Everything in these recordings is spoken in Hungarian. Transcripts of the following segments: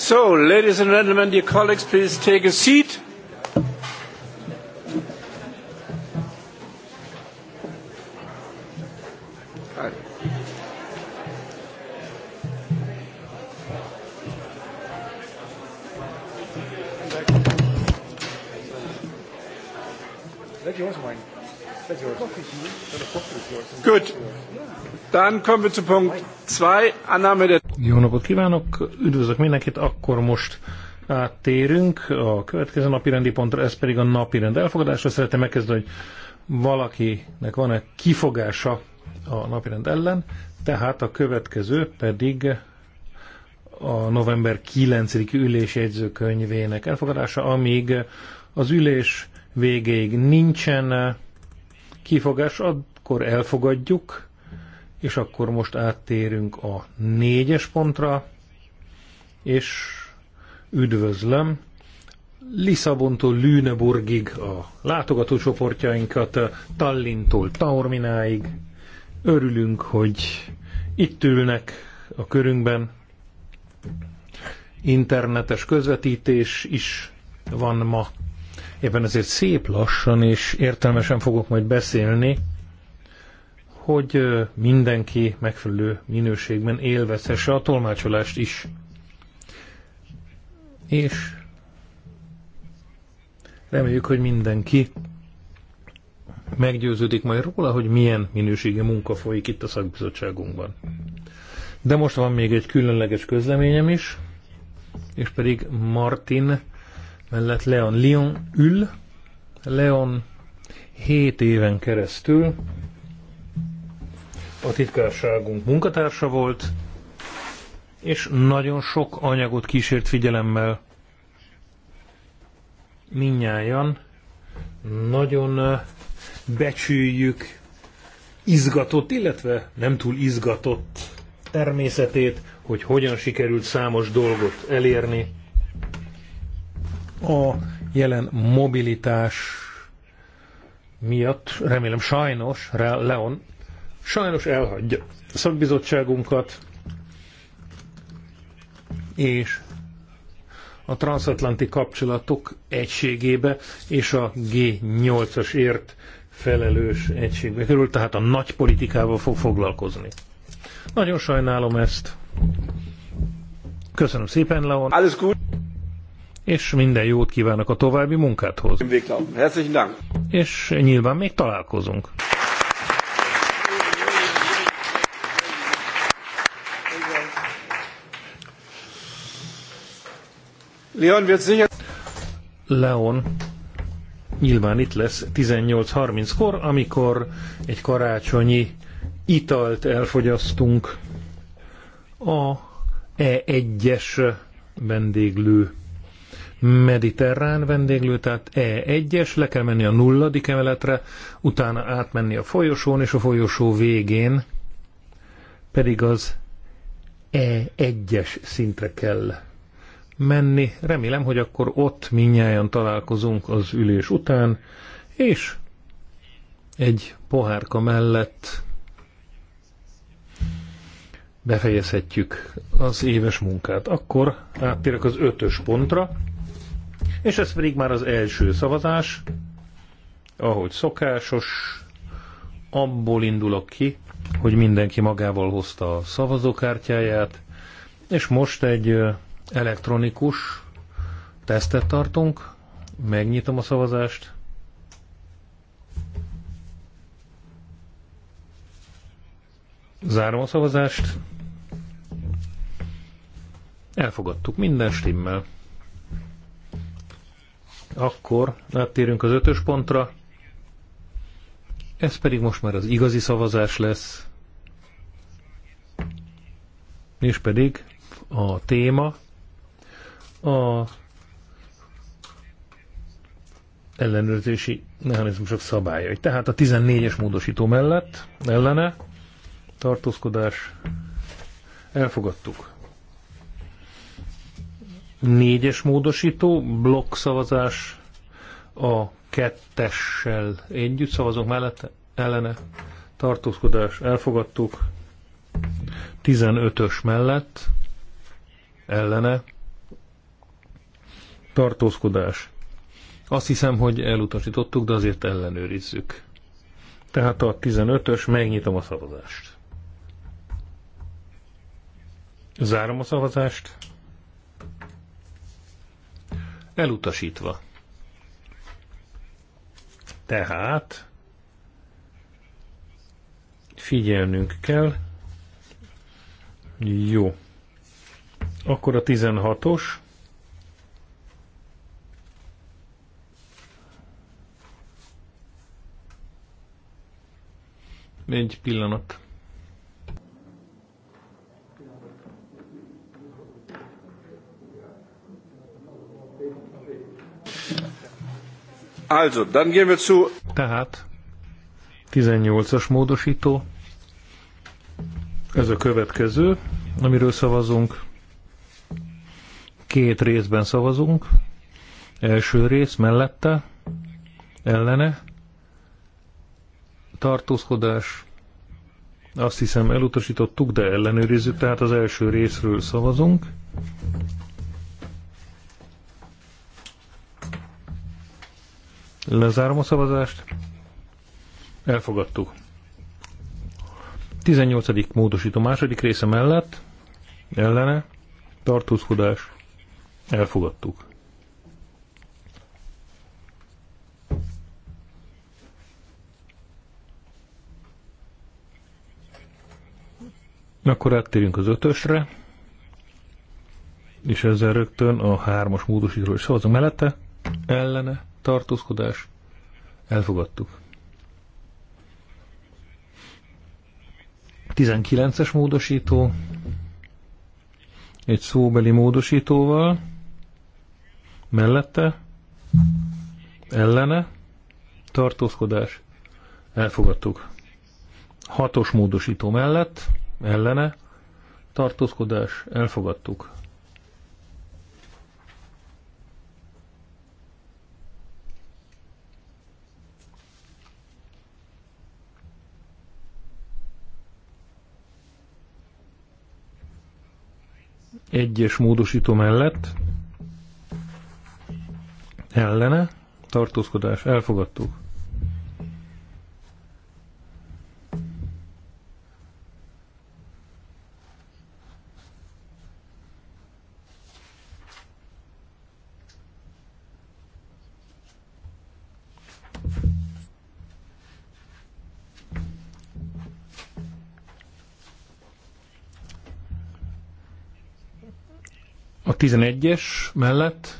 So, ladies and gentlemen, dear colleagues, please take a seat. Gut, dann kommen wir zu Punkt 2, Annahme der jó napot kívánok, üdvözlök mindenkit, akkor most áttérünk a következő napi rendi pontra, ez pedig a napi rend elfogadása. Szeretném megkezdeni, hogy valakinek van-e kifogása a napi rend ellen, tehát a következő pedig a november 9. ülés jegyzőkönyvének elfogadása, amíg az ülés végéig nincsen kifogás, akkor elfogadjuk és akkor most áttérünk a négyes pontra, és üdvözlöm Lisszabontól Lüneburgig a látogatócsoportjainkat, Tallintól Taormináig. Örülünk, hogy itt ülnek a körünkben. Internetes közvetítés is van ma. Éppen ezért szép lassan és értelmesen fogok majd beszélni hogy mindenki megfelelő minőségben élvezhesse a tolmácsolást is. És reméljük, hogy mindenki meggyőződik majd róla, hogy milyen minőségi munka folyik itt a szakbizottságunkban. De most van még egy különleges közleményem is, és pedig Martin mellett Leon Lyon ül. Leon 7 éven keresztül a titkárságunk munkatársa volt, és nagyon sok anyagot kísért figyelemmel. Minnyáján nagyon eh, becsüljük izgatott, illetve nem túl izgatott természetét, hogy hogyan sikerült számos dolgot elérni. A jelen mobilitás miatt, remélem sajnos, Leon sajnos elhagyja a szakbizottságunkat, és a transatlanti kapcsolatok egységébe és a G8-asért felelős egységbe kerül, tehát a nagy politikával fog foglalkozni. Nagyon sajnálom ezt. Köszönöm szépen, Leon. Alles gut. És minden jót kívánok a további munkádhoz. Herzlichen Dank. És nyilván még találkozunk. Leon wird sicher... Leon nyilván itt lesz 18.30-kor, amikor egy karácsonyi italt elfogyasztunk a E1-es vendéglő mediterrán vendéglő, tehát E1-es, le kell menni a nulladik emeletre, utána átmenni a folyosón, és a folyosó végén pedig az E1-es szintre kell menni. Remélem, hogy akkor ott minnyáján találkozunk az ülés után, és egy pohárka mellett befejezhetjük az éves munkát. Akkor áttérek az ötös pontra, és ez pedig már az első szavazás, ahogy szokásos, abból indulok ki, hogy mindenki magával hozta a szavazókártyáját, és most egy Elektronikus tesztet tartunk. Megnyitom a szavazást. Zárom a szavazást. Elfogadtuk minden stimmel. Akkor áttérünk az ötös pontra. Ez pedig most már az igazi szavazás lesz. És pedig a téma a ellenőrzési mechanizmusok szabályai. Tehát a 14-es módosító mellett ellene tartózkodás elfogadtuk. Négyes módosító, blokkszavazás a kettessel együtt szavazunk mellett, ellene tartózkodás elfogadtuk. 15-ös mellett ellene tartózkodás. Azt hiszem, hogy elutasítottuk, de azért ellenőrizzük. Tehát a 15-ös, megnyitom a szavazást. Zárom a szavazást. Elutasítva. Tehát figyelnünk kell. Jó. Akkor a 16-os Egy pillanat. Also, dann gehen wir zu... Tehát 18-as módosító. Ez a következő, amiről szavazunk. Két részben szavazunk. Első rész mellette, ellene, tartózkodás, azt hiszem elutasítottuk, de ellenőrizzük, tehát az első részről szavazunk. Lezárom a szavazást. Elfogadtuk. 18. módosító második része mellett, ellene, tartózkodás, elfogadtuk. Akkor áttérünk az ötösre, és ezzel rögtön a hármas módosítról is szavazunk mellette, ellene, tartózkodás, elfogadtuk. 19-es módosító, egy szóbeli módosítóval, mellette, ellene, tartózkodás, elfogadtuk. Hatos módosító mellett, ellene, tartózkodás, elfogadtuk. Egyes módosító mellett, ellene, tartózkodás, elfogadtuk. 11-es mellett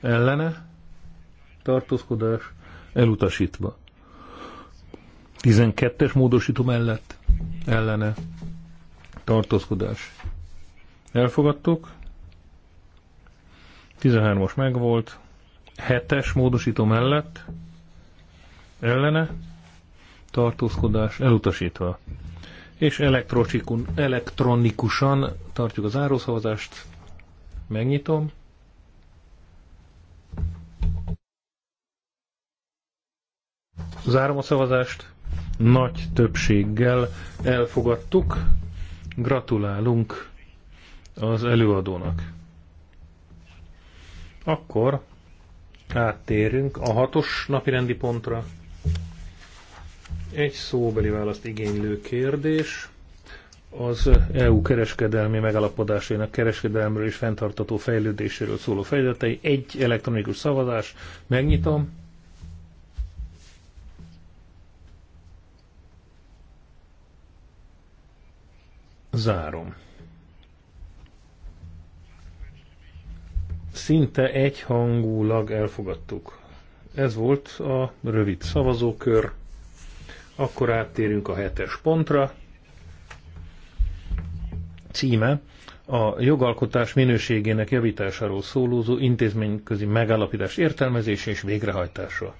ellene tartózkodás elutasítva. 12-es módosító mellett ellene tartózkodás. Elfogadtuk. 13-as megvolt. 7-es módosító mellett ellene tartózkodás elutasítva és elektronikusan tartjuk az árószavazást. Megnyitom. Zárom a szavazást. Nagy többséggel elfogadtuk. Gratulálunk az előadónak. Akkor áttérünk a hatos napirendi pontra. Egy szóbeli választ igénylő kérdés az EU kereskedelmi megalapodásainak kereskedelemről és fenntartató fejlődéséről szóló fejletei. Egy elektronikus szavazás. Megnyitom. Zárom. Szinte egyhangulag elfogadtuk. Ez volt a rövid szavazókör. Akkor áttérünk a hetes pontra. Címe a jogalkotás minőségének javításáról szólózó intézményközi megállapítás értelmezése és végrehajtása.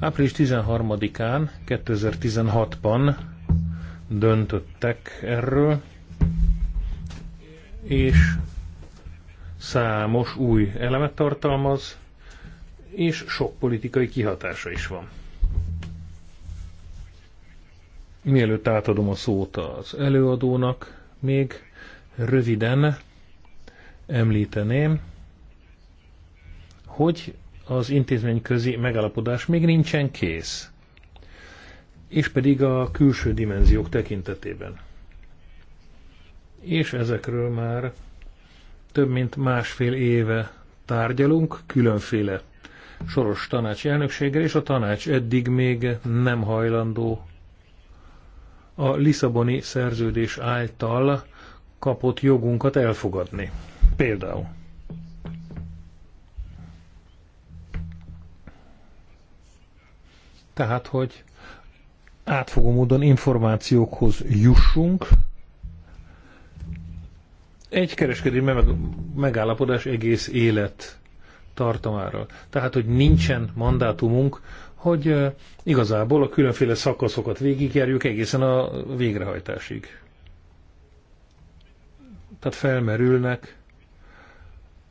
Április 13-án 2016-ban döntöttek erről, és számos új elemet tartalmaz, és sok politikai kihatása is van. Mielőtt átadom a szót az előadónak, még röviden említeném, hogy az intézményközi megállapodás még nincsen kész, és pedig a külső dimenziók tekintetében. És ezekről már több mint másfél éve tárgyalunk különféle soros tanács elnökséggel, és a tanács eddig még nem hajlandó a Lisszaboni szerződés által kapott jogunkat elfogadni. Például. Tehát, hogy átfogó módon információkhoz jussunk. Egy kereskedelmi megállapodás egész élet tartamára. Tehát, hogy nincsen mandátumunk hogy igazából a különféle szakaszokat végigjárjuk egészen a végrehajtásig. Tehát felmerülnek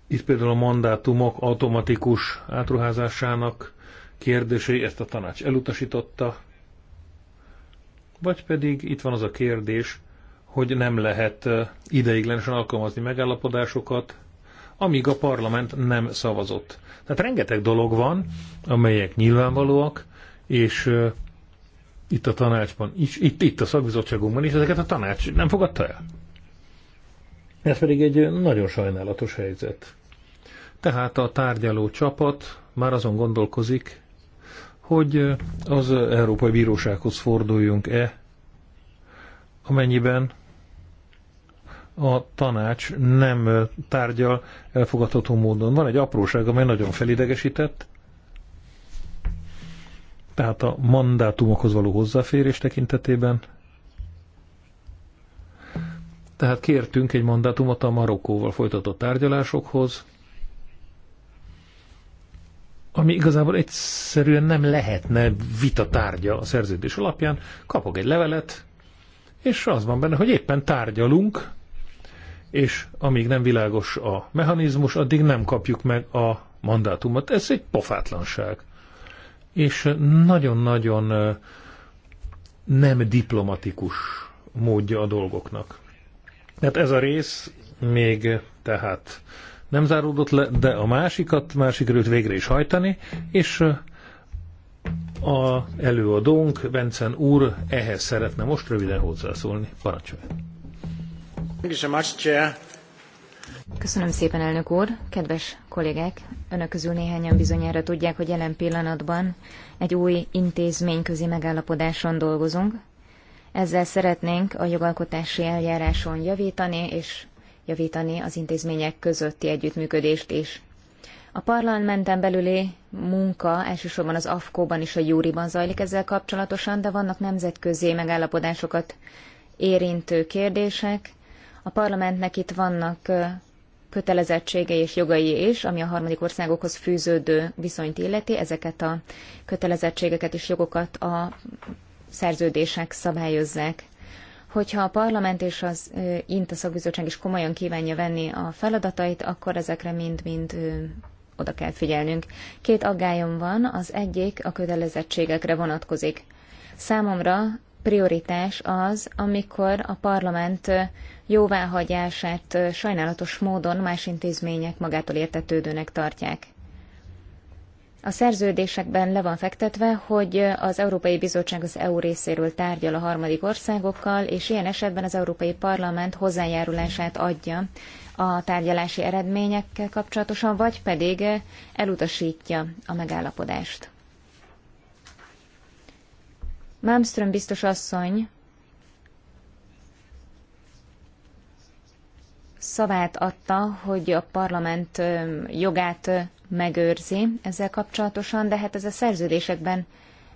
itt például a mandátumok automatikus átruházásának kérdései, ezt a tanács elutasította, vagy pedig itt van az a kérdés, hogy nem lehet ideiglenesen alkalmazni megállapodásokat, amíg a parlament nem szavazott. Tehát rengeteg dolog van, amelyek nyilvánvalóak, és uh, itt a tanácsban, is, itt, itt a szakbizottságunkban is, ezeket a tanács nem fogadta el. Ez pedig egy nagyon sajnálatos helyzet. Tehát a tárgyaló csapat már azon gondolkozik, hogy az Európai Bírósághoz forduljunk-e, amennyiben a tanács nem tárgyal elfogadható módon. Van egy apróság, amely nagyon felidegesített, tehát a mandátumokhoz való hozzáférés tekintetében. Tehát kértünk egy mandátumot a Marokkóval folytatott tárgyalásokhoz, ami igazából egyszerűen nem lehetne vita tárgya a szerződés alapján. Kapok egy levelet, és az van benne, hogy éppen tárgyalunk, és amíg nem világos a mechanizmus, addig nem kapjuk meg a mandátumot. Ez egy pofátlanság. És nagyon-nagyon nem diplomatikus módja a dolgoknak. Tehát ez a rész még tehát nem záródott le, de a másikat már sikerült végre is hajtani, és a előadónk, Vencen úr, ehhez szeretne most röviden hozzászólni. Parancsoljon! Köszönöm szépen, elnök úr! Kedves kollégák, önök közül néhányan bizonyára tudják, hogy jelen pillanatban egy új intézményközi megállapodáson dolgozunk. Ezzel szeretnénk a jogalkotási eljáráson javítani, és javítani az intézmények közötti együttműködést is. A parlamenten belüli munka elsősorban az AFKO-ban és a Júriban zajlik ezzel kapcsolatosan, de vannak nemzetközi megállapodásokat érintő kérdések, a parlamentnek itt vannak kötelezettségei és jogai is, ami a harmadik országokhoz fűződő viszonyt illeti, ezeket a kötelezettségeket és jogokat a szerződések szabályozzák. Hogyha a parlament és az INTA szakbizottság is komolyan kívánja venni a feladatait, akkor ezekre mind-mind oda kell figyelnünk. Két aggályom van, az egyik a kötelezettségekre vonatkozik. Számomra prioritás az, amikor a parlament jóváhagyását sajnálatos módon más intézmények magától értetődőnek tartják. A szerződésekben le van fektetve, hogy az Európai Bizottság az EU részéről tárgyal a harmadik országokkal, és ilyen esetben az Európai Parlament hozzájárulását adja a tárgyalási eredményekkel kapcsolatosan, vagy pedig elutasítja a megállapodást. Malmström biztos asszony szavát adta, hogy a parlament jogát megőrzi ezzel kapcsolatosan, de hát ez a szerződésekben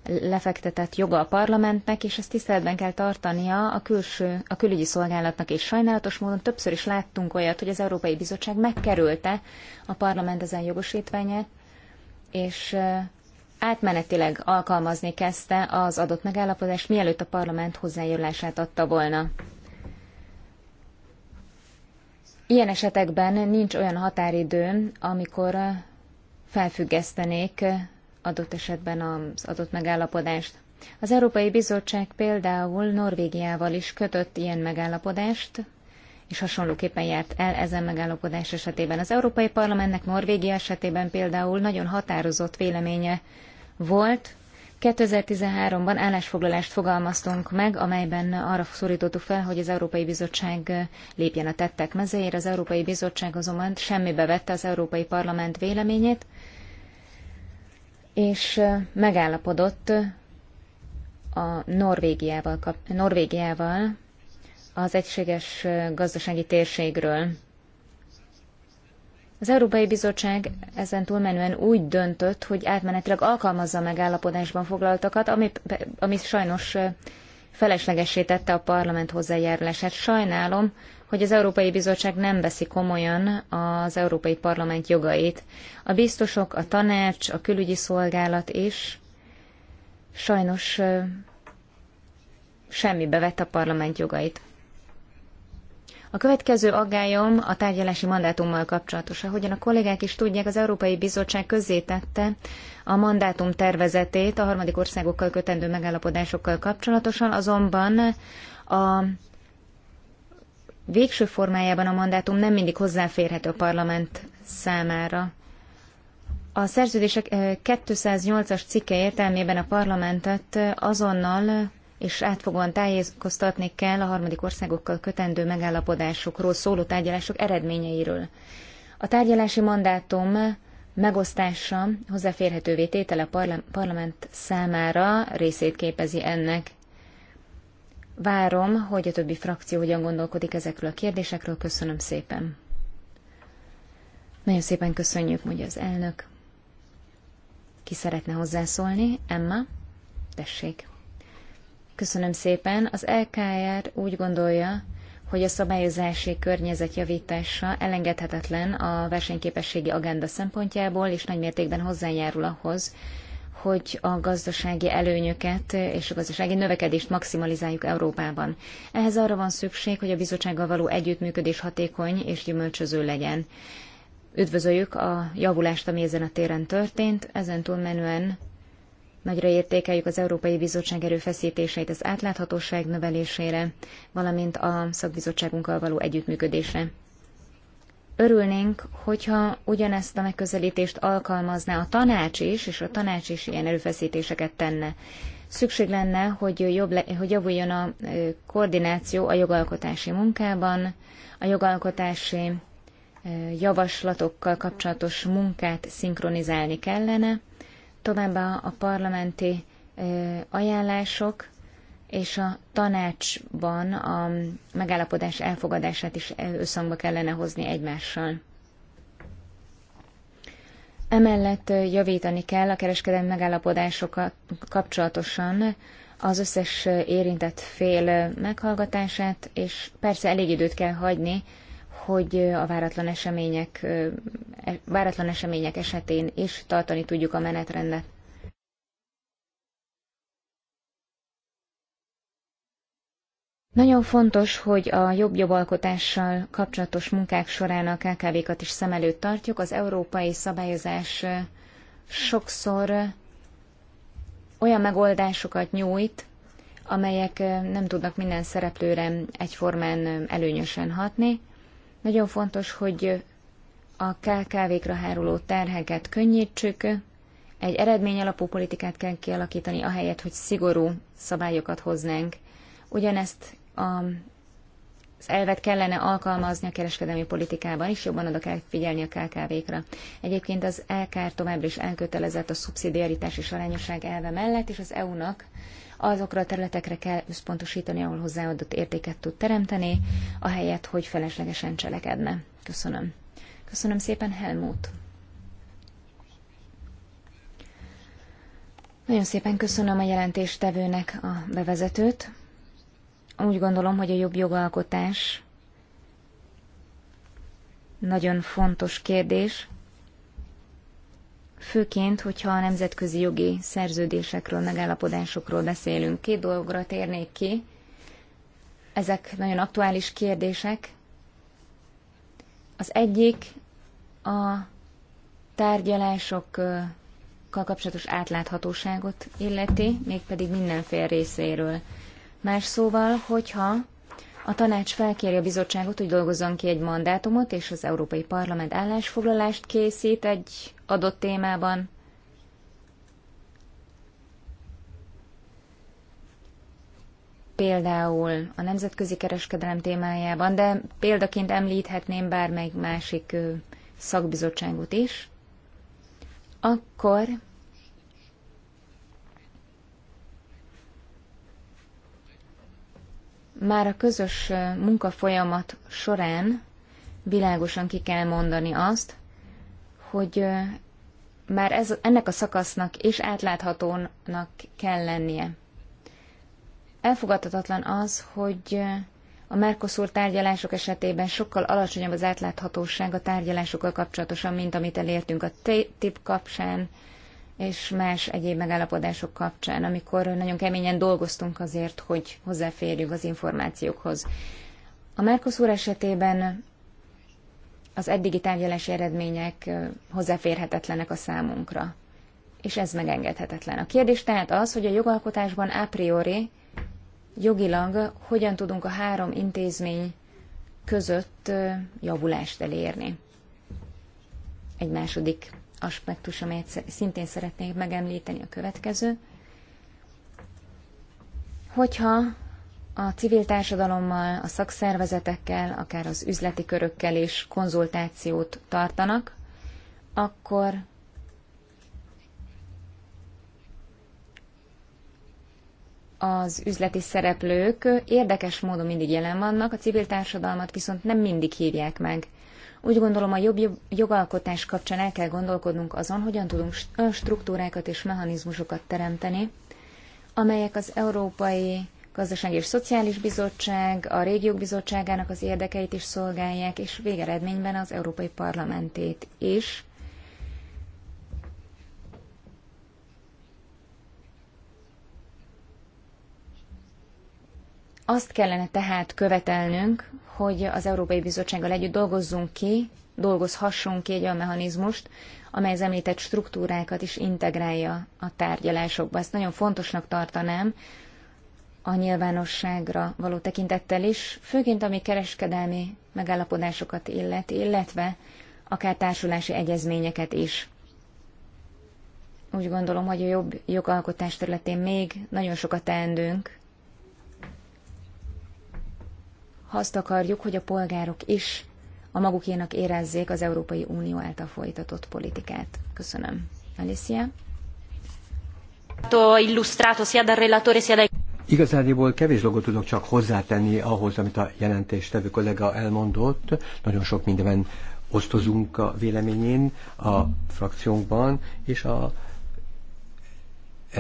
lefektetett joga a parlamentnek, és ezt tiszteletben kell tartania a, külső, a külügyi szolgálatnak, és sajnálatos módon többször is láttunk olyat, hogy az Európai Bizottság megkerülte a parlament ezen jogosítványát, és átmenetileg alkalmazni kezdte az adott megállapodást, mielőtt a parlament hozzájárulását adta volna. Ilyen esetekben nincs olyan határidő, amikor felfüggesztenék adott esetben az adott megállapodást. Az Európai Bizottság például Norvégiával is kötött ilyen megállapodást, és hasonlóképpen járt el ezen megállapodás esetében. Az Európai Parlamentnek Norvégia esetében például nagyon határozott véleménye volt. 2013-ban állásfoglalást fogalmaztunk meg, amelyben arra szorítottuk fel, hogy az Európai Bizottság lépjen a tettek mezejére. Az Európai Bizottság azonban semmibe vette az Európai Parlament véleményét, és megállapodott a Norvégiával, Norvégiával az egységes gazdasági térségről. Az Európai Bizottság ezen túlmenően úgy döntött, hogy átmenetileg alkalmazza megállapodásban foglaltakat, ami, ami sajnos feleslegessé tette a parlament hozzájárulását. Sajnálom, hogy az Európai Bizottság nem veszi komolyan az Európai Parlament jogait. A biztosok, a tanács, a külügyi szolgálat is sajnos semmibe vett a parlament jogait. A következő aggályom a tárgyalási mandátummal kapcsolatos. Ahogyan a kollégák is tudják, az Európai Bizottság közzétette a mandátum tervezetét a harmadik országokkal kötendő megállapodásokkal kapcsolatosan, azonban a végső formájában a mandátum nem mindig hozzáférhető a parlament számára. A szerződések 208-as eh, cikke értelmében a parlamentet azonnal és átfogóan tájékoztatni kell a harmadik országokkal kötendő megállapodásokról szóló tárgyalások eredményeiről. A tárgyalási mandátum megosztása hozzáférhetővé tétele a parlament számára részét képezi ennek. Várom, hogy a többi frakció hogyan gondolkodik ezekről a kérdésekről. Köszönöm szépen. Nagyon szépen köszönjük, mondja az elnök. Ki szeretne hozzászólni? Emma? Tessék. Köszönöm szépen. Az LKR úgy gondolja, hogy a szabályozási környezet javítása elengedhetetlen a versenyképességi agenda szempontjából, és nagymértékben hozzájárul ahhoz, hogy a gazdasági előnyöket és a gazdasági növekedést maximalizáljuk Európában. Ehhez arra van szükség, hogy a bizottsággal való együttműködés hatékony és gyümölcsöző legyen. Üdvözöljük a javulást, ami ezen a téren történt, ezen túlmenően Nagyra értékeljük az Európai Bizottság erőfeszítéseit az átláthatóság növelésére, valamint a szakbizottságunkkal való együttműködésre. Örülnénk, hogyha ugyanezt a megközelítést alkalmazná a tanács is, és a tanács is ilyen erőfeszítéseket tenne. Szükség lenne, hogy, jobb le, hogy javuljon a koordináció a jogalkotási munkában, a jogalkotási javaslatokkal kapcsolatos munkát szinkronizálni kellene, Továbbá a parlamenti ajánlások és a tanácsban a megállapodás elfogadását is összhangba kellene hozni egymással. Emellett javítani kell a kereskedelmi megállapodásokat kapcsolatosan az összes érintett fél meghallgatását, és persze elég időt kell hagyni hogy a váratlan események, e, váratlan események esetén is tartani tudjuk a menetrendet. Nagyon fontos, hogy a jobb jogalkotással kapcsolatos munkák során a KKV-kat is szem előtt tartjuk. Az európai szabályozás sokszor olyan megoldásokat nyújt, amelyek nem tudnak minden szereplőre egyformán előnyösen hatni. Nagyon fontos, hogy a KKV-kra háruló terheket könnyítsük, egy eredmény alapú politikát kell kialakítani, ahelyett, hogy szigorú szabályokat hoznánk. Ugyanezt a, az elvet kellene alkalmazni a kereskedelmi politikában is, jobban oda kell figyelni a KKV-kra. Egyébként az LKR továbbra is elkötelezett a szubszidiaritás és arányosság elve mellett, és az EU-nak azokra a területekre kell összpontosítani, ahol hozzáadott értéket tud teremteni, ahelyett, hogy feleslegesen cselekedne. Köszönöm. Köszönöm szépen, Helmut. Nagyon szépen köszönöm a jelentéstevőnek a bevezetőt. Úgy gondolom, hogy a jobb jogalkotás nagyon fontos kérdés, főként, hogyha a nemzetközi jogi szerződésekről, megállapodásokról beszélünk. Két dologra térnék ki. Ezek nagyon aktuális kérdések. Az egyik a tárgyalásokkal kapcsolatos átláthatóságot illeti, mégpedig mindenféle részéről. Más szóval, hogyha a tanács felkéri a bizottságot, hogy dolgozzon ki egy mandátumot, és az Európai Parlament állásfoglalást készít egy adott témában. Például a nemzetközi kereskedelem témájában, de példaként említhetném bármely másik szakbizottságot is, akkor már a közös munkafolyamat során világosan ki kell mondani azt, hogy már ez, ennek a szakasznak és átláthatónak kell lennie. Elfogadhatatlan az, hogy a Mercosur tárgyalások esetében sokkal alacsonyabb az átláthatóság a tárgyalásokkal kapcsolatosan, mint amit elértünk a tip kapcsán és más egyéb megállapodások kapcsán, amikor nagyon keményen dolgoztunk azért, hogy hozzáférjük az információkhoz. A Mercosur esetében az eddigi tárgyalási eredmények hozzáférhetetlenek a számunkra. És ez megengedhetetlen. A kérdés tehát az, hogy a jogalkotásban a priori jogilag hogyan tudunk a három intézmény között javulást elérni. Egy második aspektus, amelyet szintén szeretnék megemlíteni a következő. Hogyha a civil társadalommal, a szakszervezetekkel, akár az üzleti körökkel is konzultációt tartanak, akkor az üzleti szereplők érdekes módon mindig jelen vannak, a civil társadalmat viszont nem mindig hívják meg. Úgy gondolom, a jobb jogalkotás kapcsán el kell gondolkodnunk azon, hogyan tudunk struktúrákat és mechanizmusokat teremteni, amelyek az európai Gazdasági és Szociális Bizottság, a Régiók Bizottságának az érdekeit is szolgálják, és végeredményben az Európai Parlamentét is. Azt kellene tehát követelnünk, hogy az Európai Bizottsággal együtt dolgozzunk ki, dolgozhassunk ki egy olyan mechanizmust, amely az említett struktúrákat is integrálja a tárgyalásokba. Ezt nagyon fontosnak tartanám, a nyilvánosságra való tekintettel is, főként ami kereskedelmi megállapodásokat illet, illetve akár társulási egyezményeket is. Úgy gondolom, hogy a jobb jogalkotás területén még nagyon sokat teendünk. Ha azt akarjuk, hogy a polgárok is a magukénak érezzék az Európai Unió által folytatott politikát. Köszönöm. Alicia? illustrato sia dal relatore sia dai Igazából kevés dolgot tudok csak hozzátenni ahhoz, amit a jelentéstevő kollega elmondott. Nagyon sok mindenben osztozunk a véleményén a frakciónkban, és a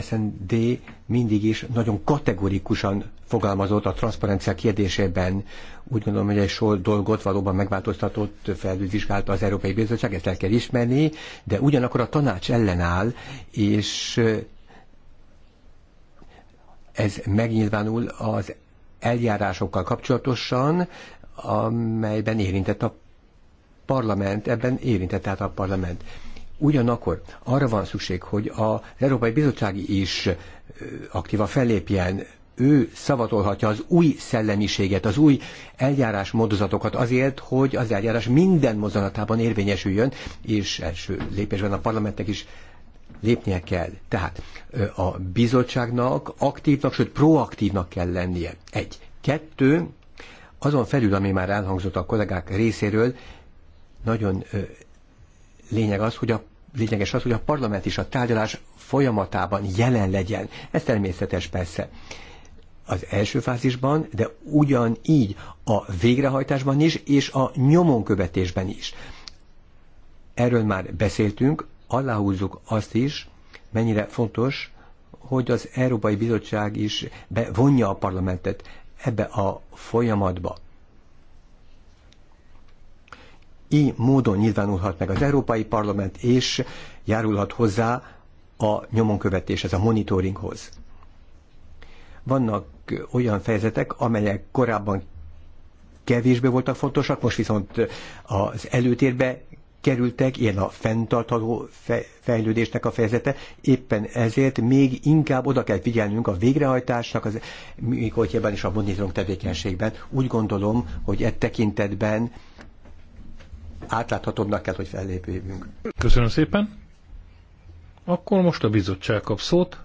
SND mindig is nagyon kategorikusan fogalmazott a transzparencia kérdésében. Úgy gondolom, hogy egy sor dolgot valóban megváltoztatott, felvizsgálta az Európai Bizottság, ezt el kell ismerni, de ugyanakkor a tanács ellenáll, és ez megnyilvánul az eljárásokkal kapcsolatosan, amelyben érintett a parlament, ebben érintett tehát a parlament. Ugyanakkor arra van szükség, hogy az Európai bizottsági is aktíva fellépjen, ő szavatolhatja az új szellemiséget, az új eljárás módozatokat azért, hogy az eljárás minden mozanatában érvényesüljön, és első lépésben a parlamentnek is lépnie kell. Tehát a bizottságnak aktívnak, sőt proaktívnak kell lennie. Egy. Kettő, azon felül, ami már elhangzott a kollégák részéről, nagyon lényeg az, hogy a lényeges az, hogy a parlament is a tárgyalás folyamatában jelen legyen. Ez természetes persze az első fázisban, de ugyanígy a végrehajtásban is, és a nyomonkövetésben is. Erről már beszéltünk, aláhúzzuk azt is, mennyire fontos, hogy az Európai Bizottság is bevonja a parlamentet ebbe a folyamatba. Így módon nyilvánulhat meg az Európai Parlament, és járulhat hozzá a nyomonkövetéshez, a monitoringhoz. Vannak olyan fejezetek, amelyek korábban kevésbé voltak fontosak, most viszont az előtérbe kerültek, ilyen a fenntartható fejlődésnek a fejezete, éppen ezért még inkább oda kell figyelnünk a végrehajtásnak, az mikortjában és a monitoring tevékenységben. Úgy gondolom, hogy e tekintetben átláthatóbbnak kell, hogy fellépjünk. Köszönöm szépen. Akkor most a bizottság kap szót.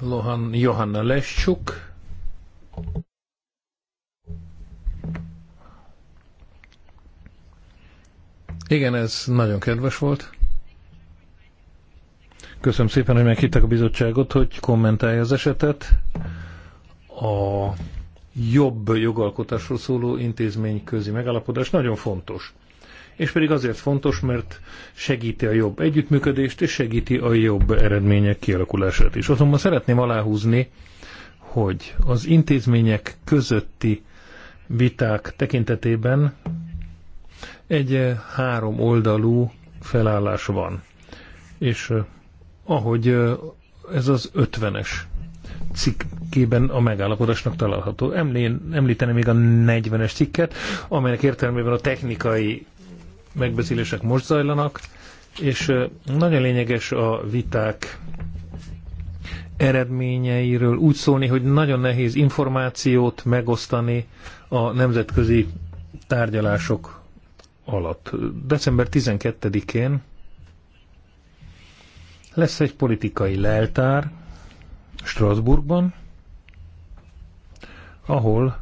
Lohan, Johanna Leszcsuk. Igen, ez nagyon kedves volt. Köszönöm szépen, hogy meghittek a bizottságot, hogy kommentálja az esetet. A jobb jogalkotásról szóló intézmény közi megállapodás nagyon fontos. És pedig azért fontos, mert segíti a jobb együttműködést, és segíti a jobb eredmények kialakulását is. Azonban szeretném aláhúzni, hogy az intézmények közötti viták tekintetében egy eh, három oldalú felállás van. És eh, ahogy eh, ez az 50-es cikkében a megállapodásnak található. említeni még a 40-es cikket, amelynek értelmében a technikai megbeszélések most zajlanak, és nagyon lényeges a viták eredményeiről úgy szólni, hogy nagyon nehéz információt megosztani a nemzetközi tárgyalások alatt. December 12-én lesz egy politikai leltár Strasbourgban, ahol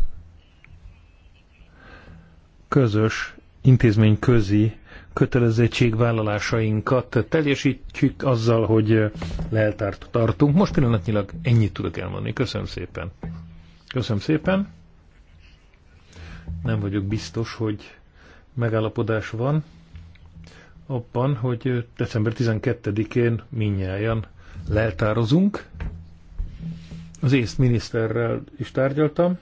közös intézmény közi kötelezettségvállalásainkat teljesítjük azzal, hogy leltárt tartunk. Most pillanatnyilag ennyit tudok elmondani. Köszönöm szépen. Köszönöm szépen. Nem vagyok biztos, hogy megállapodás van abban, hogy december 12-én minnyáján leltározunk. Az észt miniszterrel is tárgyaltam,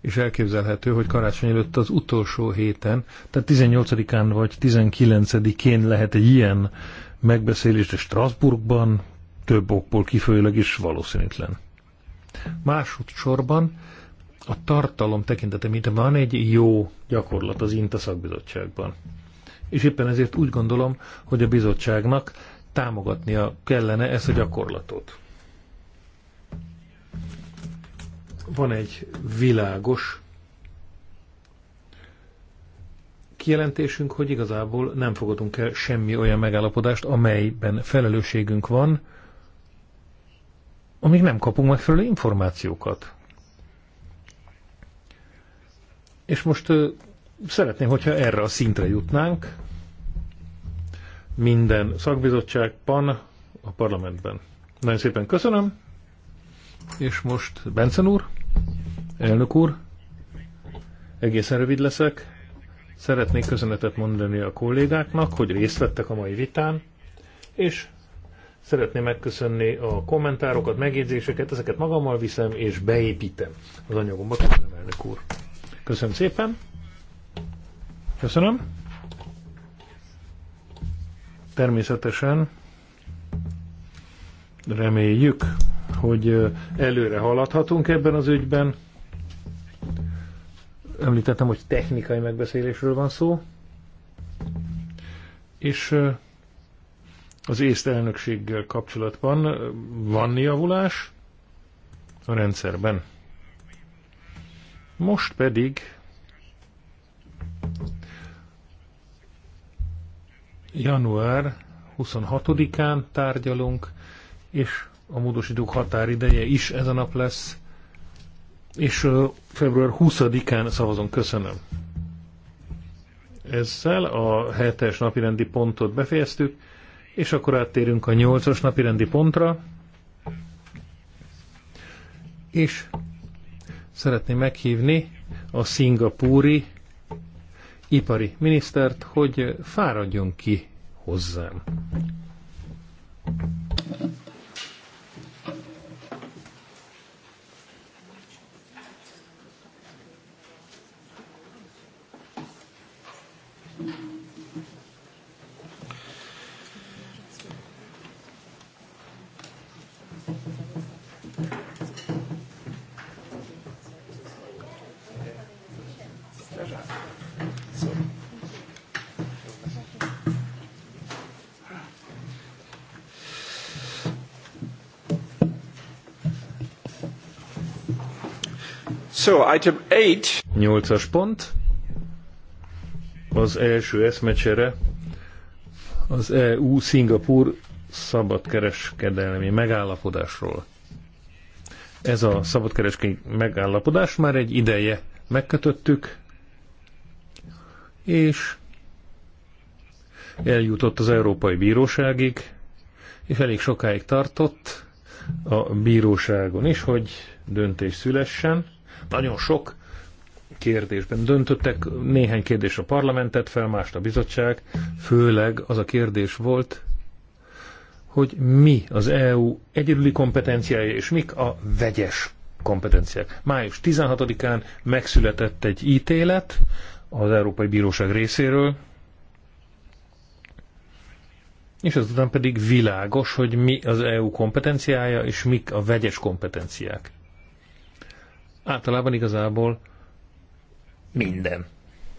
és elképzelhető, hogy karácsony előtt az utolsó héten, tehát 18-án vagy 19-én lehet egy ilyen megbeszélést a Strasbourgban, több okból kifőleg is valószínűtlen. Másodszorban a tartalom tekintete, mint van egy jó gyakorlat az INTA szakbizottságban. És éppen ezért úgy gondolom, hogy a bizottságnak támogatnia kellene ezt a gyakorlatot. Van egy világos kijelentésünk, hogy igazából nem fogadunk el semmi olyan megállapodást, amelyben felelősségünk van, amíg nem kapunk megfelelő információkat. És most szeretném, hogyha erre a szintre jutnánk minden szakbizottságban, a parlamentben. Nagyon szépen köszönöm, és most Bencen úr, elnök úr, egészen rövid leszek. Szeretnék köszönetet mondani a kollégáknak, hogy részt vettek a mai vitán, és szeretném megköszönni a kommentárokat, megjegyzéseket, ezeket magammal viszem és beépítem az anyagomba. Köszönöm, elnök úr! Köszönöm szépen. Köszönöm. Természetesen reméljük, hogy előre haladhatunk ebben az ügyben. Említettem, hogy technikai megbeszélésről van szó. És az észt elnökséggel kapcsolatban van javulás a rendszerben. Most pedig január 26-án tárgyalunk, és a módosítók határideje is ez a nap lesz, és február 20-án szavazom. Köszönöm. Ezzel a 7-es napirendi pontot befejeztük, és akkor áttérünk a 8-as napirendi pontra, és szeretném meghívni a szingapúri ipari minisztert, hogy fáradjon ki hozzám. So, item pont. Az első eszmecsere az EU-Szingapur szabadkereskedelmi megállapodásról. Ez a szabadkereskedelmi megállapodás már egy ideje megkötöttük, és eljutott az Európai Bíróságig, és elég sokáig tartott a bíróságon is, hogy döntés szülessen. Nagyon sok kérdésben döntöttek, néhány kérdés a parlamentet felmást a bizottság, főleg az a kérdés volt, hogy mi az EU egyedüli kompetenciája, és mik a vegyes kompetenciák. Május 16-án megszületett egy ítélet az Európai Bíróság részéről, és azután pedig világos, hogy mi az EU kompetenciája, és mik a vegyes kompetenciák általában igazából minden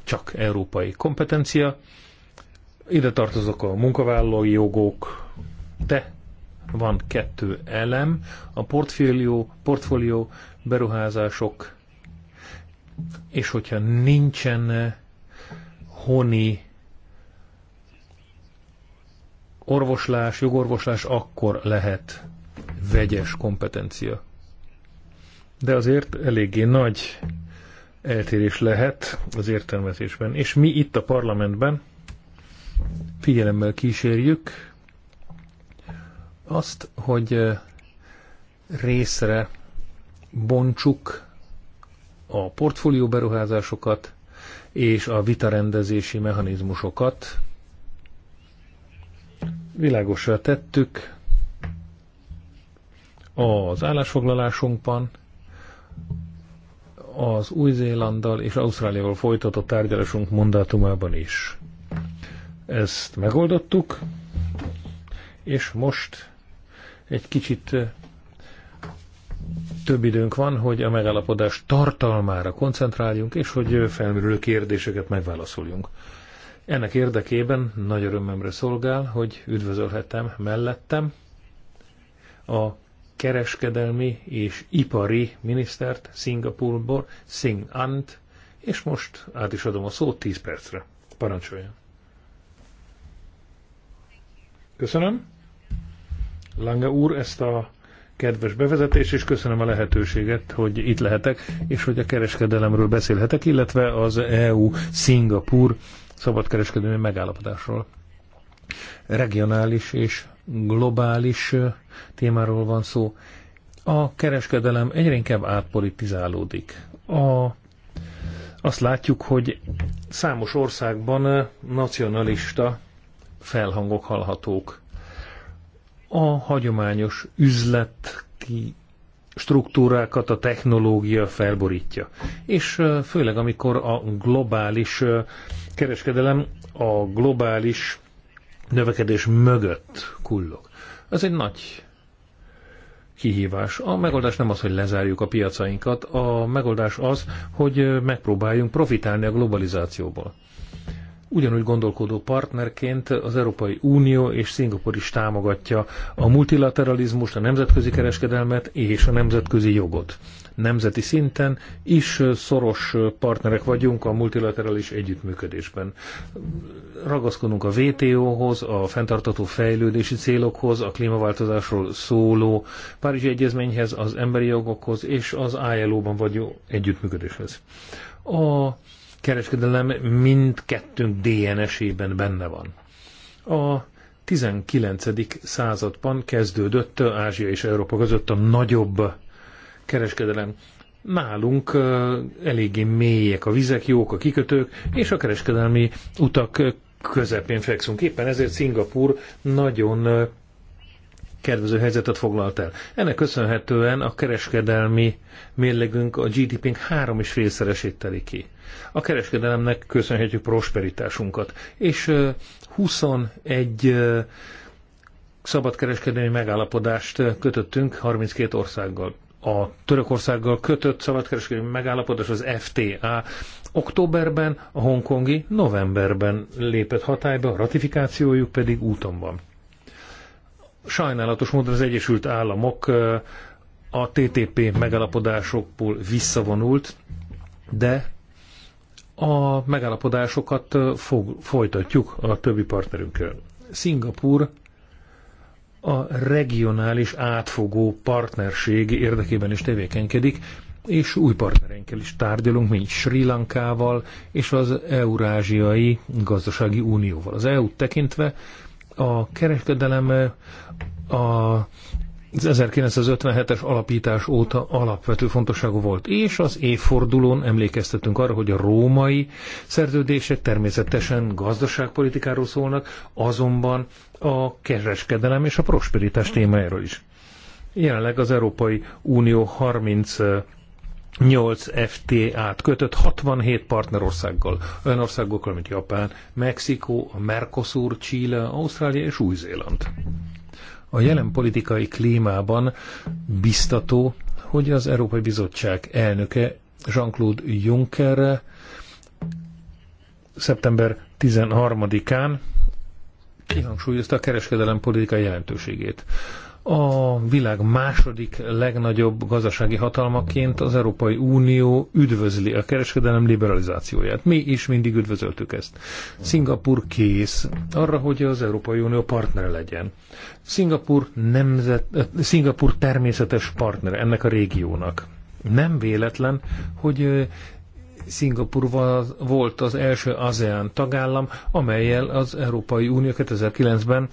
csak európai kompetencia. Ide tartozok a munkavállalói jogok, de van kettő elem, a portfólió, portfólió beruházások, és hogyha nincsen honi orvoslás, jogorvoslás, akkor lehet vegyes kompetencia de azért eléggé nagy eltérés lehet az értelmezésben. És mi itt a parlamentben figyelemmel kísérjük azt, hogy eh, részre bontsuk a portfólió beruházásokat és a vitarendezési mechanizmusokat. Világosra tettük az állásfoglalásunkban, az Új-Zélanddal és Ausztráliával folytatott tárgyalásunk mandátumában is. Ezt megoldottuk, és most egy kicsit több időnk van, hogy a megállapodás tartalmára koncentráljunk, és hogy felmerülő kérdéseket megválaszoljunk. Ennek érdekében nagy örömmel szolgál, hogy üdvözölhetem mellettem a kereskedelmi és ipari minisztert Szingapúrból, Sing Ant, és most át is adom a szót 10 percre. Parancsoljon! Köszönöm. Lange úr, ezt a kedves bevezetést, és köszönöm a lehetőséget, hogy itt lehetek, és hogy a kereskedelemről beszélhetek, illetve az eu szingapúr szabadkereskedelmi megállapodásról. Regionális és globális témáról van szó. A kereskedelem egyre inkább átpolitizálódik. A, azt látjuk, hogy számos országban nacionalista felhangok hallhatók. A hagyományos üzleti struktúrákat a technológia felborítja. És főleg amikor a globális kereskedelem, a globális növekedés mögött kullog. Ez egy nagy kihívás. A megoldás nem az, hogy lezárjuk a piacainkat, a megoldás az, hogy megpróbáljunk profitálni a globalizációból. Ugyanúgy gondolkodó partnerként az Európai Unió és Szingapur is támogatja a multilateralizmust, a nemzetközi kereskedelmet és a nemzetközi jogot nemzeti szinten is szoros partnerek vagyunk a multilaterális együttműködésben. Ragaszkodunk a WTO-hoz, a fenntartató fejlődési célokhoz, a klímaváltozásról szóló Párizsi Egyezményhez, az emberi jogokhoz és az ILO-ban vagyó együttműködéshez. A kereskedelem mindkettőnk DNS-ében benne van. A 19. században kezdődött Ázsia és Európa között a nagyobb kereskedelem. Nálunk eléggé mélyek a vizek, jók a kikötők, és a kereskedelmi utak közepén fekszünk. Éppen ezért Szingapur nagyon kedvező helyzetet foglalt el. Ennek köszönhetően a kereskedelmi mérlegünk a GDP-nk három és félszeresét teli ki. A kereskedelemnek köszönhetjük prosperitásunkat. És 21 szabadkereskedelmi megállapodást kötöttünk 32 országgal a Törökországgal kötött szabadkereskedelmi megállapodás, az FTA októberben, a hongkongi novemberben lépett hatályba, a ratifikációjuk pedig úton van. Sajnálatos módon az Egyesült Államok eh, a TTP megállapodásokból visszavonult, de a megállapodásokat eh, fog, folytatjuk a többi partnerünkkel. Szingapur a regionális átfogó partnerség érdekében is tevékenykedik, és új partnereinkkel is tárgyalunk, mint Sri Lankával és az Eurázsiai Gazdasági Unióval. Az EU tekintve a kereskedelem, a az 1957-es alapítás óta alapvető fontosságú volt, és az évfordulón emlékeztetünk arra, hogy a római szerződések természetesen gazdaságpolitikáról szólnak, azonban a kereskedelem és a prosperitás témájáról is. Jelenleg az Európai Unió 30 8 FTA-t kötött 67 partnerországgal, olyan országokkal, mint Japán, Mexikó, a Mercosur, Chile, Ausztrália és Új-Zéland. A jelen politikai klímában biztató, hogy az Európai Bizottság elnöke Jean-Claude Juncker szeptember 13-án kihangsúlyozta a kereskedelem politikai jelentőségét. A világ második legnagyobb gazdasági hatalmaként az Európai Unió üdvözli a kereskedelem liberalizációját. Mi is mindig üdvözöltük ezt. Szingapur kész arra, hogy az Európai Unió partnere legyen. Szingapur, nemzet, eh, Szingapur természetes partner ennek a régiónak. Nem véletlen, hogy eh, Szingapur volt az első ASEAN tagállam, amelyel az Európai Unió 2009-ben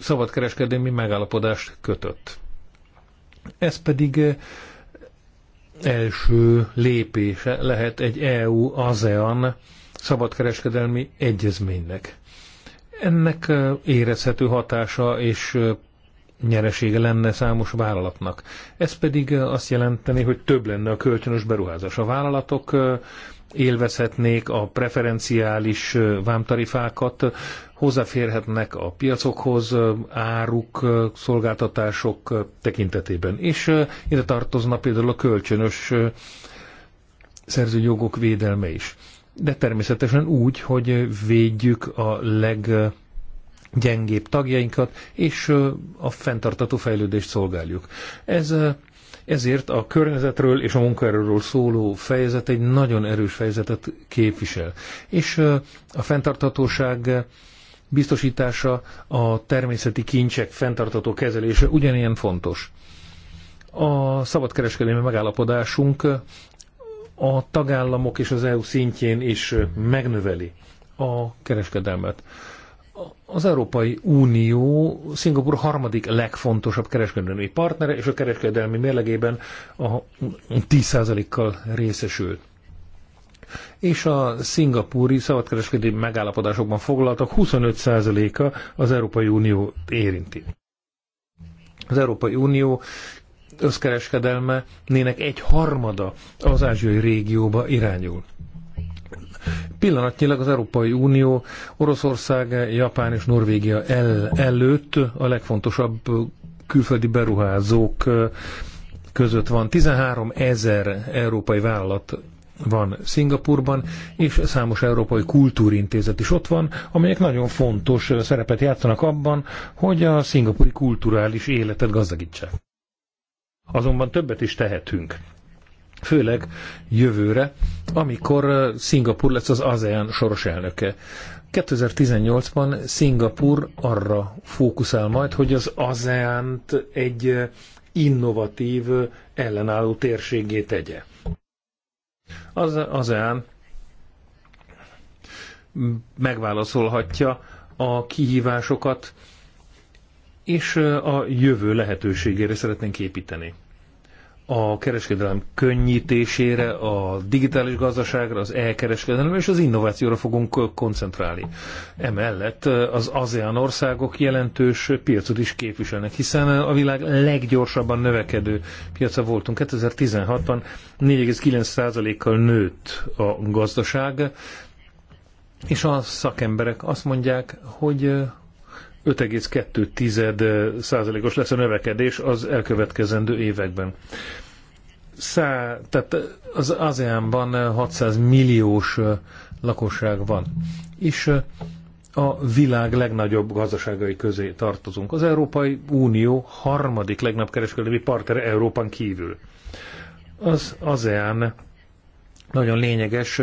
szabadkereskedelmi megállapodást kötött. Ez pedig eh, első lépése lehet egy EU-ASEAN szabadkereskedelmi egyezménynek. Ennek eh, érezhető hatása és eh, nyeresége lenne számos vállalatnak. Ez pedig azt jelenteni, hogy több lenne a kölcsönös beruházás. A vállalatok élvezhetnék a preferenciális vámtarifákat, hozzáférhetnek a piacokhoz, áruk, szolgáltatások tekintetében. És ide tartozna például a kölcsönös szerzőjogok védelme is. De természetesen úgy, hogy védjük a leggyengébb tagjainkat, és a fenntartató fejlődést szolgáljuk. Ez ezért a környezetről és a munkaerőről szóló fejezet egy nagyon erős fejezetet képvisel. És a fenntarthatóság biztosítása, a természeti kincsek fenntartató kezelése ugyanilyen fontos. A szabadkereskedelmi megállapodásunk a tagállamok és az EU szintjén is megnöveli a kereskedelmet az Európai Unió Szingapur harmadik legfontosabb kereskedelmi partnere, és a kereskedelmi mérlegében a 10%-kal részesül. És a szingapúri szabadkereskedelmi megállapodásokban foglaltak 25%-a az Európai Unió érinti. Az Európai Unió összkereskedelme nének egy harmada az ázsiai régióba irányul. Pillanatnyilag az Európai Unió Oroszország, Japán és Norvégia el, előtt a legfontosabb külföldi beruházók között van. 13 ezer európai vállalat van Szingapurban, és számos európai kultúrintézet is ott van, amelyek nagyon fontos szerepet játszanak abban, hogy a szingapuri kulturális életet gazdagítsák. Azonban többet is tehetünk főleg jövőre, amikor uh, Szingapur lesz az ASEAN soros elnöke. 2018-ban Szingapur arra fókuszál majd, hogy az ASEAN-t egy uh, innovatív, uh, ellenálló térségé tegye. Az ASEAN megválaszolhatja a kihívásokat, és a jövő lehetőségére szeretnénk építeni a kereskedelem könnyítésére, a digitális gazdaságra, az e és az innovációra fogunk koncentrálni. Emellett az ASEAN országok jelentős piacot is képviselnek, hiszen a világ leggyorsabban növekedő piaca voltunk. 2016-ban 4,9%-kal nőtt a gazdaság, és a szakemberek azt mondják, hogy 5,2 százalékos lesz a növekedés az elkövetkezendő években. Szá, tehát az ASEAN-ban 600 milliós lakosság van, és a világ legnagyobb gazdaságai közé tartozunk. Az Európai Unió harmadik legnagyobb kereskedelmi partnere Európán kívül. Az ASEAN nagyon lényeges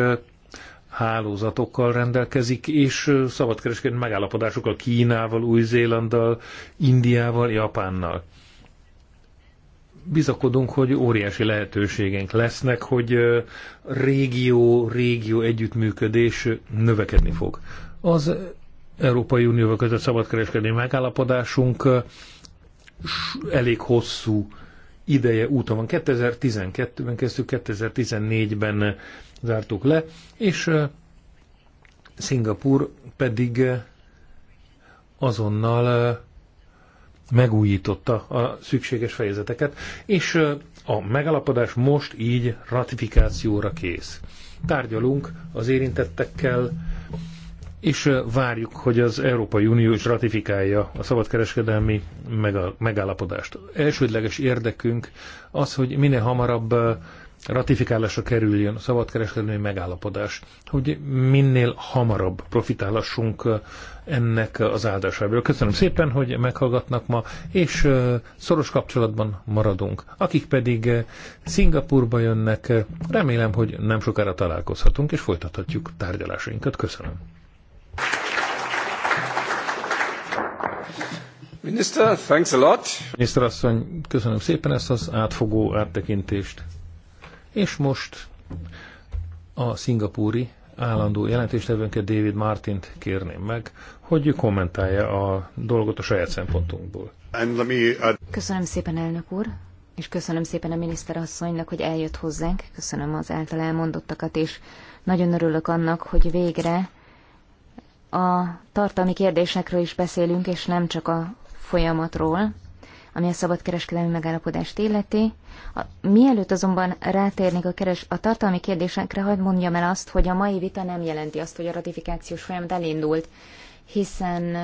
hálózatokkal rendelkezik, és szabadkereskedelmi megállapodásokkal Kínával, Új-Zélanddal, Indiával, Japánnal. Bizakodunk, hogy óriási lehetőségeink lesznek, hogy régió-régió együttműködés növekedni fog. Az Európai Unióval között szabadkereskedelmi megállapodásunk elég hosszú ideje úton van. 2012-ben kezdtük, 2014-ben zártuk le, és Szingapur pedig azonnal megújította a szükséges fejezeteket, és a megalapodás most így ratifikációra kész. Tárgyalunk az érintettekkel, és várjuk, hogy az Európai Unió is ratifikálja a szabadkereskedelmi megállapodást. Elsődleges érdekünk az, hogy minél hamarabb ratifikálásra kerüljön a szabadkereskedelmi megállapodás, hogy minél hamarabb profitálassunk ennek az áldásából. Köszönöm szépen, hogy meghallgatnak ma, és szoros kapcsolatban maradunk. Akik pedig Szingapurba jönnek, remélem, hogy nem sokára találkozhatunk, és folytathatjuk tárgyalásainkat. Köszönöm. Minister, thanks a lot. Miniszter asszony, köszönöm szépen ezt az átfogó áttekintést. És most a szingapúri állandó jelentéstevőnket David Martint kérném meg, hogy kommentálja a dolgot a saját szempontunkból. Köszönöm szépen, elnök úr, és köszönöm szépen a miniszterasszonynak, hogy eljött hozzánk. Köszönöm az által elmondottakat, és nagyon örülök annak, hogy végre a tartalmi kérdésekről is beszélünk, és nem csak a folyamatról, ami a szabadkereskedelmi megállapodást illeti. A, mielőtt azonban rátérnék a, keres, a tartalmi kérdésekre, hagyd mondjam el azt, hogy a mai vita nem jelenti azt, hogy a ratifikációs folyamat elindult, hiszen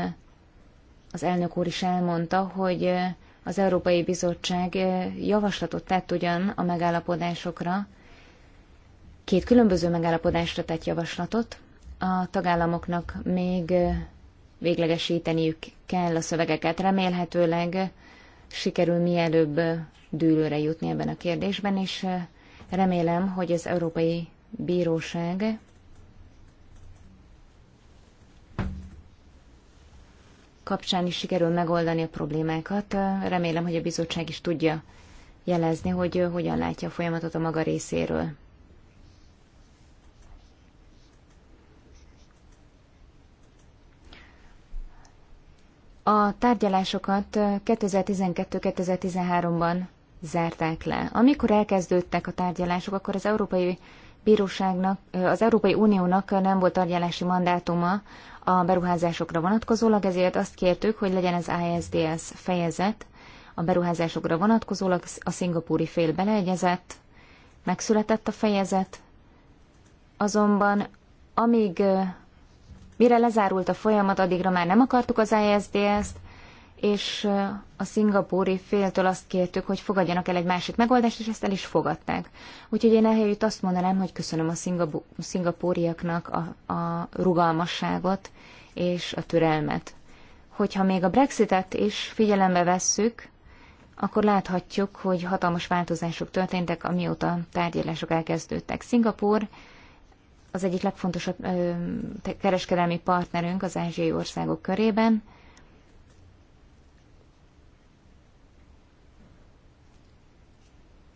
az elnök úr is elmondta, hogy az Európai Bizottság javaslatot tett ugyan a megállapodásokra, két különböző megállapodásra tett javaslatot, a tagállamoknak még véglegesíteniük kell a szövegeket. Remélhetőleg sikerül mielőbb dűlőre jutni ebben a kérdésben, és remélem, hogy az Európai Bíróság kapcsán is sikerül megoldani a problémákat. Remélem, hogy a bizottság is tudja jelezni, hogy hogyan látja a folyamatot a maga részéről. A tárgyalásokat 2012-2013-ban zárták le. Amikor elkezdődtek a tárgyalások, akkor az Európai Bíróságnak, az Európai Uniónak nem volt tárgyalási mandátuma a beruházásokra vonatkozólag, ezért azt kértük, hogy legyen az ISDS fejezet a beruházásokra vonatkozólag, a szingapúri fél beleegyezett, megszületett a fejezet, azonban amíg Mire lezárult a folyamat, addigra már nem akartuk az ISDS-t, és a szingapúri féltől azt kértük, hogy fogadjanak el egy másik megoldást, és ezt el is fogadták. Úgyhogy én elhelyütt azt mondanám, hogy köszönöm a szingapúriaknak a, a rugalmasságot és a türelmet. Hogyha még a Brexitet is figyelembe vesszük, akkor láthatjuk, hogy hatalmas változások történtek, amióta tárgyalások elkezdődtek. Szingapúr az egyik legfontosabb kereskedelmi partnerünk az ázsiai országok körében.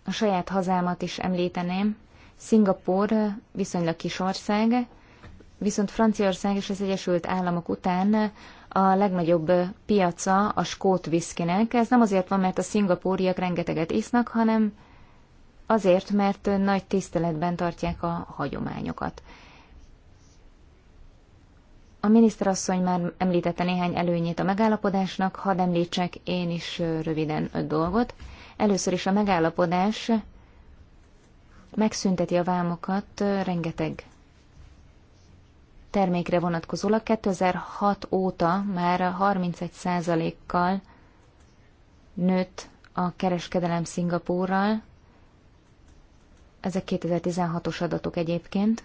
A saját hazámat is említeném. Szingapur viszonylag kis ország, viszont Franciaország és az Egyesült Államok után a legnagyobb piaca a skót viszkinek. Ez nem azért van, mert a szingapúriak rengeteget isznak, hanem azért, mert nagy tiszteletben tartják a hagyományokat. A miniszterasszony már említette néhány előnyét a megállapodásnak, hadd említsek én is röviden öt dolgot. Először is a megállapodás megszünteti a vámokat rengeteg termékre vonatkozólag. 2006 óta már 31%-kal nőtt a kereskedelem Szingapúrral, ezek 2016-os adatok egyébként.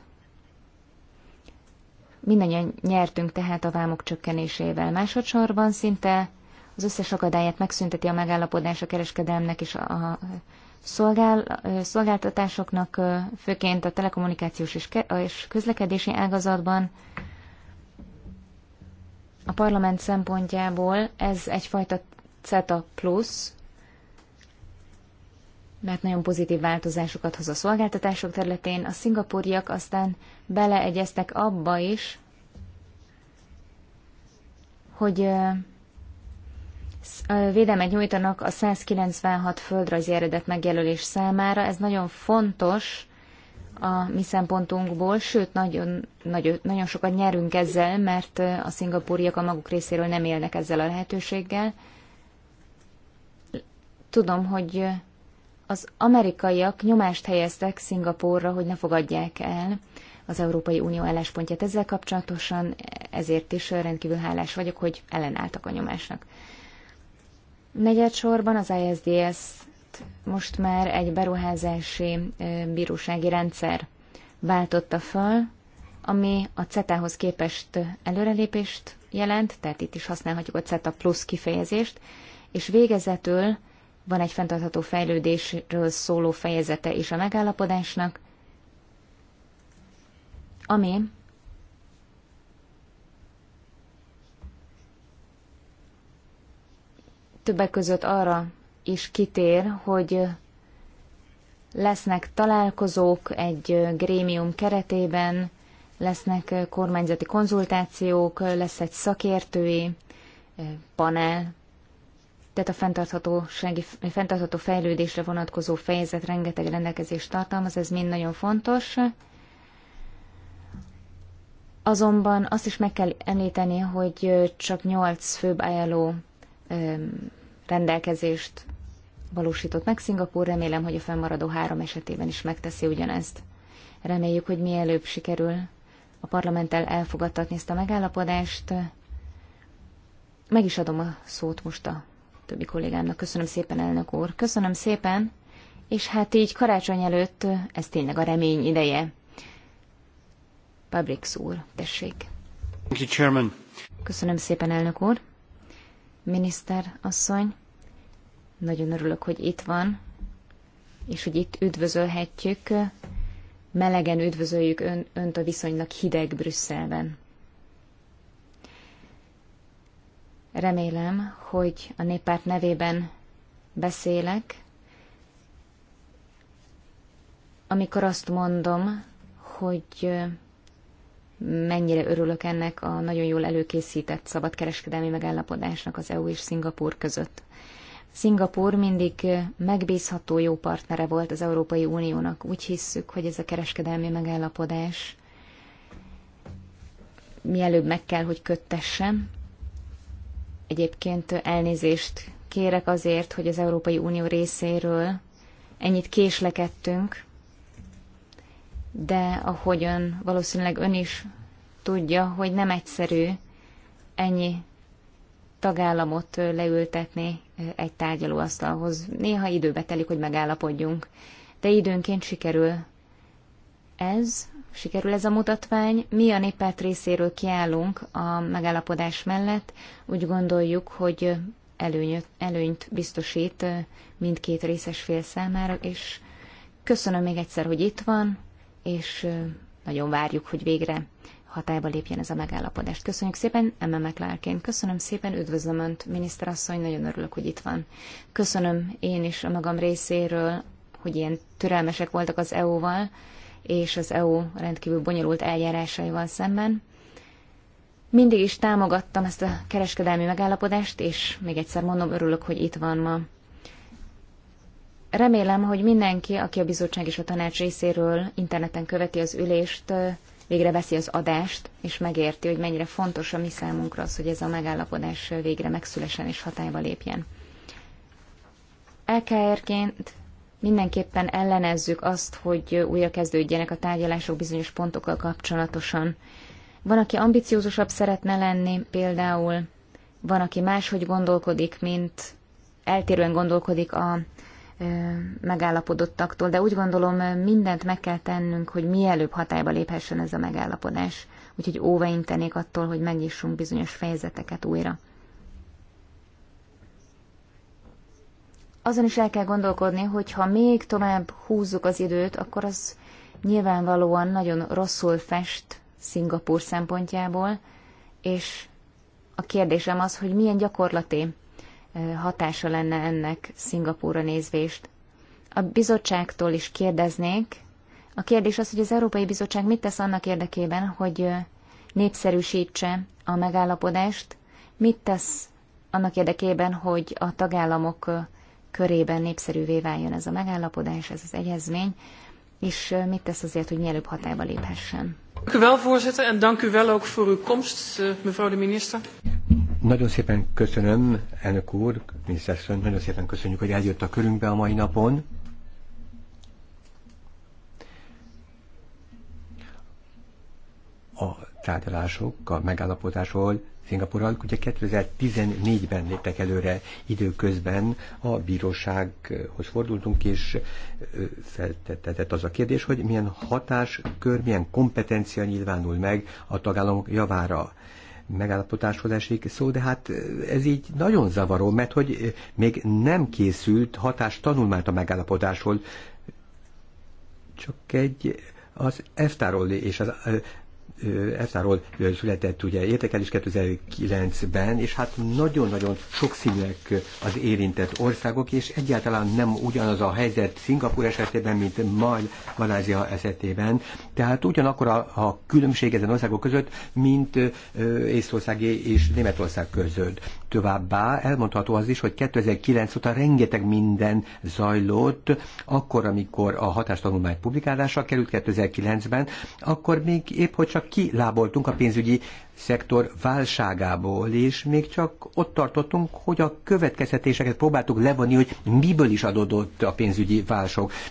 Mindannyian nyertünk tehát a vámok csökkenésével. Másodszorban szinte az összes akadályát megszünteti a megállapodás a kereskedelmnek és a szolgál, szolgáltatásoknak, főként a telekommunikációs és, ke- és közlekedési ágazatban. A parlament szempontjából ez egyfajta CETA plusz, mert nagyon pozitív változásokat hoz a szolgáltatások területén. A szingapúriak aztán beleegyeztek abba is, hogy védelmet nyújtanak a 196 földrajzi eredet megjelölés számára. Ez nagyon fontos a mi szempontunkból, sőt, nagyon, nagyon, nagyon sokat nyerünk ezzel, mert a szingapúriak a maguk részéről nem élnek ezzel a lehetőséggel. Tudom, hogy az amerikaiak nyomást helyeztek Szingapúrra, hogy ne fogadják el az Európai Unió álláspontját ezzel kapcsolatosan, ezért is rendkívül hálás vagyok, hogy ellenálltak a nyomásnak. Negyedsorban az ISDS most már egy beruházási bírósági rendszer váltotta föl, ami a CETA-hoz képest előrelépést jelent, tehát itt is használhatjuk a CETA plusz kifejezést, és végezetül van egy fenntartható fejlődésről szóló fejezete is a megállapodásnak, ami többek között arra is kitér, hogy lesznek találkozók egy grémium keretében, lesznek kormányzati konzultációk, lesz egy szakértői panel, tehát a fenntartható fejlődésre vonatkozó fejezet rengeteg rendelkezést tartalmaz, ez mind nagyon fontos. Azonban azt is meg kell említeni, hogy csak 8 főbb ajánló rendelkezést valósított meg Szingapúr, remélem, hogy a fennmaradó három esetében is megteszi ugyanezt. Reméljük, hogy mielőbb sikerül a parlamenttel elfogadtatni ezt a megállapodást. Meg is adom a szót most a többi kollégámnak. Köszönöm szépen, elnök úr. Köszönöm szépen, és hát így karácsony előtt ez tényleg a remény ideje. Pabrix úr, tessék. Köszönöm szépen, elnök úr. Miniszter asszony, nagyon örülök, hogy itt van, és hogy itt üdvözölhetjük. Melegen üdvözöljük ön, önt a viszonylag hideg Brüsszelben. Remélem, hogy a néppárt nevében beszélek, amikor azt mondom, hogy mennyire örülök ennek a nagyon jól előkészített szabadkereskedelmi megállapodásnak az EU és Szingapur között. Szingapur mindig megbízható jó partnere volt az Európai Uniónak. Úgy hisszük, hogy ez a kereskedelmi megállapodás mielőbb meg kell, hogy köttesse, Egyébként elnézést kérek azért, hogy az Európai Unió részéről ennyit késlekedtünk, de ahogyan valószínűleg ön is tudja, hogy nem egyszerű ennyi tagállamot leültetni egy tárgyalóasztalhoz. Néha időbe telik, hogy megállapodjunk, de időnként sikerül ez, sikerül ez a mutatvány. Mi a néppárt részéről kiállunk a megállapodás mellett. Úgy gondoljuk, hogy előnyöt, előnyt biztosít mindkét részes fél számára, és köszönöm még egyszer, hogy itt van, és nagyon várjuk, hogy végre hatályba lépjen ez a megállapodás. Köszönjük szépen, Emme McLarkin. Köszönöm szépen, üdvözlöm Önt, miniszterasszony, nagyon örülök, hogy itt van. Köszönöm én is a magam részéről, hogy ilyen türelmesek voltak az EU-val, és az EU rendkívül bonyolult eljárásaival szemben. Mindig is támogattam ezt a kereskedelmi megállapodást, és még egyszer mondom, örülök, hogy itt van ma. Remélem, hogy mindenki, aki a bizottság és a tanács részéről interneten követi az ülést, végre veszi az adást, és megérti, hogy mennyire fontos a mi számunkra az, hogy ez a megállapodás végre megszülesen és hatályba lépjen. LKR-ként Mindenképpen ellenezzük azt, hogy újra kezdődjenek a tárgyalások bizonyos pontokkal kapcsolatosan. Van, aki ambiciózusabb szeretne lenni, például van, aki máshogy gondolkodik, mint eltérően gondolkodik a ö, megállapodottaktól, de úgy gondolom mindent meg kell tennünk, hogy mielőbb hatályba léphessen ez a megállapodás. Úgyhogy óva intenék attól, hogy megnyissunk bizonyos fejezeteket újra. azon is el kell gondolkodni, hogy ha még tovább húzzuk az időt, akkor az nyilvánvalóan nagyon rosszul fest Szingapúr szempontjából, és a kérdésem az, hogy milyen gyakorlati hatása lenne ennek Szingapúra nézvést. A bizottságtól is kérdeznék. A kérdés az, hogy az Európai Bizottság mit tesz annak érdekében, hogy népszerűsítse a megállapodást, mit tesz annak érdekében, hogy a tagállamok körében népszerűvé váljon ez a megállapodás, ez az egyezmény, és mit tesz azért, hogy mielőbb hatályba léphessen? Nagyon szépen köszönöm, elnök úr, miniszterasszony, nagyon szépen köszönjük, hogy eljött a körünkbe a mai napon. A tárgyalások, a megállapodásról Szingapurral. Ugye 2014-ben léptek előre időközben a bírósághoz fordultunk, és feltetett az a kérdés, hogy milyen hatáskör, milyen kompetencia nyilvánul meg a tagállamok javára megállapotáshoz esik szó, de hát ez így nagyon zavaró, mert hogy még nem készült hatás tanulmányt a megállapodásról, csak egy az EFTA-ról és az efsa született ugye értékelés 2009-ben, és hát nagyon-nagyon sokszínűek az érintett országok, és egyáltalán nem ugyanaz a helyzet Szingapur esetében, mint majd Malázia esetében. Tehát ugyanakkor a, a különbség ezen országok között, mint Észországé és Németország között. Továbbá elmondható az is, hogy 2009 óta rengeteg minden zajlott, akkor, amikor a hatástanulmány publikálásra került 2009-ben, akkor még épp, hogy csak kiláboltunk a pénzügyi szektor válságából, és még csak ott tartottunk, hogy a következtetéseket próbáltuk levonni, hogy miből is adódott a pénzügyi válság.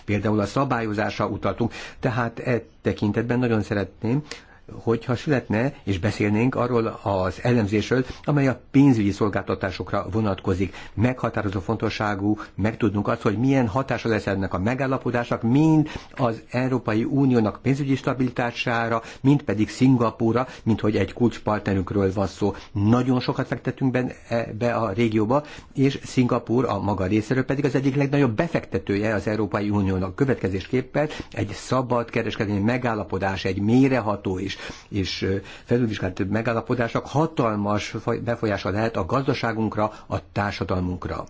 Például a szabályozásra utaltunk. Tehát e tekintetben nagyon szeretném, hogyha születne, és beszélnénk arról az elemzésről, amely a pénzügyi szolgáltatásokra vonatkozik. Meghatározó fontosságú megtudnunk azt, hogy milyen hatása lesz ennek a megállapodásnak, mind az Európai Uniónak pénzügyi stabilitására, mind pedig Szingapúra, mint hogy egy kulcspartnerünkről van szó. Nagyon sokat fektetünk be a régióba, és Szingapúr a maga részéről pedig az egyik legnagyobb befektetője az Európai Uniónak. Következésképpen egy szabad kereskedelmi megállapodás, egy méreható és és és felülvizsgált megállapodások hatalmas befolyása lehet a gazdaságunkra, a társadalmunkra.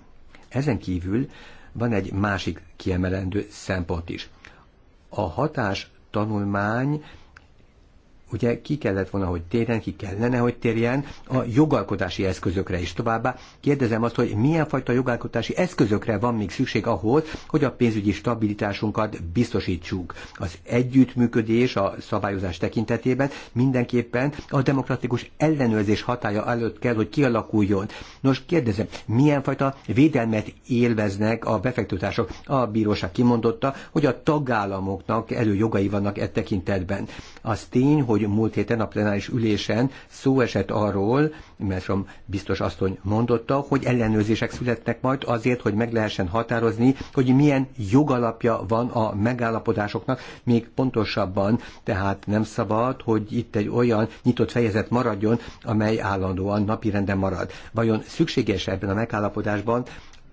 Ezen kívül van egy másik kiemelendő szempont is. A hatás tanulmány ugye ki kellett volna, hogy térjen, ki kellene, hogy térjen a jogalkotási eszközökre is. Továbbá kérdezem azt, hogy milyen fajta jogalkotási eszközökre van még szükség ahhoz, hogy a pénzügyi stabilitásunkat biztosítsuk. Az együttműködés a szabályozás tekintetében mindenképpen a demokratikus ellenőrzés hatája előtt kell, hogy kialakuljon. Nos, kérdezem, milyen fajta védelmet élveznek a befektetők? A bíróság kimondotta, hogy a tagállamoknak előjogai vannak e tekintetben. Az tény, hogy hogy múlt héten a plenáris ülésen szó esett arról, mert biztos asszony mondotta, hogy ellenőrzések születnek majd azért, hogy meg lehessen határozni, hogy milyen jogalapja van a megállapodásoknak, még pontosabban, tehát nem szabad, hogy itt egy olyan nyitott fejezet maradjon, amely állandóan napirenden marad. Vajon szükséges ebben a megállapodásban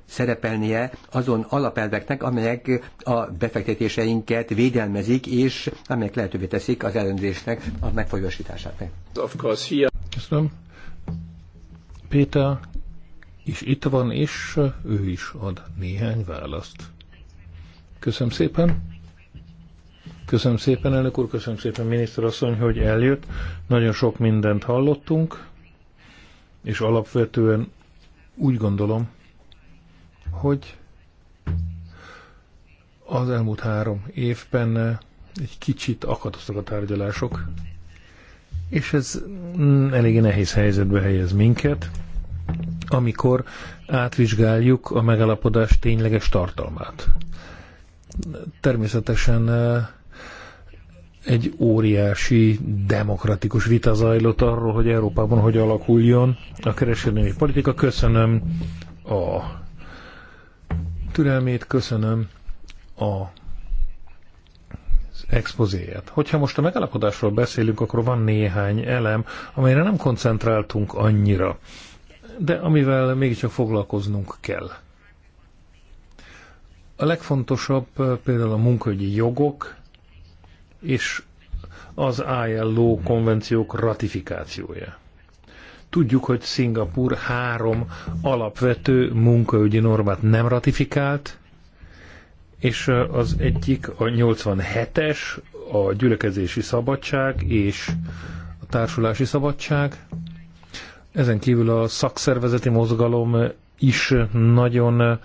szerepelnie azon alapelveknek, amelyek a befektetéseinket védelmezik, és amelyek lehetővé teszik az ellenzésnek a megfolyósítását. Of course, here... Köszönöm. Péter is itt van, és ő is ad néhány választ. Köszönöm szépen. Köszönöm szépen, elnök úr, köszönöm szépen, miniszter asszony, hogy eljött. Nagyon sok mindent hallottunk, és alapvetően úgy gondolom, hogy az elmúlt három évben egy kicsit akadoztak a tárgyalások, és ez mm, eléggé nehéz helyzetbe helyez minket, amikor átvizsgáljuk a megalapodás tényleges tartalmát. Természetesen e, egy óriási demokratikus vita zajlott arról, hogy Európában hogy alakuljon a kereskedelmi politika. Köszönöm a türelmét, köszönöm a expozéját. Hogyha most a megállapodásról beszélünk, akkor van néhány elem, amelyre nem koncentráltunk annyira, de amivel mégiscsak foglalkoznunk kell. A legfontosabb eh, például a munkahogyi jogok és az ILO konvenciók ratifikációja. Tudjuk, hogy Szingapur három alapvető munkaügyi normát nem ratifikált, és az egyik a 87-es, a gyülekezési szabadság és a társulási szabadság. Ezen kívül a szakszervezeti mozgalom is nagyon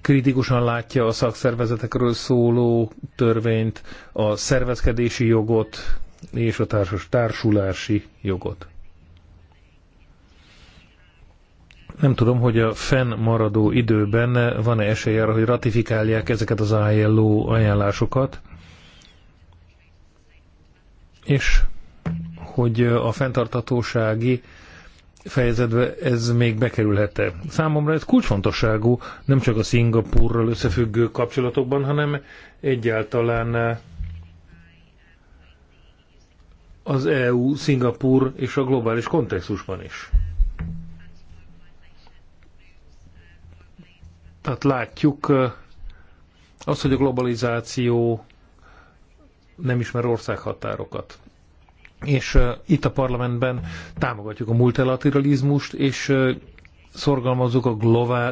kritikusan látja a szakszervezetekről szóló törvényt, a szervezkedési jogot és a társas társulási jogot. Nem tudom, hogy a fennmaradó időben van-e esély arra, hogy ratifikálják ezeket az ILO ajánlásokat, és hogy a fenntartatósági fejezetbe ez még bekerülhet-e. Számomra ez kulcsfontosságú, nem csak a Szingapurral összefüggő kapcsolatokban, hanem egyáltalán az EU, Szingapur és a globális kontextusban is. Tehát látjuk az, hogy a globalizáció nem ismer országhatárokat. És itt a parlamentben támogatjuk a multilateralizmust, és szorgalmazzuk a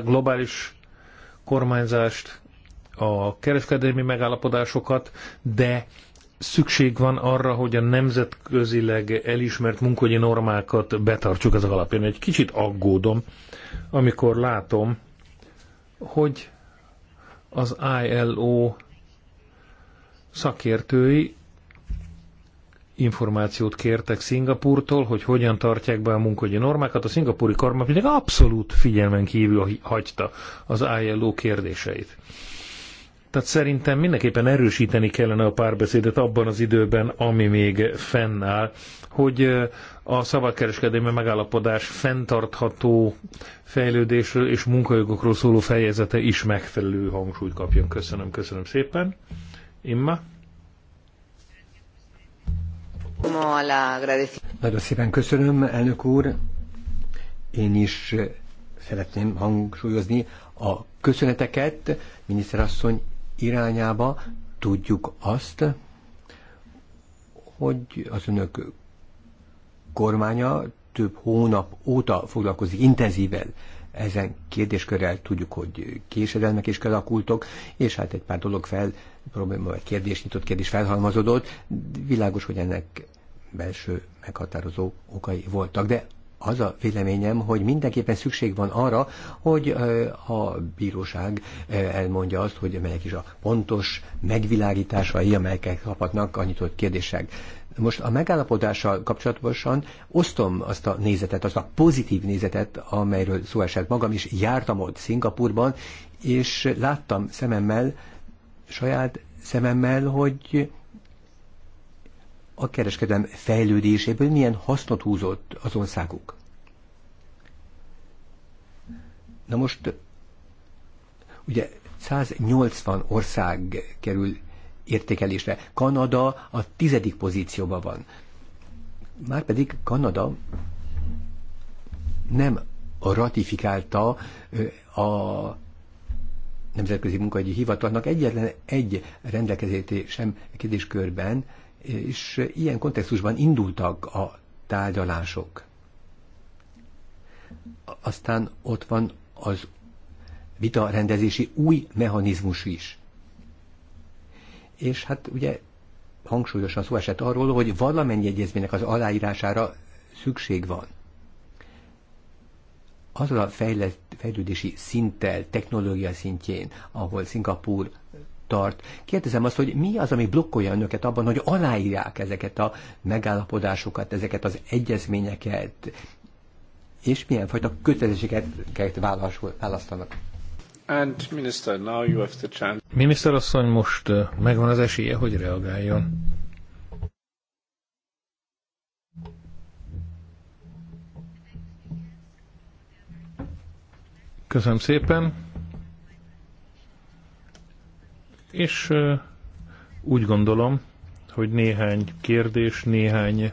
globális kormányzást, a kereskedelmi megállapodásokat, de szükség van arra, hogy a nemzetközileg elismert munkahogyi normákat betartsuk ezek alapján. Egy kicsit aggódom, amikor látom, hogy az ILO szakértői információt kértek Szingapurtól, hogy hogyan tartják be a munkahogyi normákat. A szingapúri kormány pedig abszolút figyelmen kívül hagyta az ILO kérdéseit. Tehát szerintem mindenképpen erősíteni kellene a párbeszédet abban az időben, ami még fennáll, hogy a szabadkereskedelmi megállapodás fenntartható fejlődésről és munkajogokról szóló fejezete is megfelelő hangsúlyt kapjon. Köszönöm, köszönöm szépen. Imma? Nagyon szépen köszönöm, elnök úr. Én is szeretném hangsúlyozni a köszöneteket miniszterasszony irányába. Tudjuk azt, hogy az önök kormánya több hónap óta foglalkozik intenzíven ezen kérdéskörrel, tudjuk, hogy késedelmek is kialakultok, és hát egy pár dolog fel, probléma, vagy kérdés, nyitott kérdés felhalmazódott, világos, hogy ennek belső meghatározó okai voltak, de az a véleményem, hogy mindenképpen szükség van arra, hogy a bíróság elmondja azt, hogy melyek is a pontos megvilágításai, amelyek kaphatnak a nyitott kérdések. Most a megállapodással kapcsolatosan osztom azt a nézetet, azt a pozitív nézetet, amelyről szó esett magam is, jártam ott Szingapurban, és láttam szememmel, saját szememmel, hogy a kereskedelem fejlődéséből milyen hasznot húzott az országuk. Na most, ugye 180 ország kerül értékelésre. Kanada a tizedik pozícióban van. Márpedig Kanada nem ratifikálta a Nemzetközi Munkahogyi Hivatalnak egyetlen egy rendelkezését sem kérdéskörben, és ilyen kontextusban indultak a tárgyalások. Aztán ott van az vita rendezési új mechanizmus is. És hát ugye hangsúlyosan szó esett arról, hogy valamennyi egyezménynek az aláírására szükség van. Azzal a fejlődési szinttel, technológia szintjén, ahol Szingapúr tart. Kérdezem azt, hogy mi az, ami blokkolja önöket abban, hogy aláírják ezeket a megállapodásokat, ezeket az egyezményeket, és milyen fajta kötelezéseket választanak. And minister, now you have the chance. Miniszter asszony, most megvan az esélye, hogy reagáljon. Köszönöm szépen. És úgy gondolom, hogy néhány kérdés, néhány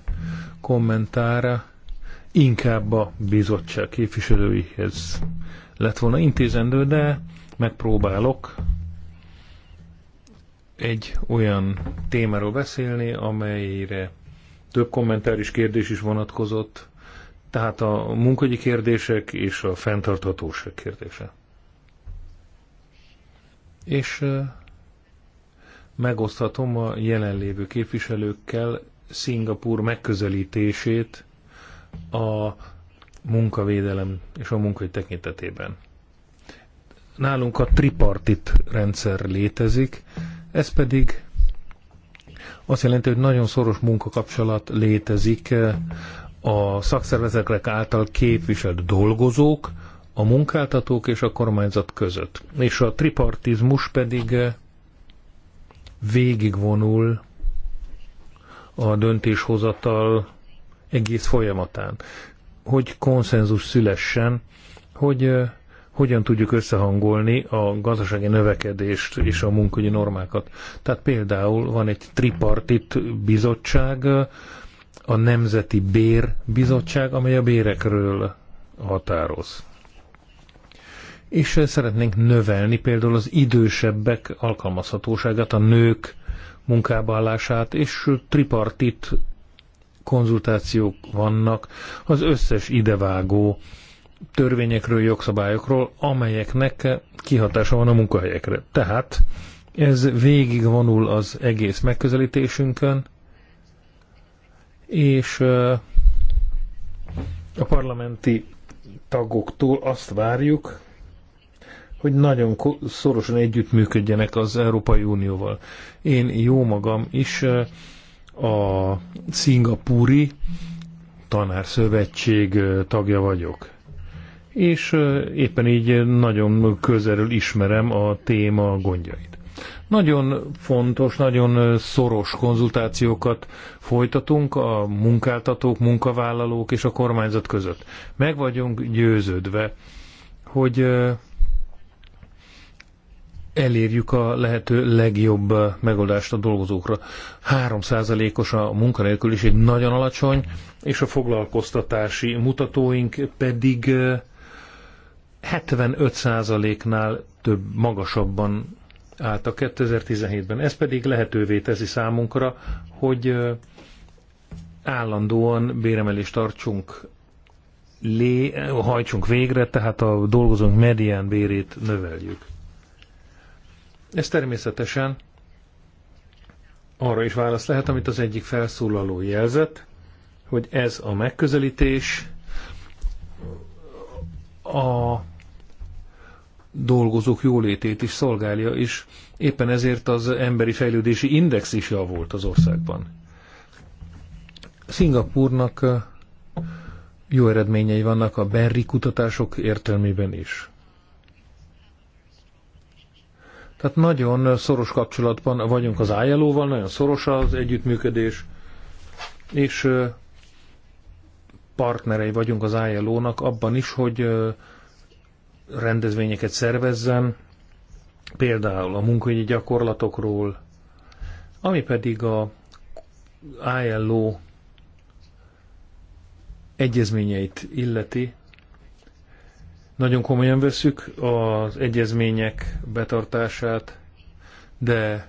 kommentára inkább a bizottság képviselőihez lett volna intézendő, de megpróbálok egy olyan témáról beszélni, amelyre több kommentár is, kérdés is vonatkozott, tehát a munkagyi kérdések és a fenntarthatóság kérdése. És megoszthatom a jelenlévő képviselőkkel Szingapúr megközelítését a munkavédelem és a munkai tekintetében. Nálunk a tripartit rendszer létezik, ez pedig azt jelenti, hogy nagyon szoros munkakapcsolat létezik eh, a szakszervezetek által képviselt dolgozók, a munkáltatók és a kormányzat között. És a tripartizmus pedig eh, végigvonul a döntéshozatal egész folyamatán, hogy konszenzus szülessen, hogy hogyan tudjuk összehangolni a gazdasági növekedést és a munkahogyi normákat. Tehát például van egy tripartit bizottság, a Nemzeti Bérbizottság, amely a bérekről határoz és szeretnénk növelni például az idősebbek alkalmazhatóságát, a nők munkába állását, és tripartit konzultációk vannak az összes idevágó törvényekről, jogszabályokról, amelyeknek kihatása van a munkahelyekre. Tehát ez végig vonul az egész megközelítésünkön, és a parlamenti tagoktól azt várjuk, hogy nagyon szorosan együttműködjenek az Európai Unióval. Én jó magam is a szingapúri tanárszövetség tagja vagyok. És éppen így nagyon közelről ismerem a téma gondjait. Nagyon fontos, nagyon szoros konzultációkat folytatunk a munkáltatók, munkavállalók és a kormányzat között. Meg vagyunk győződve, hogy elérjük a lehető legjobb megoldást a dolgozókra. 3%-os a munkanélküliség nagyon alacsony, és a foglalkoztatási mutatóink pedig 75%-nál eh, több magasabban álltak 2017-ben. Ez pedig lehetővé teszi számunkra, hogy eh, állandóan béremelést tartsunk lé, hajtsunk végre, tehát a dolgozónk medián bérét növeljük. Ez természetesen arra is válasz lehet, amit az egyik felszólaló jelzett, hogy ez a megközelítés a dolgozók jólétét is szolgálja, és éppen ezért az emberi fejlődési index is javult az országban. Szingapúrnak jó eredményei vannak a Berri kutatások értelmében is. Tehát nagyon szoros kapcsolatban vagyunk az ilo nagyon szoros az együttműködés, és partnerei vagyunk az ilo abban is, hogy rendezvényeket szervezzen, például a munkahelyi gyakorlatokról, ami pedig a ILO egyezményeit illeti, nagyon komolyan veszük az egyezmények betartását, de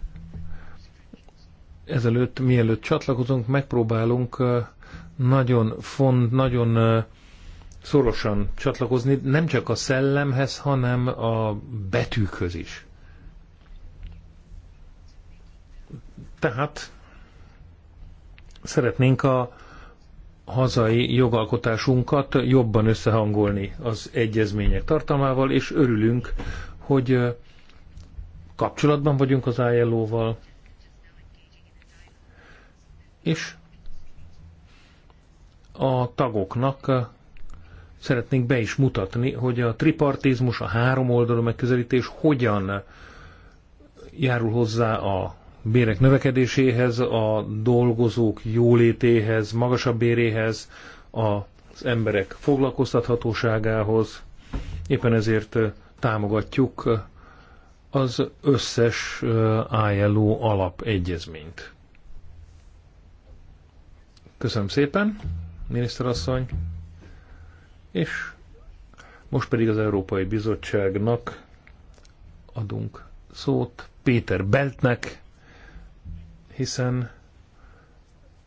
ezelőtt, mielőtt csatlakozunk, megpróbálunk nagyon font, nagyon szorosan csatlakozni, nem csak a szellemhez, hanem a betűkhöz is. Tehát szeretnénk a hazai jogalkotásunkat jobban összehangolni az egyezmények tartalmával, és örülünk, hogy kapcsolatban vagyunk az ILO-val, és a tagoknak szeretnénk be is mutatni, hogy a tripartizmus, a három oldalú megközelítés hogyan járul hozzá a bérek növekedéséhez, a dolgozók jólétéhez, magasabb béréhez, az emberek foglalkoztathatóságához. Éppen ezért támogatjuk az összes ILO alapegyezményt. Köszönöm szépen, miniszterasszony, és most pedig az Európai Bizottságnak adunk szót Péter Beltnek, hiszen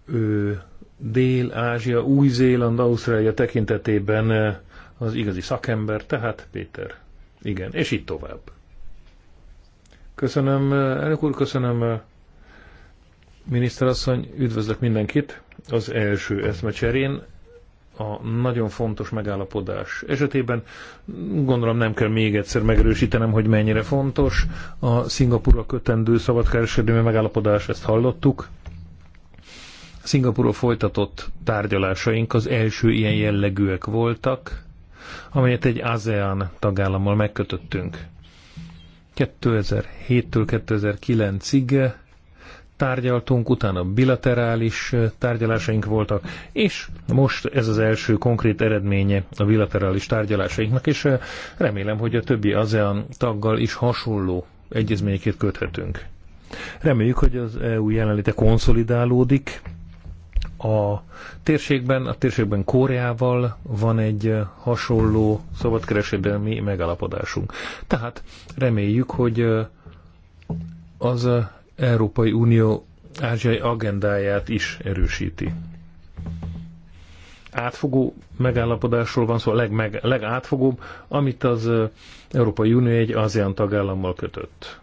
ő Dél-Ázsia, Új-Zéland, Ausztrália tekintetében az igazi szakember, tehát Péter. Igen, és így tovább. Köszönöm, elnök úr, köszönöm, miniszterasszony, üdvözlök mindenkit az első eszmecserén a nagyon fontos megállapodás esetében. Gondolom nem kell még egyszer megerősítenem, hogy mennyire fontos a Szingapurra kötendő szabadkereskedelmi megállapodás, ezt hallottuk. Szingapurról folytatott tárgyalásaink az első ilyen jellegűek voltak, amelyet egy ASEAN tagállammal megkötöttünk. 2007-től 2009-ig tárgyaltunk, utána bilaterális tárgyalásaink voltak, és most ez az első konkrét eredménye a bilaterális tárgyalásainknak, és remélem, hogy a többi ASEAN taggal is hasonló egyezményeket köthetünk. Reméljük, hogy az EU jelenléte konszolidálódik a térségben, a térségben Koreával van egy hasonló szabadkereskedelmi megalapodásunk. Tehát reméljük, hogy az Európai Unió ázsiai agendáját is erősíti. Átfogó megállapodásról van szó, a legmeg, legátfogóbb, amit az Európai Unió egy ASEAN tagállammal kötött.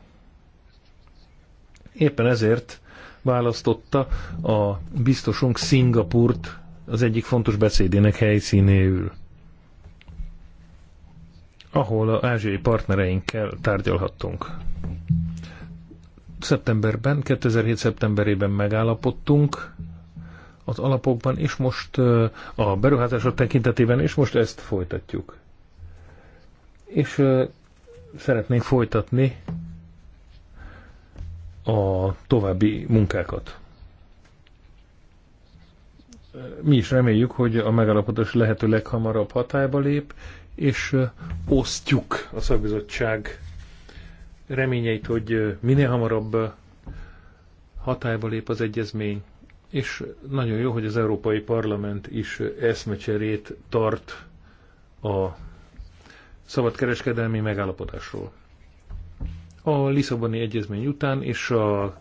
Éppen ezért választotta a biztosunk Szingapurt az egyik fontos beszédének helyszínéül, ahol az ázsiai partnereinkkel tárgyalhattunk szeptemberben, 2007. szeptemberében megállapodtunk az alapokban, és most a beruházások tekintetében, és most ezt folytatjuk. És szeretnénk folytatni a további munkákat. Mi is reméljük, hogy a megállapodás lehető leghamarabb hatályba lép, és osztjuk a szakbizottság reményeit, hogy minél hamarabb hatályba lép az egyezmény, és nagyon jó, hogy az Európai Parlament is eszmecserét tart a szabadkereskedelmi megállapodásról. A Lisszaboni Egyezmény után és a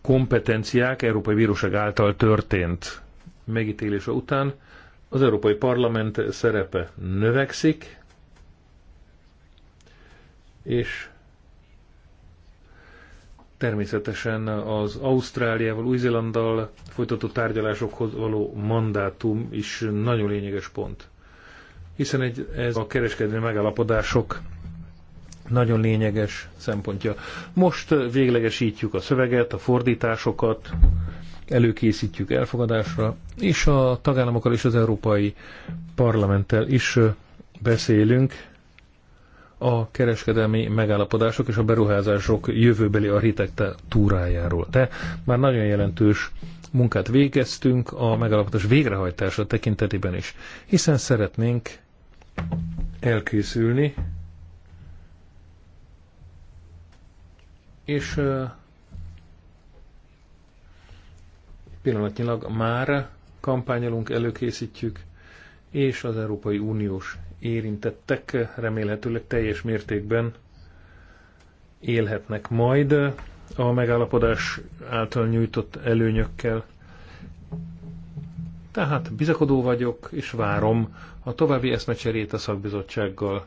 kompetenciák Európai Bíróság által történt megítélése után az Európai Parlament szerepe növekszik, és természetesen az Ausztráliával, Új-Zélanddal folytatott tárgyalásokhoz való mandátum is nagyon lényeges pont. Hiszen egy, ez a kereskedelmi megállapodások nagyon lényeges szempontja. Most véglegesítjük a szöveget, a fordításokat, előkészítjük elfogadásra, és a tagállamokkal és az Európai Parlamenttel is beszélünk, a kereskedelmi megállapodások és a beruházások jövőbeli túrájáról. De már nagyon jelentős munkát végeztünk a megállapodás végrehajtása tekintetében is, hiszen szeretnénk elkészülni és pillanatnyilag már kampányolunk, előkészítjük, és az Európai Uniós érintettek remélhetőleg teljes mértékben élhetnek majd a megállapodás által nyújtott előnyökkel. Tehát bizakodó vagyok, és várom a további eszmecserét a szakbizottsággal.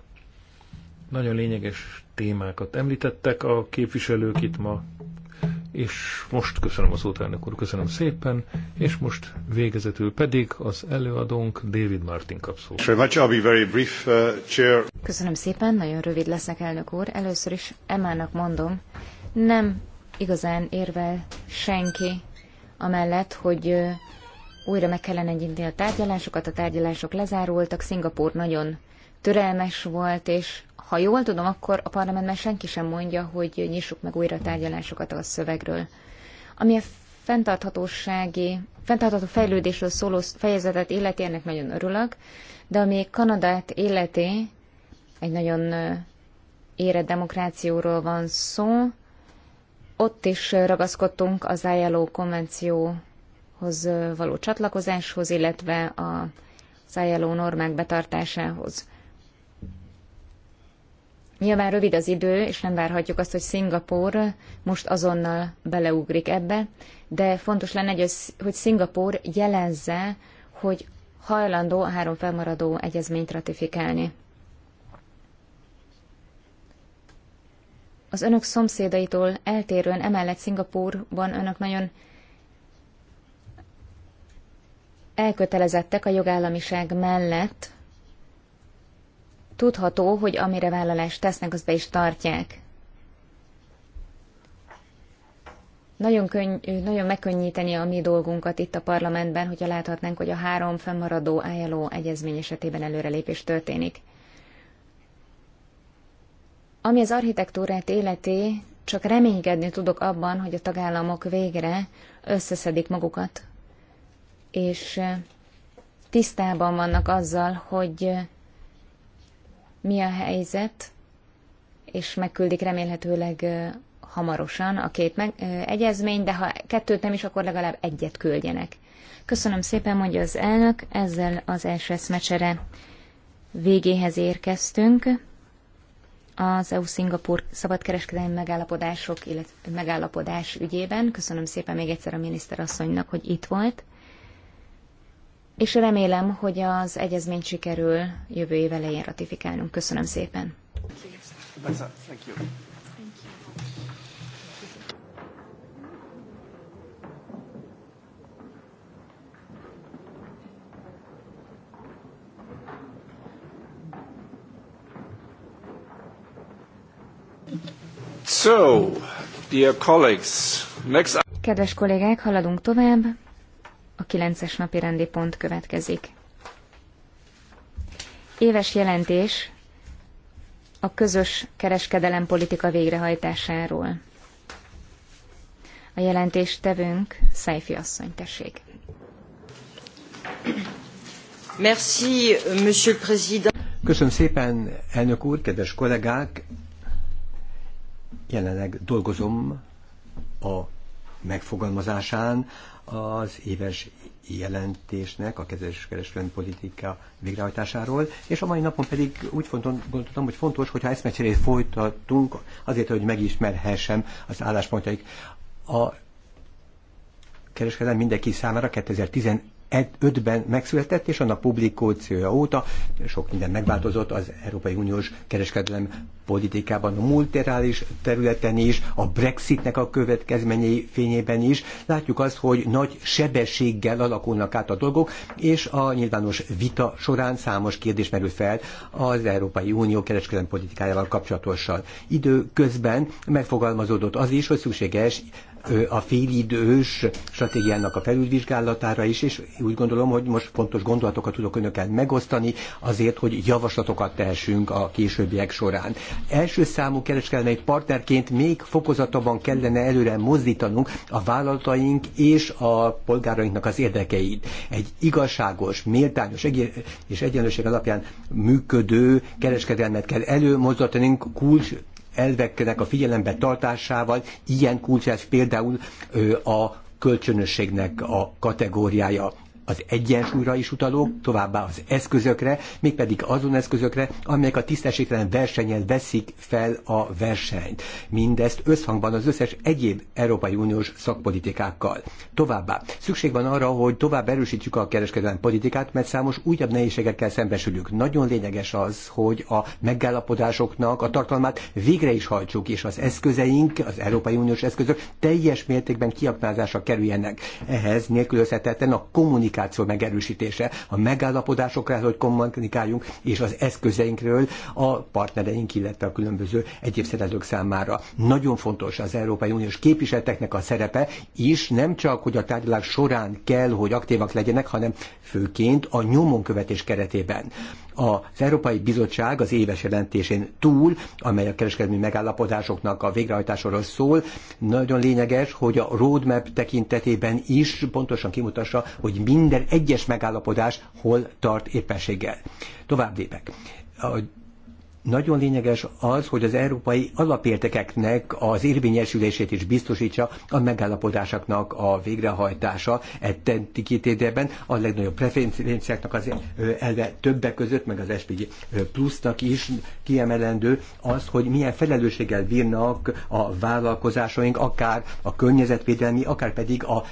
Nagyon lényeges témákat említettek a képviselők itt ma és most köszönöm a szót, elnök úr, köszönöm szépen, és most végezetül pedig az előadónk David Martin kap szót. Uh, köszönöm szépen, nagyon rövid leszek, elnök úr. Először is Emának mondom, nem igazán érvel senki amellett, hogy újra meg kellene nyitni a tárgyalásokat, a tárgyalások lezárultak, Szingapúr nagyon türelmes volt, és ha jól tudom, akkor a parlamentben senki sem mondja, hogy nyissuk meg újra tárgyalásokat a szövegről. Ami a fenntarthatósági, fenntartható fejlődésről szóló fejezetet illeti, ennek nagyon örülök, de ami Kanadát illeti, egy nagyon érett demokrációról van szó, ott is ragaszkodtunk az ILO konvencióhoz való csatlakozáshoz, illetve a ILO normák betartásához. Nyilván rövid az idő, és nem várhatjuk azt, hogy Szingapur most azonnal beleugrik ebbe, de fontos lenne, hogy, Szingapur jelezze, hogy hajlandó a három felmaradó egyezményt ratifikálni. Az önök szomszédaitól eltérően emellett Szingapurban önök nagyon elkötelezettek a jogállamiság mellett, tudható, hogy amire vállalást tesznek, azt be is tartják. Nagyon, könny- nagyon megkönnyíteni a mi dolgunkat itt a parlamentben, hogyha láthatnánk, hogy a három fennmaradó álló egyezmény esetében előrelépés történik. Ami az architektúrát életé, csak reménykedni tudok abban, hogy a tagállamok végre összeszedik magukat, és tisztában vannak azzal, hogy mi a helyzet, és megküldik remélhetőleg hamarosan a két meg, egyezmény, de ha kettőt nem is, akkor legalább egyet küldjenek. Köszönöm szépen, mondja az elnök, ezzel az első eszmecsere végéhez érkeztünk. Az EU-Szingapur szabadkereskedelmi megállapodások, illetve megállapodás ügyében. Köszönöm szépen még egyszer a miniszterasszonynak, hogy itt volt és remélem, hogy az egyezményt sikerül jövő év elején ratifikálnunk. Köszönöm szépen. So, dear colleagues, next... Kedves kollégák, haladunk tovább. A kilences napi rendi pont következik. Éves jelentés a közös politika végrehajtásáról. A jelentés tevünk Szájfi asszony, tessék. Merci, monsieur le président. Köszönöm szépen, elnök úr, kedves kollégák! Jelenleg dolgozom a megfogalmazásán az éves jelentésnek a kereskedelmi politika végrehajtásáról, és a mai napon pedig úgy gondoltam, hogy fontos, hogyha eszmecserét folytatunk azért, hogy megismerhessem az álláspontjaik. A kereskedelem mindenki számára 2015 2005-ben e- megszületett, és annak publikációja óta sok minden megváltozott az Európai Uniós kereskedelem politikában, a multirális területen is, a Brexitnek a következményei fényében is. Látjuk azt, hogy nagy sebességgel alakulnak át a dolgok, és a nyilvános vita során számos kérdés merül fel az Európai Unió kereskedelmi politikájával kapcsolatosan. Időközben megfogalmazódott az is, hogy szükséges a félidős stratégiának a felülvizsgálatára is, és úgy gondolom, hogy most pontos gondolatokat tudok önökkel megosztani azért, hogy javaslatokat tehessünk a későbbiek során. Első számú kereskedelmi partnerként még fokozatban kellene előre mozdítanunk a vállalataink és a polgárainknak az érdekeit. Egy igazságos, méltányos és egyenlőség alapján működő kereskedelmet kell előmozdítanunk, kulcs elveknek a figyelembe tartásával ilyen kulcsás például a kölcsönösségnek a kategóriája az egyensúlyra is utalók, továbbá az eszközökre, mégpedig azon eszközökre, amelyek a tisztességtelen versenyen veszik fel a versenyt. Mindezt összhangban az összes egyéb Európai Uniós szakpolitikákkal. Továbbá szükség van arra, hogy tovább erősítjük a kereskedelmi politikát, mert számos újabb nehézségekkel szembesülünk. Nagyon lényeges az, hogy a megállapodásoknak a tartalmát végre is hajtsuk, és az eszközeink, az Európai Uniós eszközök teljes mértékben kiaknázásra kerüljenek. Ehhez nélkülözhetetlen a kommunikáció kommunikáció megerősítése, a megállapodásokra, hogy kommunikáljunk, és az eszközeinkről a partnereink, illetve a különböző egyéb szereplők számára. Nagyon fontos az Európai Uniós képviseleteknek a szerepe is, nem csak, hogy a tárgyalás során kell, hogy aktívak legyenek, hanem főként a nyomonkövetés keretében. Az Európai Bizottság az éves jelentésén túl, amely a kereskedelmi megállapodásoknak a végrehajtásáról szól, nagyon lényeges, hogy a roadmap tekintetében is pontosan kimutassa, hogy minden egyes megállapodás hol tart éppenséggel. Tovább lépek. A nagyon lényeges az, hogy az európai alapértekeknek az érvényesülését is biztosítsa a megállapodásoknak a végrehajtása ettentikitétében a legnagyobb preferenciáknak az elve többek között, meg az SPG plusznak is kiemelendő az, hogy milyen felelősséggel bírnak a vállalkozásaink, akár a környezetvédelmi, akár pedig a,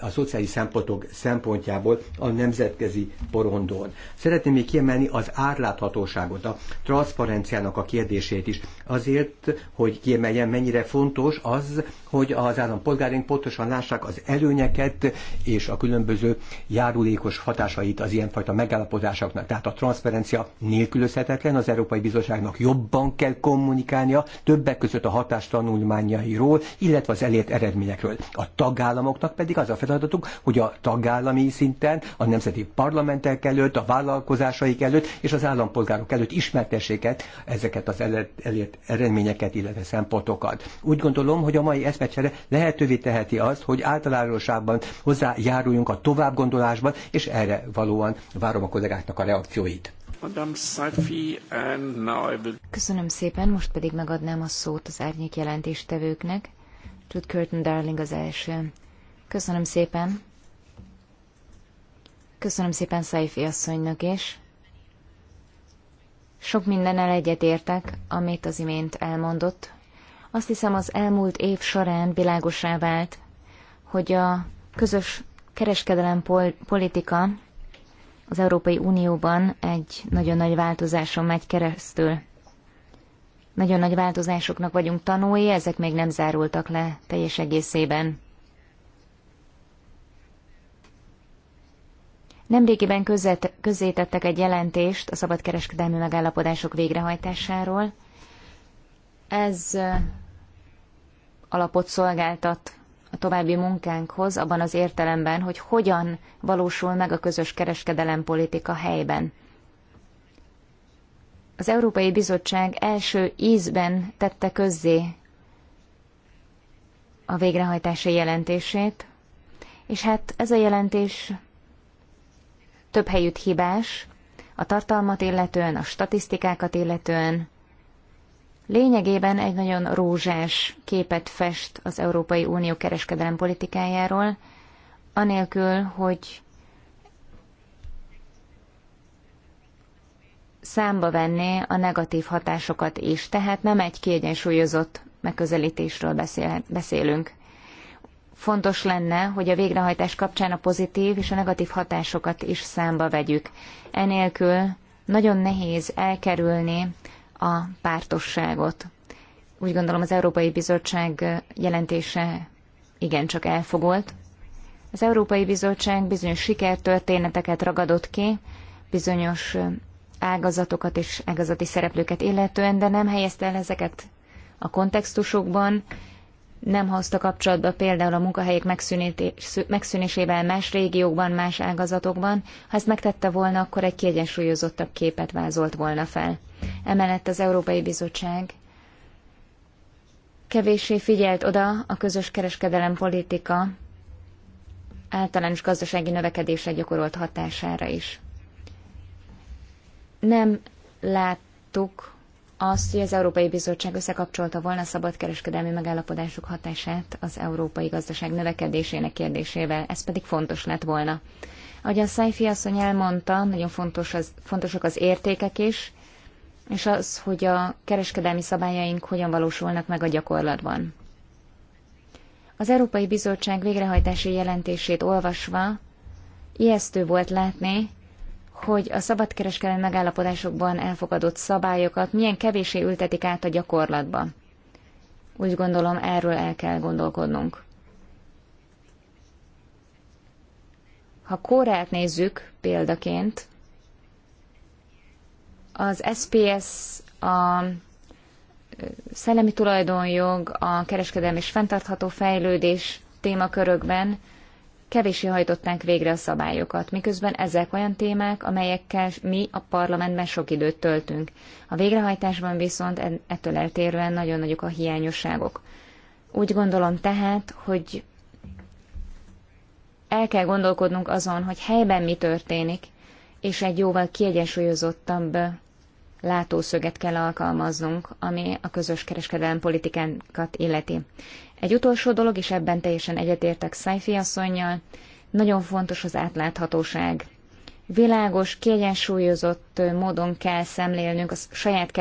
a szociális szempontok szempontjából a nemzetközi porondon. Szeretném még kiemelni az átláthatóságot, a transzparenciát, transzparenciának a kérdését is. Azért, hogy kiemeljem, mennyire fontos az, hogy az állampolgárink pontosan lássák az előnyeket és a különböző járulékos hatásait az ilyenfajta megállapodásoknak. Tehát a transzferencia nélkülözhetetlen, az Európai Bizottságnak jobban kell kommunikálnia többek között a hatástanulmányairól, illetve az elért eredményekről. A tagállamoknak pedig az a feladatuk, hogy a tagállami szinten, a nemzeti parlamentek előtt, a vállalkozásaik előtt és az állampolgárok előtt ismertessék el ezeket, ezeket az elért eredményeket, illetve szempontokat. Úgy gondolom, hogy a mai eszmecsere lehetővé teheti azt, hogy általánosságban hozzájáruljunk a továbbgondolásban, és erre valóan várom a kollégáknak a reakcióit. Köszönöm szépen, most pedig megadnám a szót az árnyék jelentéstevőknek. Jude Curtin Darling az első. Köszönöm szépen. Köszönöm szépen Saifi asszonynak is. Sok mindennel egyetértek, amit az imént elmondott. Azt hiszem az elmúlt év során világosá vált, hogy a közös kereskedelem pol politika az Európai Unióban egy nagyon nagy változáson megy keresztül. Nagyon nagy változásoknak vagyunk tanúi, ezek még nem zárultak le teljes egészében. Nemrégiben közzétettek egy jelentést a szabadkereskedelmi megállapodások végrehajtásáról. Ez alapot szolgáltat a további munkánkhoz abban az értelemben, hogy hogyan valósul meg a közös kereskedelempolitika helyben. Az Európai Bizottság első ízben tette közzé a végrehajtási jelentését, és hát ez a jelentés több helyütt hibás, a tartalmat illetően, a statisztikákat illetően. Lényegében egy nagyon rózsás képet fest az Európai Unió kereskedelem politikájáról, anélkül, hogy számba venné a negatív hatásokat is, tehát nem egy kiegyensúlyozott megközelítésről beszélünk fontos lenne, hogy a végrehajtás kapcsán a pozitív és a negatív hatásokat is számba vegyük. Enélkül nagyon nehéz elkerülni a pártosságot. Úgy gondolom az Európai Bizottság jelentése igencsak elfogolt. Az Európai Bizottság bizonyos sikertörténeteket ragadott ki, bizonyos ágazatokat és ágazati szereplőket illetően, de nem helyezte el ezeket a kontextusokban, nem hozta kapcsolatba például a munkahelyek megszűnésével más régiókban, más ágazatokban. Ha ezt megtette volna, akkor egy kiegyensúlyozottabb képet vázolt volna fel. Emellett az Európai Bizottság kevéssé figyelt oda a közös kereskedelem politika általános gazdasági növekedésre gyakorolt hatására is. Nem láttuk, azt, hogy az Európai Bizottság összekapcsolta volna a szabadkereskedelmi megállapodások hatását az európai gazdaság növekedésének kérdésével, ez pedig fontos lett volna. Ahogy a Szájfi asszony elmondta, nagyon fontos az, fontosak az értékek is, és az, hogy a kereskedelmi szabályaink hogyan valósulnak meg a gyakorlatban. Az Európai Bizottság végrehajtási jelentését olvasva ijesztő volt látni, hogy a szabadkereskedelmi megállapodásokban elfogadott szabályokat milyen kevésé ültetik át a gyakorlatba. Úgy gondolom, erről el kell gondolkodnunk. Ha Kórát nézzük példaként, az SPS a szellemi tulajdonjog, a kereskedelmi és fenntartható fejlődés témakörökben kevéssé hajtották végre a szabályokat, miközben ezek olyan témák, amelyekkel mi a parlamentben sok időt töltünk. A végrehajtásban viszont ettől eltérően nagyon nagyok a hiányosságok. Úgy gondolom tehát, hogy el kell gondolkodnunk azon, hogy helyben mi történik, és egy jóval kiegyensúlyozottabb látószöget kell alkalmaznunk, ami a közös kereskedelmi politikánkat illeti. Egy utolsó dolog, és ebben teljesen egyetértek Szájfi asszonynal, nagyon fontos az átláthatóság. Világos, kiegyensúlyozott módon kell szemlélnünk a saját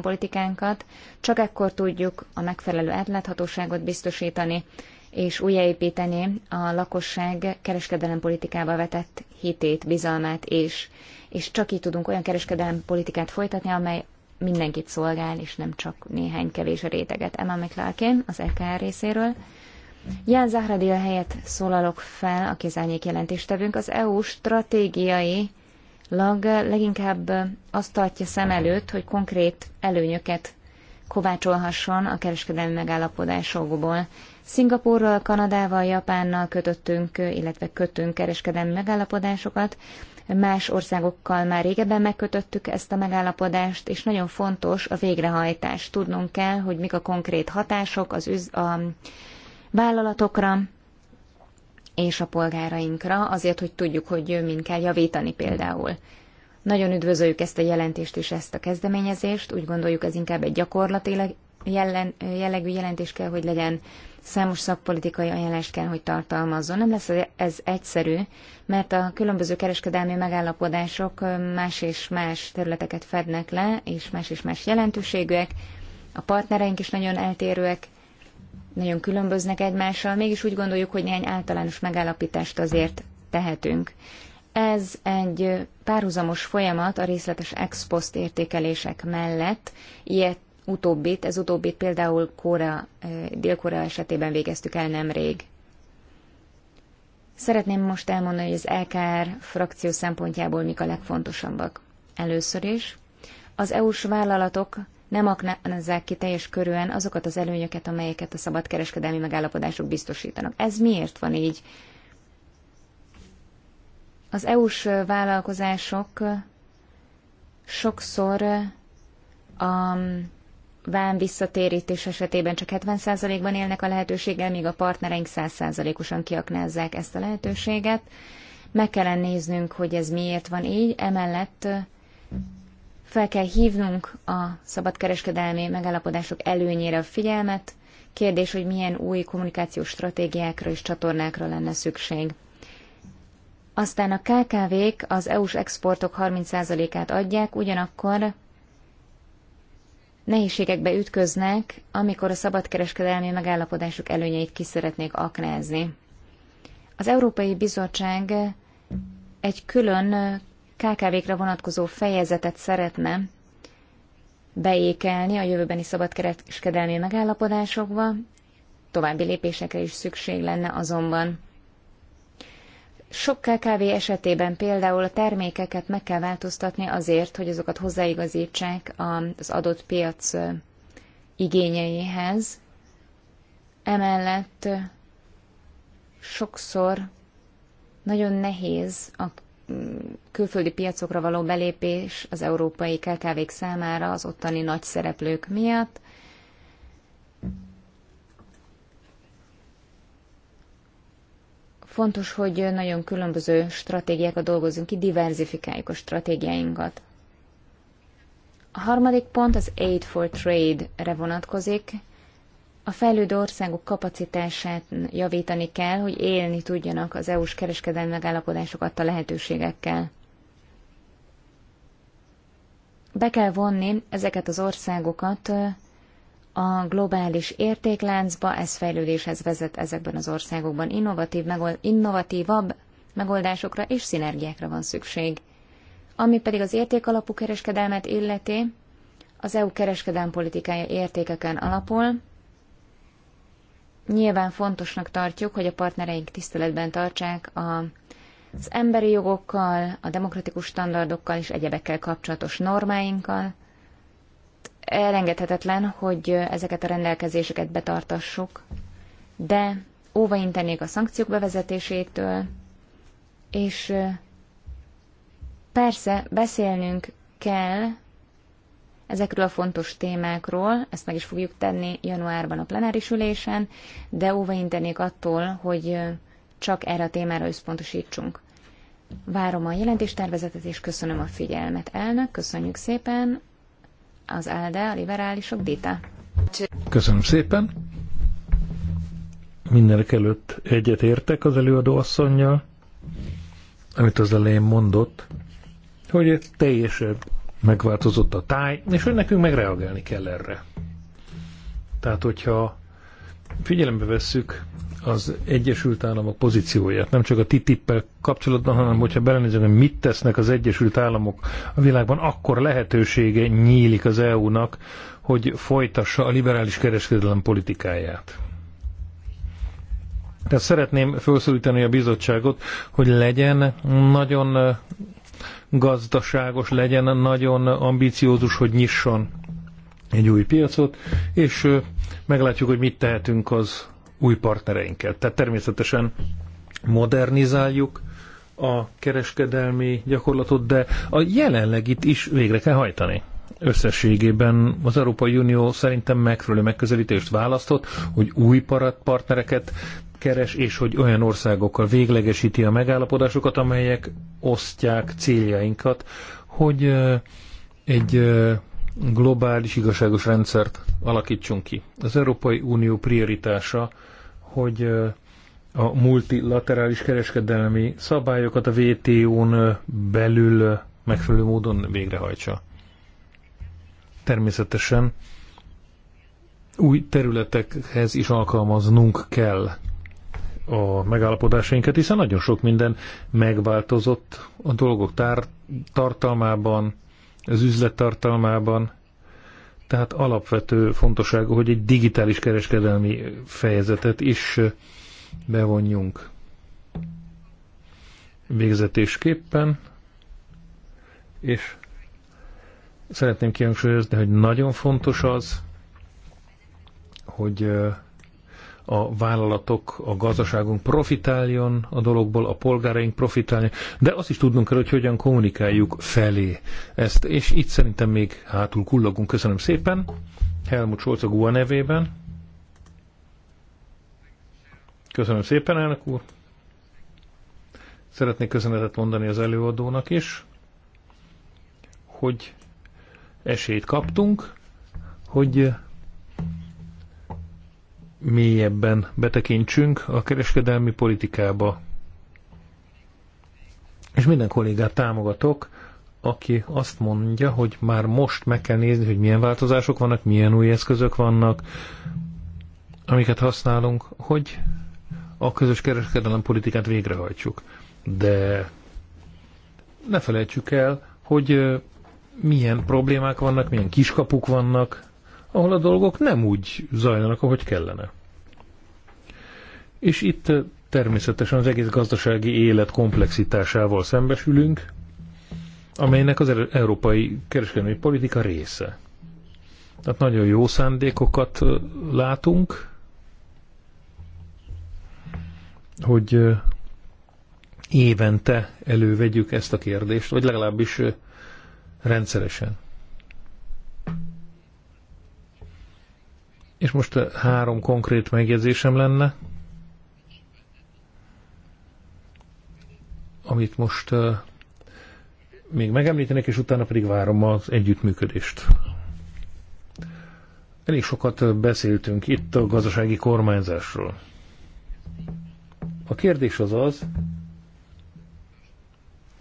politikánkat, csak ekkor tudjuk a megfelelő átláthatóságot biztosítani, és újjáépíteni a lakosság kereskedelem politikába vetett hitét, bizalmát és és csak így tudunk olyan kereskedelmi politikát folytatni, amely mindenkit szolgál, és nem csak néhány kevés réteget. Emma McLarkin az EKR részéről. Ján Zahradil helyett szólalok fel, aki az árnyék jelentéstevünk. Az EU stratégiai lag leginkább azt tartja szem előtt, hogy konkrét előnyöket kovácsolhasson a kereskedelmi megállapodásokból. Szingapurral, Kanadával, Japánnal kötöttünk, illetve kötünk kereskedelmi megállapodásokat. Más országokkal már régebben megkötöttük ezt a megállapodást, és nagyon fontos a végrehajtás. Tudnunk kell, hogy mik a konkrét hatások az üz, a vállalatokra, és a polgárainkra, azért, hogy tudjuk, hogy mind kell javítani például. Nagyon üdvözöljük ezt a jelentést és ezt a kezdeményezést, úgy gondoljuk ez inkább egy gyakorlatilag jellegű jelentés kell, hogy legyen, számos szakpolitikai ajánlást kell, hogy tartalmazzon. Nem lesz ez egyszerű, mert a különböző kereskedelmi megállapodások más és más területeket fednek le, és más és más jelentőségűek. A partnereink is nagyon eltérőek, nagyon különböznek egymással, mégis úgy gondoljuk, hogy néhány általános megállapítást azért tehetünk. Ez egy párhuzamos folyamat a részletes ex post értékelések mellett, ilyet utóbbit, ez utóbbit például Kóra, eh, Dél-Korea esetében végeztük el nemrég. Szeretném most elmondani, hogy az LKR frakció szempontjából mik a legfontosabbak. Először is, az EU-s vállalatok nem aknázzák ki teljes körűen azokat az előnyöket, amelyeket a szabadkereskedelmi megállapodások biztosítanak. Ez miért van így? Az EU-s vállalkozások sokszor eh, a vám visszatérítés esetében csak 70%-ban élnek a lehetőséggel, míg a partnereink 100%-osan kiaknázzák ezt a lehetőséget. Meg kellene néznünk, hogy ez miért van így, emellett fel kell hívnunk a szabadkereskedelmi megállapodások előnyére a figyelmet, kérdés, hogy milyen új kommunikációs stratégiákra és csatornákra lenne szükség. Aztán a KKV-k az EU-s exportok 30%-át adják, ugyanakkor nehézségekbe ütköznek, amikor a szabadkereskedelmi megállapodások előnyeit ki szeretnék aknázni. Az Európai Bizottság egy külön KKV-kra vonatkozó fejezetet szeretne beékelni a jövőbeni szabadkereskedelmi megállapodásokba, további lépésekre is szükség lenne azonban. Sok KKV esetében például a termékeket meg kell változtatni azért, hogy azokat hozzáigazítsák az adott piac igényeihez. Emellett sokszor nagyon nehéz a külföldi piacokra való belépés az európai kkv számára az ottani nagy szereplők miatt. Fontos, hogy nagyon különböző stratégiákat dolgozunk ki, diverzifikáljuk a stratégiáinkat. A harmadik pont az Aid for Trade-re vonatkozik. A fejlődő országok kapacitását javítani kell, hogy élni tudjanak az EU-s kereskedelmi megállapodások adta lehetőségekkel. Be kell vonni ezeket az országokat a globális értékláncba, ez fejlődéshez vezet ezekben az országokban. Innovatív, megold, innovatívabb megoldásokra és szinergiákra van szükség. Ami pedig az értékalapú kereskedelmet illeti, az EU kereskedelmpolitikája értékeken alapul. Nyilván fontosnak tartjuk, hogy a partnereink tiszteletben tartsák a az emberi jogokkal, a demokratikus standardokkal és egyebekkel kapcsolatos normáinkkal, elengedhetetlen, hogy ezeket a rendelkezéseket betartassuk, de óvaintenék a szankciók bevezetésétől, és persze beszélnünk kell ezekről a fontos témákról, ezt meg is fogjuk tenni januárban a plenáris ülésen, de óvaintenék attól, hogy csak erre a témára összpontosítsunk. Várom a jelentéstervezetet, és köszönöm a figyelmet. Elnök, köszönjük szépen az ELDE, a liberálisok, Dita. Köszönöm szépen. Mindenek előtt egyet értek az előadó asszonynal, amit az elején mondott, hogy teljesen megváltozott a táj, és hogy nekünk megreagálni kell erre. Tehát, hogyha figyelembe vesszük az Egyesült Államok pozícióját, nem csak a TTIP-pel kapcsolatban, hanem hogyha belenézünk, hogy mit tesznek az Egyesült Államok a világban, akkor lehetősége nyílik az EU-nak, hogy folytassa a liberális kereskedelem politikáját. Tehát szeretném felszólítani a bizottságot, hogy legyen nagyon eh, gazdaságos, legyen nagyon ambiciózus, hogy nyisson egy új piacot, és eh, meglátjuk, hogy mit tehetünk az új partnereinkkel. Tehát természetesen modernizáljuk a kereskedelmi gyakorlatot, de a jelenlegit is végre kell hajtani összességében az Európai Unió szerintem megfelelő megközelítést választott, hogy új partnereket keres, és hogy olyan országokkal véglegesíti a megállapodásokat, amelyek osztják céljainkat, hogy egy globális igazságos rendszert alakítsunk ki. Az Európai Unió prioritása hogy a multilaterális kereskedelmi szabályokat a WTO-n belül megfelelő módon végrehajtsa. Természetesen új területekhez is alkalmaznunk kell a megállapodásainkat, hiszen nagyon sok minden megváltozott a dolgok tár- tartalmában, az üzlet tartalmában, tehát alapvető fontosságú, hogy egy digitális kereskedelmi fejezetet is bevonjunk. Végzetésképpen, és szeretném kihangsúlyozni, hogy nagyon fontos az, hogy a vállalatok, a gazdaságunk profitáljon a dologból, a polgáraink profitáljon, de azt is tudnunk kell, hogy hogyan kommunikáljuk felé ezt, és itt szerintem még hátul kullogunk. Köszönöm szépen. Helmut Scholz a GUA nevében. Köszönöm szépen, elnök úr. Szeretnék köszönetet mondani az előadónak is, hogy esélyt kaptunk, hogy mélyebben betekintsünk a kereskedelmi politikába. És minden kollégát támogatok, aki azt mondja, hogy már most meg kell nézni, hogy milyen változások vannak, milyen új eszközök vannak, amiket használunk, hogy a közös kereskedelem politikát végrehajtsuk. De ne felejtsük el, hogy milyen problémák vannak, milyen kiskapuk vannak, ahol a dolgok nem úgy zajlanak, ahogy kellene. És itt eh, természetesen az egész gazdasági élet komplexitásával szembesülünk, amelynek az er- európai kereskedelmi politika része. Tehát nagyon jó szándékokat eh, látunk, hogy eh, évente elővegyük ezt a kérdést, vagy legalábbis rendszeresen. És most eh, három konkrét megjegyzésem lenne, amit most eh, még megemlítenek, és utána pedig várom az együttműködést. Elég sokat eh, beszéltünk itt a gazdasági kormányzásról. A kérdés az az,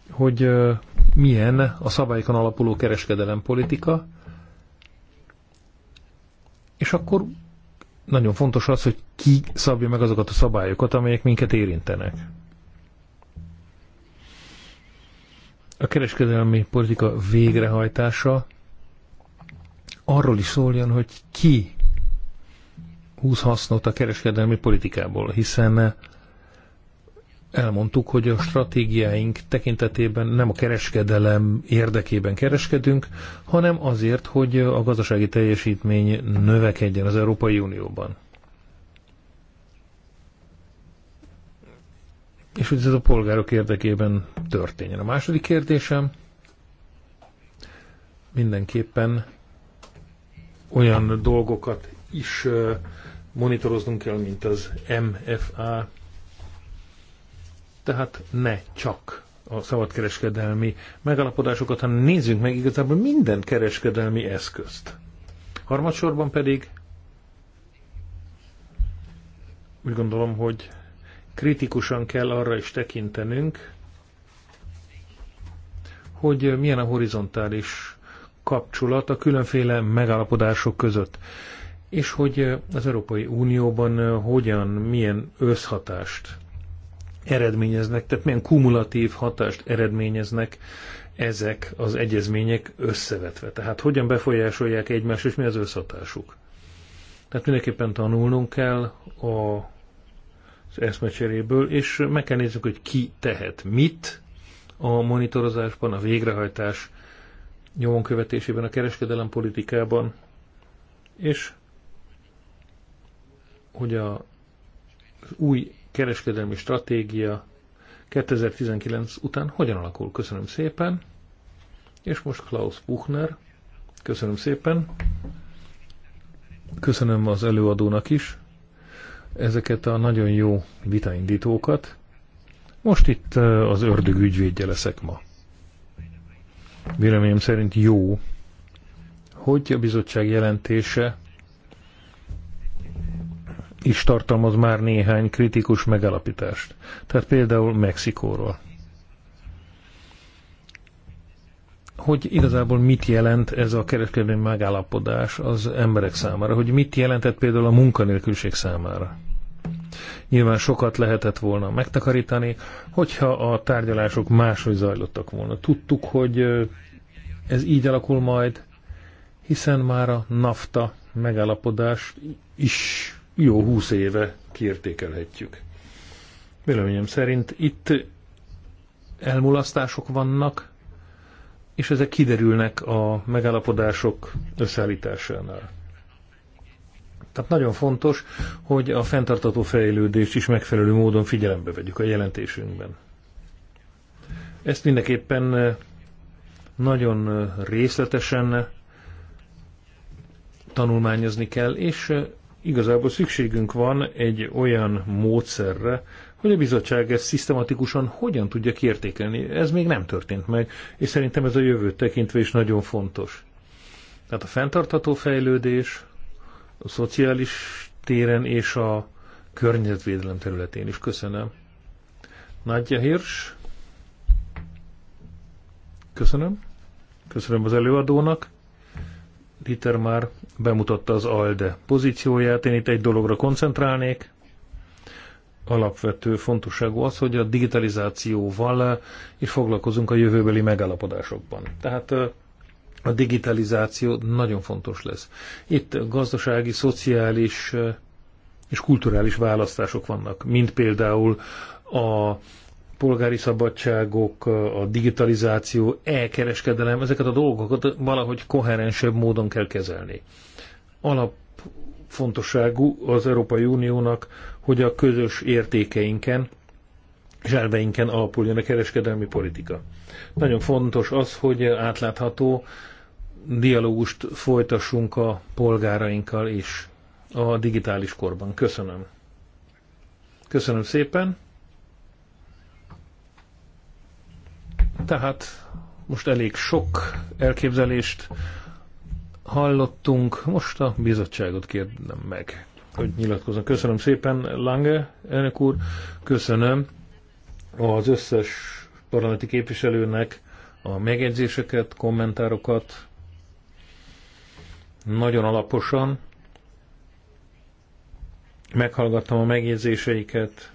hogy milyen a szabályokon alapuló kereskedelempolitika, és akkor nagyon fontos az, hogy ki szabja meg azokat a szabályokat, amelyek minket érintenek. A kereskedelmi politika végrehajtása arról is szóljon, hogy ki húz hasznot a kereskedelmi politikából, hiszen elmondtuk, hogy a stratégiáink tekintetében nem a kereskedelem érdekében kereskedünk, hanem azért, hogy a gazdasági teljesítmény növekedjen az Európai Unióban. És hogy ez a polgárok érdekében történjen. A második kérdésem mindenképpen olyan dolgokat is monitoroznunk kell, mint az MFA, tehát ne csak a szabadkereskedelmi megalapodásokat, hanem nézzünk meg igazából minden kereskedelmi eszközt. Harmadsorban pedig úgy gondolom, hogy kritikusan kell arra is tekintenünk, hogy milyen a horizontális kapcsolat a különféle megállapodások között, és hogy az Európai Unióban hogyan, milyen összhatást eredményeznek, tehát milyen kumulatív hatást eredményeznek ezek az egyezmények összevetve. Tehát hogyan befolyásolják egymást, és mi az összhatásuk. Tehát mindenképpen tanulnunk kell a az eszmecseréből, és meg kell nézzük, hogy ki tehet mit a monitorozásban, a végrehajtás nyomon követésében, a kereskedelem politikában, és hogy a, új kereskedelmi stratégia 2019 után hogyan alakul. Köszönöm szépen. És most Klaus Buchner. Köszönöm szépen. Köszönöm az előadónak is ezeket a nagyon jó vitaindítókat. Most itt az ördög ügyvédje leszek ma. Véleményem szerint jó, hogy a bizottság jelentése is tartalmaz már néhány kritikus megalapítást. Tehát például Mexikóról. Hogy igazából mit jelent ez a kereskedelmi megállapodás az emberek számára? Hogy mit jelentett például a munkanélküliség számára? Nyilván sokat lehetett volna megtakarítani, hogyha a tárgyalások máshogy zajlottak volna. Tudtuk, hogy ez így alakul majd, hiszen már a NAFTA megállapodás is jó húsz éve kiértékelhetjük. Véleményem szerint itt elmulasztások vannak, és ezek kiderülnek a megállapodások összeállításánál. Tehát nagyon fontos, hogy a fenntartató fejlődést is megfelelő módon figyelembe vegyük a jelentésünkben. Ezt mindenképpen nagyon részletesen tanulmányozni kell, és Igazából szükségünk van egy olyan módszerre, hogy a bizottság ezt szisztematikusan hogyan tudja kiértékelni. Ez még nem történt meg, és szerintem ez a jövőt tekintve is nagyon fontos. Tehát a fenntartható fejlődés, a szociális téren és a környezetvédelem területén is. Köszönöm. Nagyja Hirsch. Köszönöm. Köszönöm az előadónak. Dieter már bemutatta az ALDE pozícióját. Én itt egy dologra koncentrálnék. Alapvető fontosságú az, hogy a digitalizációval is foglalkozunk a jövőbeli megállapodásokban. Tehát a digitalizáció nagyon fontos lesz. Itt gazdasági, szociális és kulturális választások vannak, mint például a polgári szabadságok, a digitalizáció, elkereskedelem, ezeket a dolgokat valahogy koherensebb módon kell kezelni. Alapfontosságú az Európai Uniónak, hogy a közös értékeinken és elveinken alapuljon a kereskedelmi politika. Nagyon fontos az, hogy átlátható dialógust folytassunk a polgárainkkal is a digitális korban. Köszönöm. Köszönöm szépen. Tehát most elég sok elképzelést hallottunk. Most a bizottságot kérdem meg, hogy nyilatkozom. Köszönöm szépen, Lange elnök úr. Köszönöm az összes parlamenti képviselőnek a megjegyzéseket, kommentárokat. Nagyon alaposan meghallgattam a megjegyzéseiket,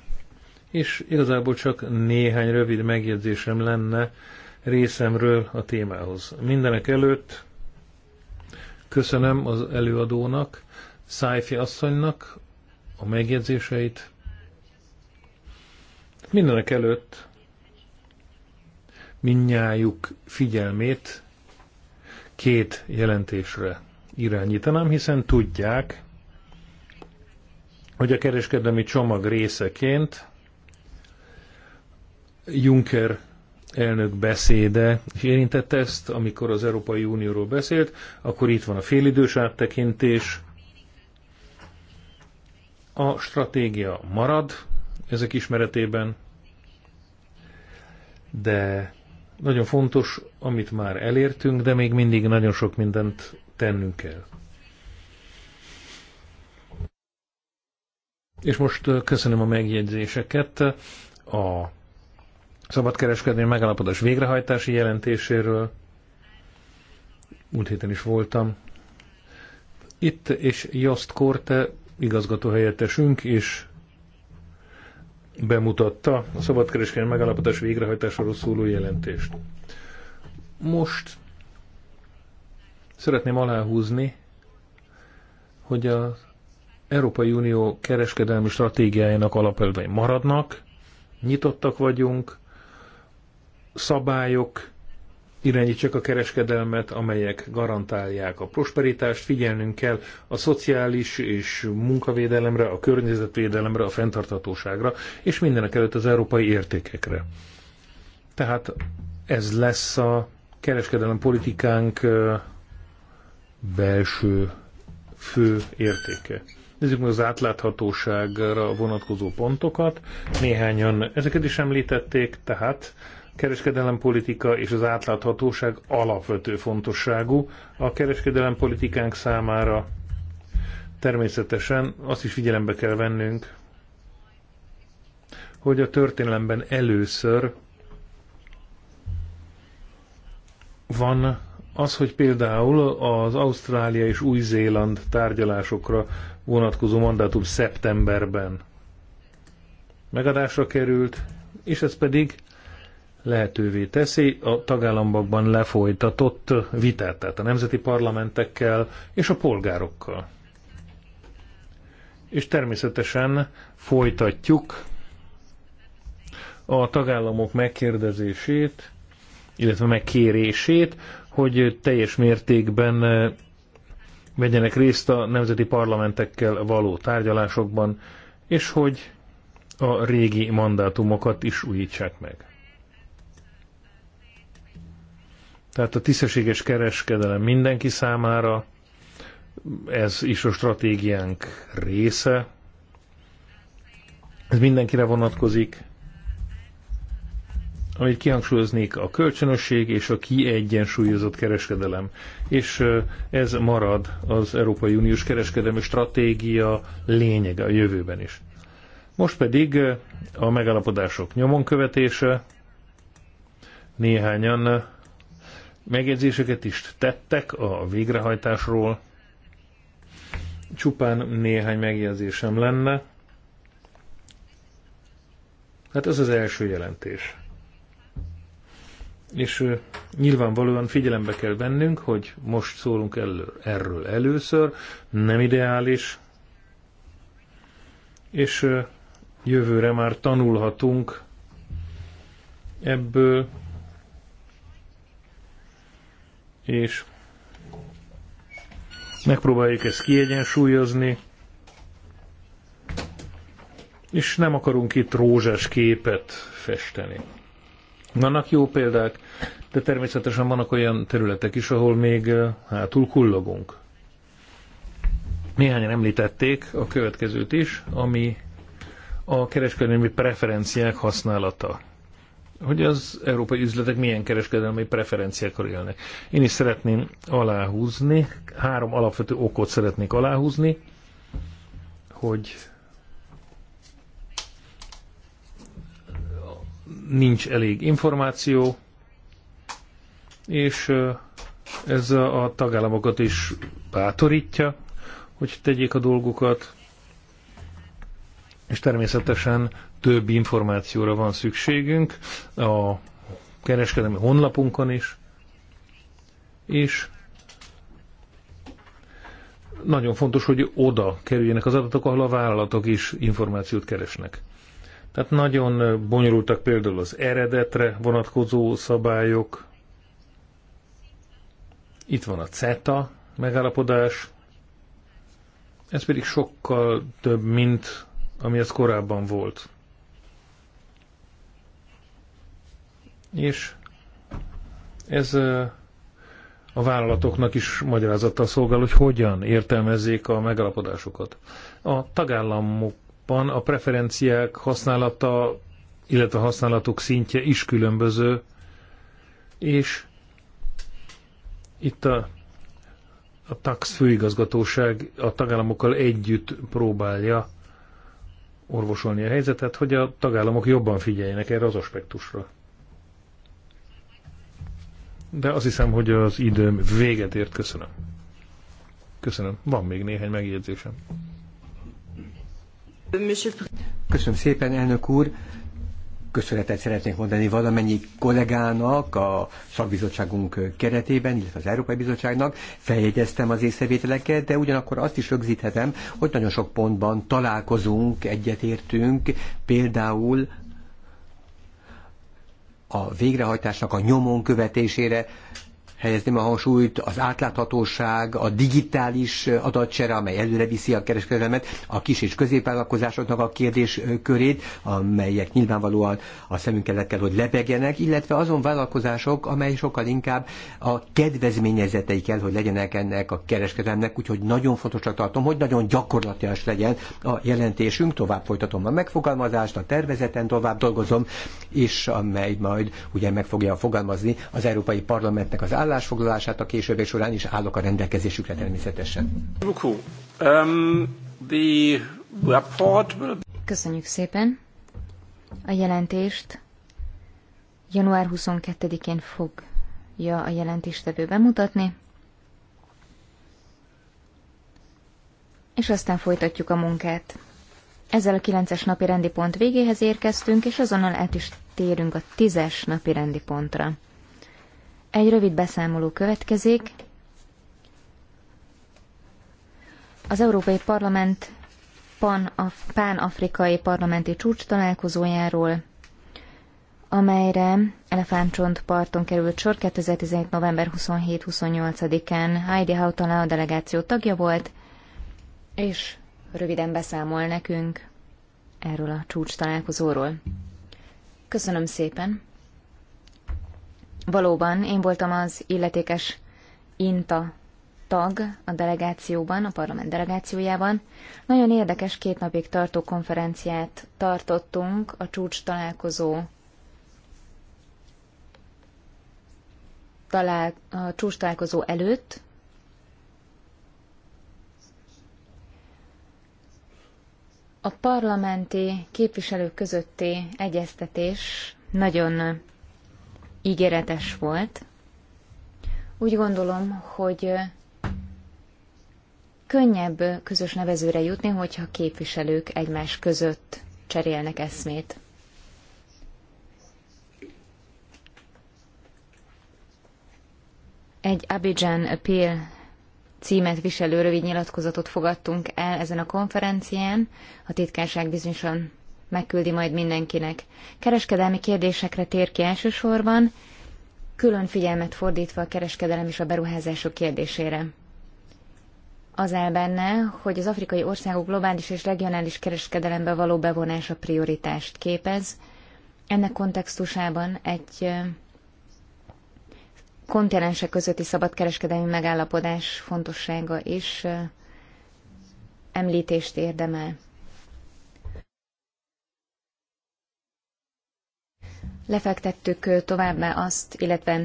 és igazából csak néhány rövid megjegyzésem lenne részemről a témához. Mindenek előtt köszönöm az előadónak, Szájfi asszonynak a megjegyzéseit. Mindenek előtt minnyájuk figyelmét két jelentésre irányítanám, hiszen tudják, hogy a kereskedelmi csomag részeként Juncker elnök beszéde és érintette ezt, amikor az Európai Unióról beszélt, akkor itt van a félidős áttekintés, a stratégia marad ezek ismeretében, de nagyon fontos, amit már elértünk, de még mindig nagyon sok mindent tennünk kell. És most köszönöm a megjegyzéseket. A szabadkereskedelmi megállapodás végrehajtási jelentéséről. Múlt héten is voltam. Itt és Jost Korte igazgatóhelyettesünk is bemutatta a szabadkereskedelmi megállapodás végrehajtásáról szóló jelentést. Most szeretném aláhúzni, hogy az Európai Unió kereskedelmi stratégiájának alapelvei maradnak, nyitottak vagyunk, szabályok irányítsák a kereskedelmet, amelyek garantálják a prosperitást, figyelnünk kell a szociális és munkavédelemre, a környezetvédelemre, a fenntarthatóságra, és mindenek előtt az európai értékekre. Tehát ez lesz a kereskedelem politikánk belső fő értéke. Nézzük meg az átláthatóságra vonatkozó pontokat. Néhányan ezeket is említették, tehát kereskedelempolitika és az átláthatóság alapvető fontosságú a kereskedelempolitikánk számára. Természetesen azt is figyelembe kell vennünk, hogy a történelemben először van az, hogy például az Ausztrália és Új-Zéland tárgyalásokra vonatkozó mandátum szeptemberben megadásra került, és ez pedig lehetővé teszi a tagállamokban lefolytatott vitát, tehát a nemzeti parlamentekkel és a polgárokkal. És természetesen folytatjuk a tagállamok megkérdezését, illetve megkérését, hogy teljes mértékben vegyenek részt a nemzeti parlamentekkel való tárgyalásokban, és hogy a régi mandátumokat is újítsák meg. Tehát a tisztességes kereskedelem mindenki számára, ez is a stratégiánk része, ez mindenkire vonatkozik. Amit kihangsúlyoznék, a kölcsönösség és a kiegyensúlyozott kereskedelem. És ez marad az Európai Uniós kereskedelmi stratégia lényege a jövőben is. Most pedig a megalapodások nyomon követése. Néhányan megjegyzéseket is tettek a végrehajtásról. Csupán néhány megjegyzésem lenne. Hát ez az első jelentés. És nyilvánvalóan figyelembe kell vennünk, hogy most szólunk elő, erről először, nem ideális, és jövőre már tanulhatunk ebből, és megpróbáljuk ezt kiegyensúlyozni, és nem akarunk itt rózsás képet festeni. Vannak jó példák, de természetesen vannak olyan területek is, ahol még eh, hátul kullogunk. Néhányan említették a következőt is, ami a kereskedelmi preferenciák használata hogy az európai üzletek milyen kereskedelmi preferenciákkal élnek. Én is szeretném aláhúzni, három alapvető okot szeretnék aláhúzni, hogy nincs elég információ, és ez a tagállamokat is bátorítja, hogy tegyék a dolgukat, és természetesen több információra van szükségünk a kereskedelmi honlapunkon is, és nagyon fontos, hogy oda kerüljenek az adatok, ahol a vállalatok is információt keresnek. Tehát nagyon bonyolultak például az eredetre vonatkozó szabályok. Itt van a CETA megállapodás. Ez pedig sokkal több, mint ami az korábban volt. és ez a vállalatoknak is magyarázattal szolgál, hogy hogyan értelmezzék a megalapodásokat. A tagállamokban a preferenciák használata, illetve használatok szintje is különböző, és itt a, a TAX főigazgatóság a tagállamokkal együtt próbálja orvosolni a helyzetet, hogy a tagállamok jobban figyeljenek erre az aspektusra de azt hiszem, hogy az időm véget ért. Köszönöm. Köszönöm. Van még néhány megjegyzésem. Köszönöm szépen, elnök úr. Köszönetet szeretnék mondani valamennyi kollégának a szakbizottságunk keretében, illetve az Európai Bizottságnak. Feljegyeztem az észrevételeket, de ugyanakkor azt is rögzíthetem, hogy nagyon sok pontban találkozunk, egyetértünk, például a végrehajtásnak a nyomon követésére helyezném a hangsúlyt, az átláthatóság, a digitális adatcsere, amely előre viszi a kereskedelmet, a kis és középvállalkozásoknak a kérdéskörét, amelyek nyilvánvalóan a szemünk előtt kell, hogy lebegjenek, illetve azon vállalkozások, amely sokkal inkább a kedvezményezetei kell, hogy legyenek ennek a kereskedelmnek, úgyhogy nagyon fontosnak tartom, hogy nagyon gyakorlatilag legyen a jelentésünk, tovább folytatom a megfogalmazást, a tervezeten tovább dolgozom, és amely majd ugye meg fogja fogalmazni az Európai Parlamentnek az állam állásfoglalását a későbbi során is állok a rendelkezésükre természetesen. Um, Köszönjük szépen. A jelentést január 22-én fogja a jelentéstevő bemutatni, és aztán folytatjuk a munkát. Ezzel a 9-es napi rendi pont végéhez érkeztünk, és azonnal át is térünk a 10-es napi rendi pontra. Egy rövid beszámoló következik. Az Európai Parlament pán-afrikai parlamenti csúcs találkozójáról, amelyre parton került sor 2017. november 27-28-án. Heidi Hautala a delegáció tagja volt, és röviden beszámol nekünk erről a csúcs találkozóról. Köszönöm szépen! Valóban, én voltam az illetékes INTA tag a delegációban, a parlament delegációjában. Nagyon érdekes két napig tartó konferenciát tartottunk a csúcs találkozó talál, a csúcs találkozó előtt. A parlamenti képviselők közötti egyeztetés nagyon ígéretes volt. Úgy gondolom, hogy könnyebb közös nevezőre jutni, hogyha képviselők egymás között cserélnek eszmét. Egy Abidjan Appeal címet viselő rövid nyilatkozatot fogadtunk el ezen a konferencián. A titkárság bizonyosan megküldi majd mindenkinek. Kereskedelmi kérdésekre tér ki elsősorban, külön figyelmet fordítva a kereskedelem és a beruházások kérdésére. Az áll benne, hogy az afrikai országok globális és regionális kereskedelembe való bevonása prioritást képez. Ennek kontextusában egy kontinensek közötti szabadkereskedelmi megállapodás fontossága is említést érdemel. Lefektettük továbbá azt, illetve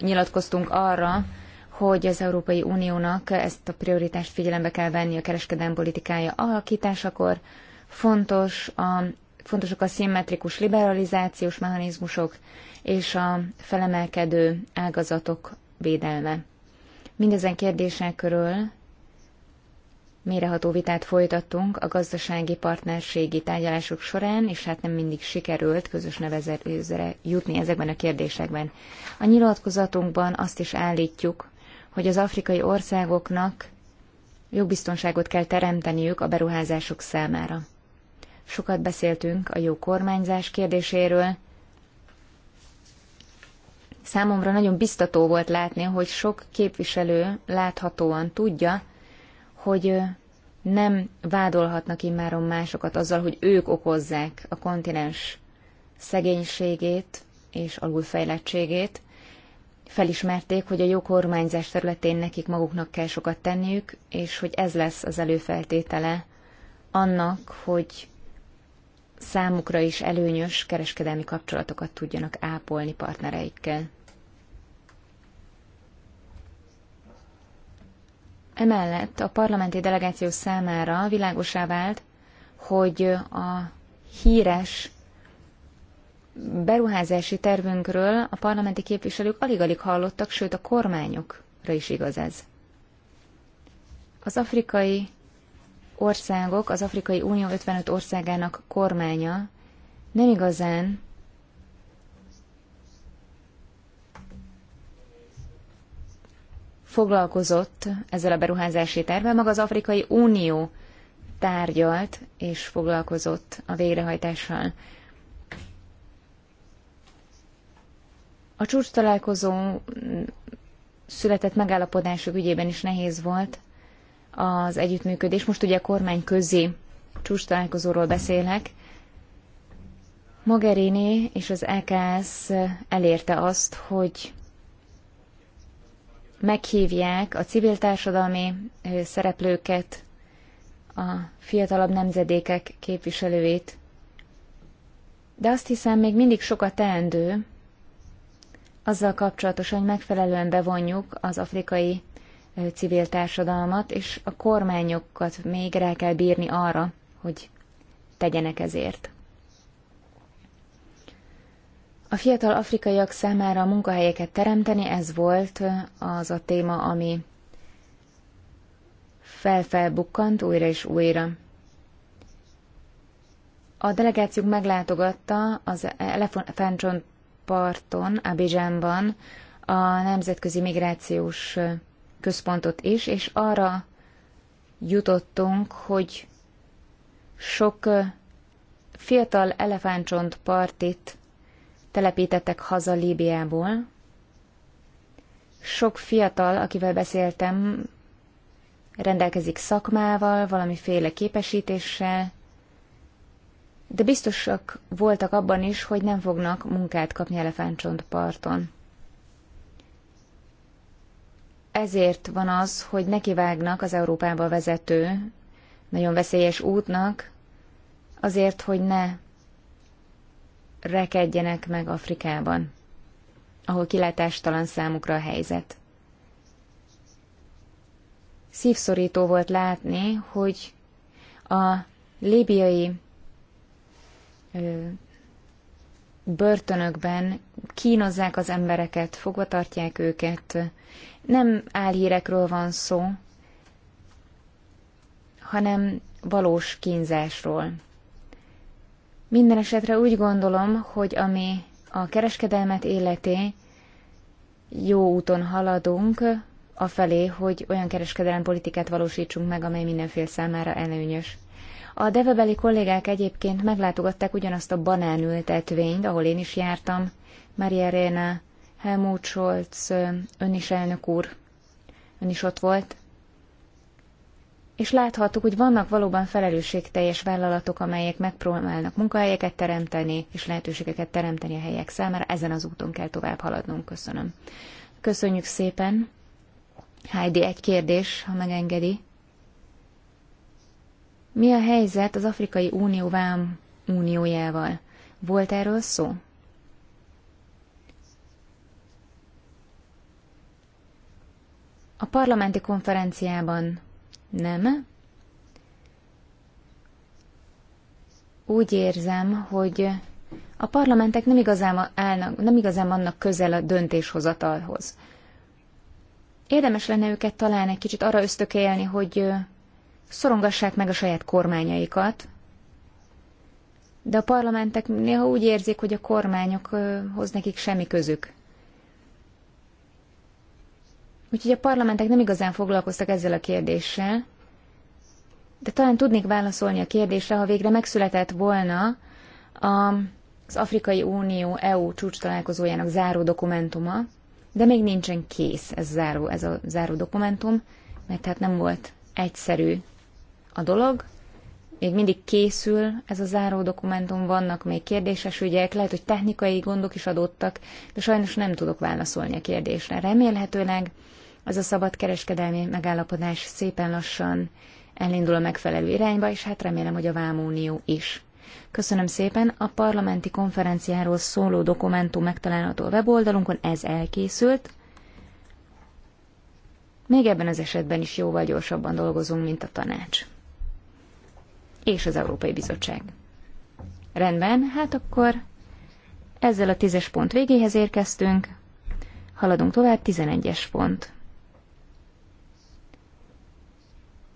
nyilatkoztunk arra, hogy az Európai Uniónak ezt a prioritást figyelembe kell venni a kereskedelmi politikája alakításakor. Fontos a, fontosak a szimmetrikus liberalizációs mechanizmusok és a felemelkedő ágazatok védelme. Mindezen kérdések körül méreható vitát folytattunk a gazdasági partnerségi tárgyalások során, és hát nem mindig sikerült közös nevezőre jutni ezekben a kérdésekben. A nyilatkozatunkban azt is állítjuk, hogy az afrikai országoknak jogbiztonságot kell teremteniük a beruházások számára. Sokat beszéltünk a jó kormányzás kérdéséről. Számomra nagyon biztató volt látni, hogy sok képviselő láthatóan tudja, hogy nem vádolhatnak immáron másokat azzal, hogy ők okozzák a kontinens szegénységét és alulfejlettségét. Felismerték, hogy a jó kormányzás területén nekik maguknak kell sokat tenniük, és hogy ez lesz az előfeltétele annak, hogy számukra is előnyös kereskedelmi kapcsolatokat tudjanak ápolni partnereikkel. Emellett a parlamenti delegáció számára világosá vált, hogy a híres beruházási tervünkről a parlamenti képviselők alig-alig hallottak, sőt a kormányokra is igaz ez. Az afrikai országok, az Afrikai Unió 55 országának kormánya nem igazán foglalkozott ezzel a beruházási tervvel, maga az Afrikai Unió tárgyalt és foglalkozott a végrehajtással. A csúcs találkozó született megállapodások ügyében is nehéz volt az együttműködés. Most ugye a kormány közi csúcs találkozóról beszélek. Mogherini és az EKS elérte azt, hogy meghívják a civil társadalmi szereplőket, a fiatalabb nemzedékek képviselőit. De azt hiszem, még mindig sokat teendő azzal kapcsolatosan, hogy megfelelően bevonjuk az afrikai civil társadalmat, és a kormányokat még rá kell bírni arra, hogy tegyenek ezért. A fiatal afrikaiak számára a munkahelyeket teremteni, ez volt az a téma, ami felfelbukkant újra és újra. A delegációk meglátogatta az Elefántcsont parton, Abidjanban a Nemzetközi Migrációs Központot is, és arra jutottunk, hogy sok fiatal elefántcsont partit telepítettek haza Líbiából. Sok fiatal, akivel beszéltem, rendelkezik szakmával, valamiféle képesítéssel, de biztosak voltak abban is, hogy nem fognak munkát kapni parton. Ezért van az, hogy nekivágnak az Európába vezető, nagyon veszélyes útnak, azért, hogy ne rekedjenek meg Afrikában, ahol kilátástalan számukra a helyzet. Szívszorító volt látni, hogy a líbiai börtönökben kínozzák az embereket, fogvatartják őket. Nem álhírekről van szó, hanem valós kínzásról. Minden esetre úgy gondolom, hogy ami a kereskedelmet életé, jó úton haladunk, a felé, hogy olyan kereskedelmi politikát valósítsunk meg, amely mindenfél számára előnyös. A devebeli kollégák egyébként meglátogatták ugyanazt a banánültetvényt, ahol én is jártam, Maria Réna, Helmut Scholz, ön is elnök úr, ön is ott volt és láthattuk, hogy vannak valóban felelősségteljes vállalatok, amelyek megpróbálnak munkahelyeket teremteni, és lehetőségeket teremteni a helyek számára. Ezen az úton kell tovább haladnunk. Köszönöm. Köszönjük szépen. Heidi, egy kérdés, ha megengedi. Mi a helyzet az Afrikai Unió vám uniójával? Volt erről szó? A parlamenti konferenciában nem. Úgy érzem, hogy a parlamentek nem igazán, állnak, nem igazán vannak közel a döntéshozatalhoz. Érdemes lenne őket talán egy kicsit arra ösztökélni, hogy szorongassák meg a saját kormányaikat, de a parlamentek néha úgy érzik, hogy a kormányokhoz nekik semmi közük. Úgyhogy a parlamentek nem igazán foglalkoztak ezzel a kérdéssel, de talán tudnék válaszolni a kérdésre, ha végre megszületett volna az Afrikai Unió EU csúcs találkozójának záró dokumentuma, de még nincsen kész ez, záró, ez a záró dokumentum, mert hát nem volt egyszerű a dolog. Még mindig készül ez a záró dokumentum, vannak még kérdéses ügyek, lehet, hogy technikai gondok is adottak, de sajnos nem tudok válaszolni a kérdésre. Remélhetőleg az a szabad kereskedelmi megállapodás szépen lassan elindul a megfelelő irányba, és hát remélem, hogy a Vámunió is. Köszönöm szépen, a parlamenti konferenciáról szóló dokumentum megtalálható a weboldalunkon, ez elkészült. Még ebben az esetben is jóval gyorsabban dolgozunk, mint a tanács. És az Európai Bizottság. Rendben, hát akkor ezzel a tízes pont végéhez érkeztünk. Haladunk tovább, tizenegyes pont.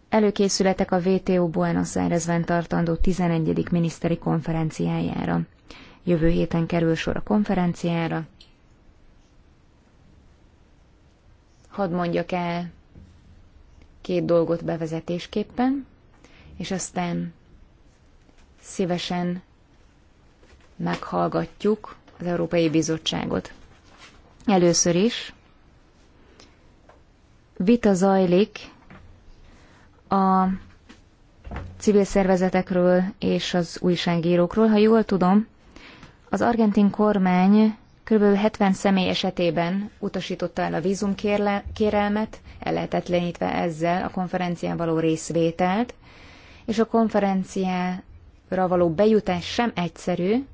előkészületek a WTO Buenos Airesben tartandó 11. miniszteri konferenciájára. Jövő héten kerül sor a konferenciára. Hadd mondjak el két dolgot bevezetésképpen, és aztán szívesen meghallgatjuk az Európai Bizottságot. Először is vita zajlik a civil szervezetekről és az újságírókról. Ha jól tudom, az argentin kormány kb. 70 személy esetében utasította el a vízumkérelmet, ellehetetlenítve ezzel a konferencián való részvételt, és a konferenciára való bejutás sem egyszerű,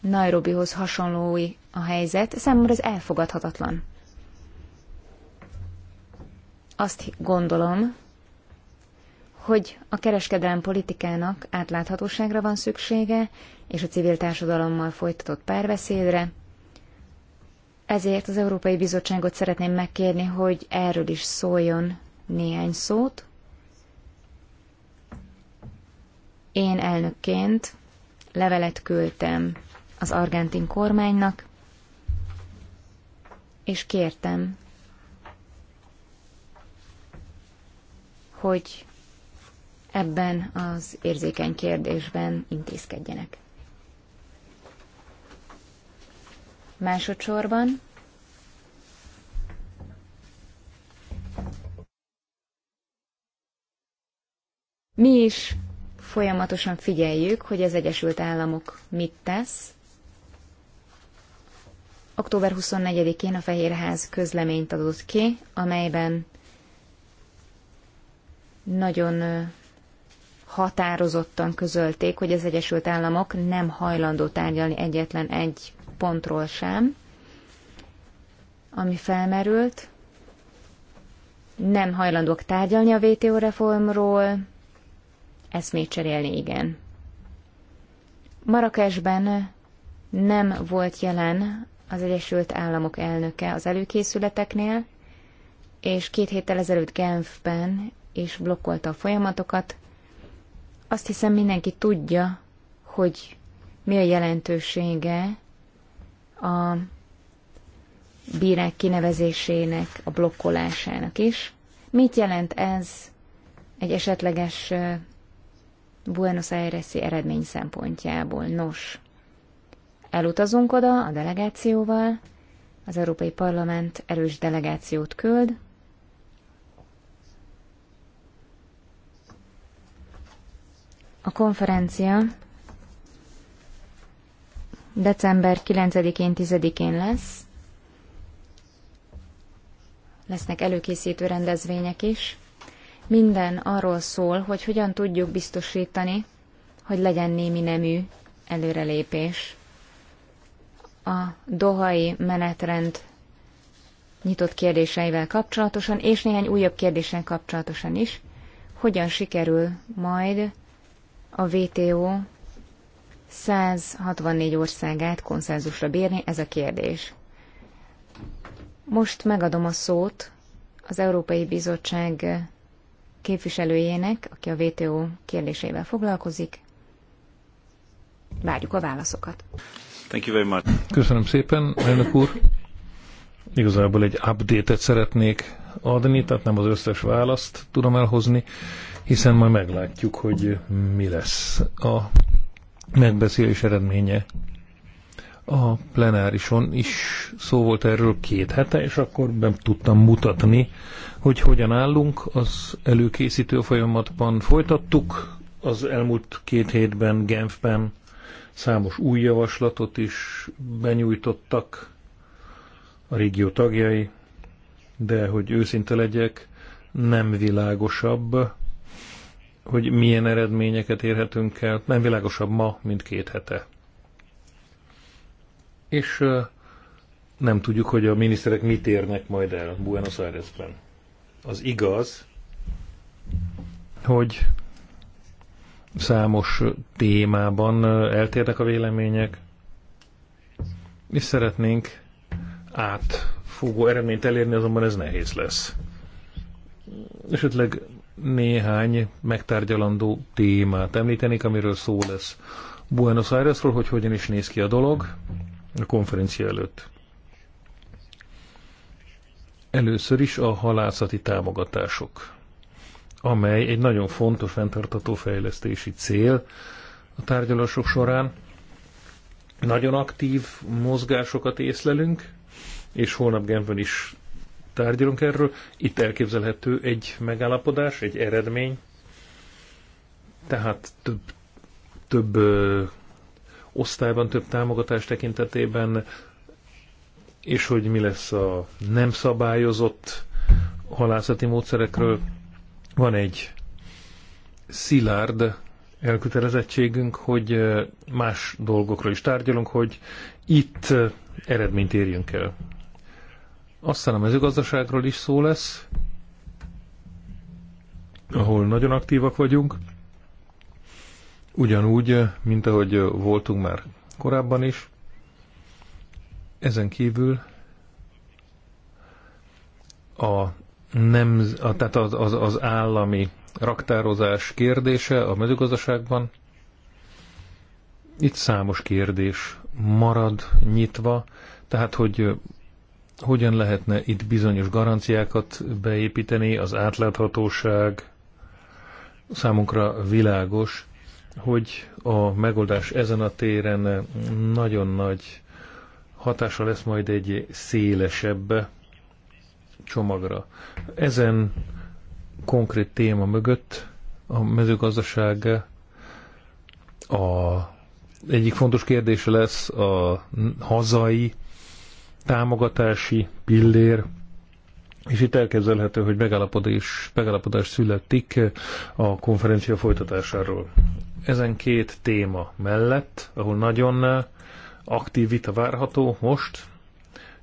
Nairobihoz hasonlói a helyzet, számomra ez elfogadhatatlan. Azt gondolom, hogy a kereskedelem politikának átláthatóságra van szüksége, és a civil társadalommal folytatott párbeszédre. Ezért az Európai Bizottságot szeretném megkérni, hogy erről is szóljon néhány szót. Én elnökként levelet küldtem az argentin kormánynak, és kértem, hogy ebben az érzékeny kérdésben intézkedjenek. Másodszorban mi is folyamatosan figyeljük, hogy az Egyesült Államok mit tesz. Október 24-én a Fehérház közleményt adott ki, amelyben nagyon határozottan közölték, hogy az Egyesült Államok nem hajlandó tárgyalni egyetlen egy pontról sem, ami felmerült. Nem hajlandók tárgyalni a WTO reformról, még cserélni igen. Marrakesben nem volt jelen az Egyesült Államok elnöke az előkészületeknél, és két héttel ezelőtt Genfben és blokkolta a folyamatokat. Azt hiszem mindenki tudja, hogy mi a jelentősége a bírák kinevezésének, a blokkolásának is. Mit jelent ez egy esetleges Buenos Aires-i eredmény szempontjából? Nos, elutazunk oda a delegációval, az Európai Parlament erős delegációt küld, A konferencia december 9-én, 10-én lesz. Lesznek előkészítő rendezvények is. Minden arról szól, hogy hogyan tudjuk biztosítani, hogy legyen némi nemű előrelépés. A dohai menetrend nyitott kérdéseivel kapcsolatosan, és néhány újabb kérdéssel kapcsolatosan is, hogyan sikerül majd a WTO 164 országát konszenzusra bírni, ez a kérdés. Most megadom a szót az Európai Bizottság képviselőjének, aki a WTO kérdésével foglalkozik. Várjuk a válaszokat. Thank you very much. Köszönöm szépen, elnök úr. Igazából egy update-et szeretnék adni, tehát nem az összes választ tudom elhozni, hiszen majd meglátjuk, hogy mi lesz a megbeszélés eredménye. A plenárison is szó volt erről két hete, és akkor be tudtam mutatni, hogy hogyan állunk. Az előkészítő folyamatban folytattuk, az elmúlt két hétben Genfben számos új javaslatot is benyújtottak a régió tagjai, de hogy őszinte legyek, nem világosabb hogy milyen eredményeket érhetünk el, nem világosabb ma, mint két hete. És nem tudjuk, hogy a miniszterek mit érnek majd el Buenos Airesben. Az igaz, hogy számos témában eltérnek a vélemények, és szeretnénk átfogó eredményt elérni, azonban ez nehéz lesz. Esetleg néhány megtárgyalandó témát említenék, amiről szó lesz Buenos Airesról, hogy hogyan is néz ki a dolog a konferencia előtt. Először is a halászati támogatások, amely egy nagyon fontos fenntartató fejlesztési cél a tárgyalások során. Nagyon aktív mozgásokat észlelünk, és holnap Genfben is tárgyalunk erről. Itt elképzelhető egy megállapodás, egy eredmény, tehát több, több ö, osztályban, több támogatás tekintetében, és hogy mi lesz a nem szabályozott halászati módszerekről. Van egy szilárd elkötelezettségünk, hogy más dolgokról is tárgyalunk, hogy itt eredményt érjünk el. Aztán a mezőgazdaságról is szó lesz, ahol nagyon aktívak vagyunk. Ugyanúgy, mint ahogy voltunk már korábban is. Ezen kívül a, nem, a tehát az, az, az állami raktározás kérdése a mezőgazdaságban. Itt számos kérdés marad nyitva, tehát hogy hogyan lehetne itt bizonyos garanciákat beépíteni, az átláthatóság számunkra világos, hogy a megoldás ezen a téren nagyon nagy hatása lesz majd egy szélesebb csomagra. Ezen konkrét téma mögött a mezőgazdaság a egyik fontos kérdése lesz a hazai támogatási pillér, és itt elképzelhető, hogy megállapodás, megállapodás születik a konferencia folytatásáról. Ezen két téma mellett, ahol nagyon aktív vita várható most,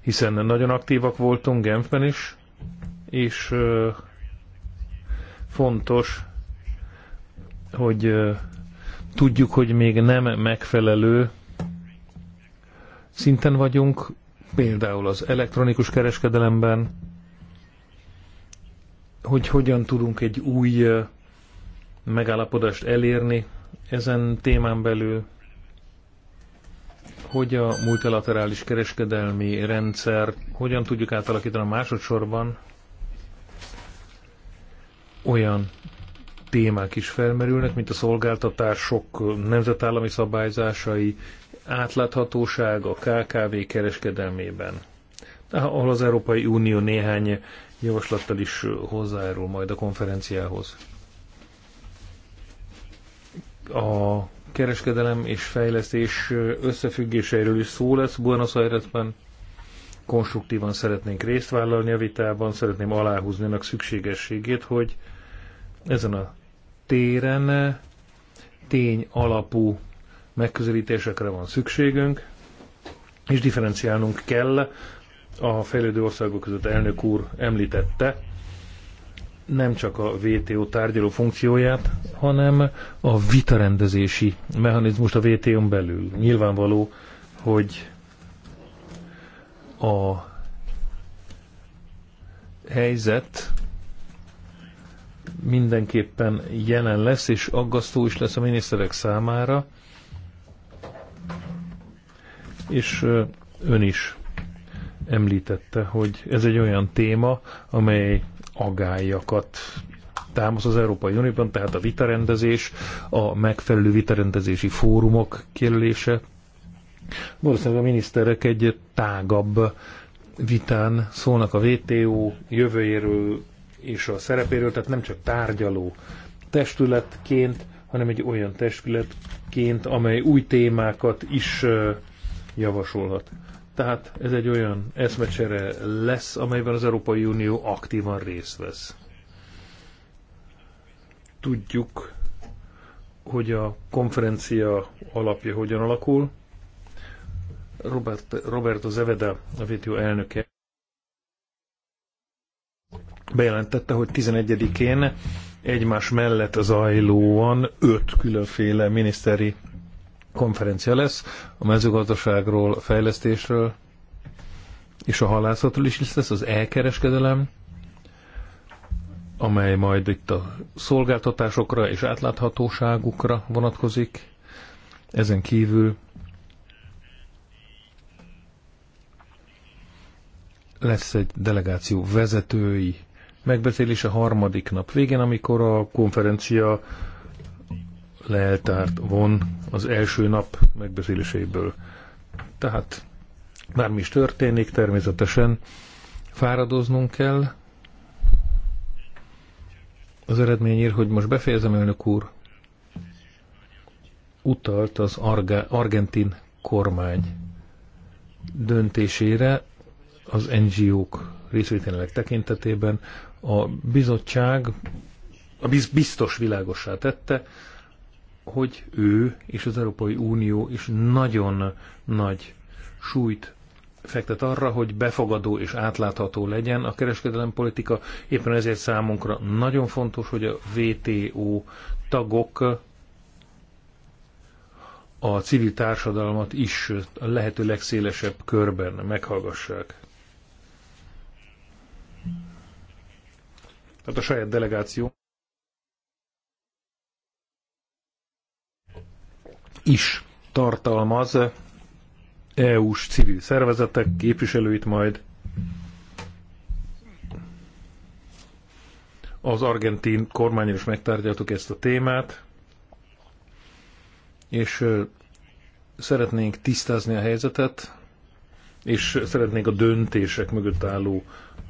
hiszen nagyon aktívak voltunk Genfben is, és fontos, hogy tudjuk, hogy még nem megfelelő szinten vagyunk, például az elektronikus kereskedelemben, hogy hogyan tudunk egy új megállapodást elérni ezen témán belül, hogy a multilaterális kereskedelmi rendszer hogyan tudjuk átalakítani a másodszorban olyan témák is felmerülnek, mint a szolgáltatások nemzetállami szabályzásai, átláthatóság a KKV kereskedelmében, ahol az Európai Unió néhány javaslattal is hozzájárul majd a konferenciához. A kereskedelem és fejlesztés összefüggéseiről is szó lesz Buenos Airesben. Konstruktívan szeretnénk részt vállalni a vitában, szeretném aláhúzni ennek szükségességét, hogy ezen a téren tény alapú megközelítésekre van szükségünk, és differenciálnunk kell a fejlődő országok között elnök úr említette, nem csak a WTO tárgyaló funkcióját, hanem a vitarendezési mechanizmust a WTO-n belül. Nyilvánvaló, hogy a helyzet mindenképpen jelen lesz, és aggasztó is lesz a miniszterek számára, és ön is említette, hogy ez egy olyan téma, amely agályakat támasz az Európai Unióban, tehát a vitarendezés, a megfelelő vitarendezési fórumok kérdése. Valószínűleg a miniszterek egy tágabb vitán szólnak a WTO jövőjéről és a szerepéről, tehát nem csak tárgyaló testületként, hanem egy olyan testületként, amely új témákat is javasolhat. Tehát ez egy olyan eszmecsere lesz, amelyben az Európai Unió aktívan részt vesz. Tudjuk, hogy a konferencia alapja hogyan alakul. Robert, Roberto Zeveda, a VTO elnöke, bejelentette, hogy 11-én egymás mellett zajlóan öt különféle miniszteri konferencia lesz a mezőgazdaságról, a fejlesztésről és a halászatról is lesz az elkereskedelem, amely majd itt a szolgáltatásokra és átláthatóságukra vonatkozik. Ezen kívül lesz egy delegáció vezetői megbeszélése harmadik nap végén, amikor a konferencia leeltárt von az első nap megbeszéléseiből. Tehát bármi is történik, természetesen fáradoznunk kell az eredményért, hogy most befejezem, elnök úr, utalt az Arga, argentin kormány döntésére az NGO-k részvételének tekintetében. A bizottság a biz, biztos világossá tette, hogy ő és az Európai Unió is nagyon nagy súlyt fektet arra, hogy befogadó és átlátható legyen a kereskedelem politika. Éppen ezért számunkra nagyon fontos, hogy a WTO tagok a civil társadalmat is a lehető legszélesebb körben meghallgassák. Tehát a saját delegáció is tartalmaz EU-s civil szervezetek képviselőit majd. Az argentin kormányon is megtárgyaltuk ezt a témát, és szeretnénk tisztázni a helyzetet, és szeretnénk a döntések mögött álló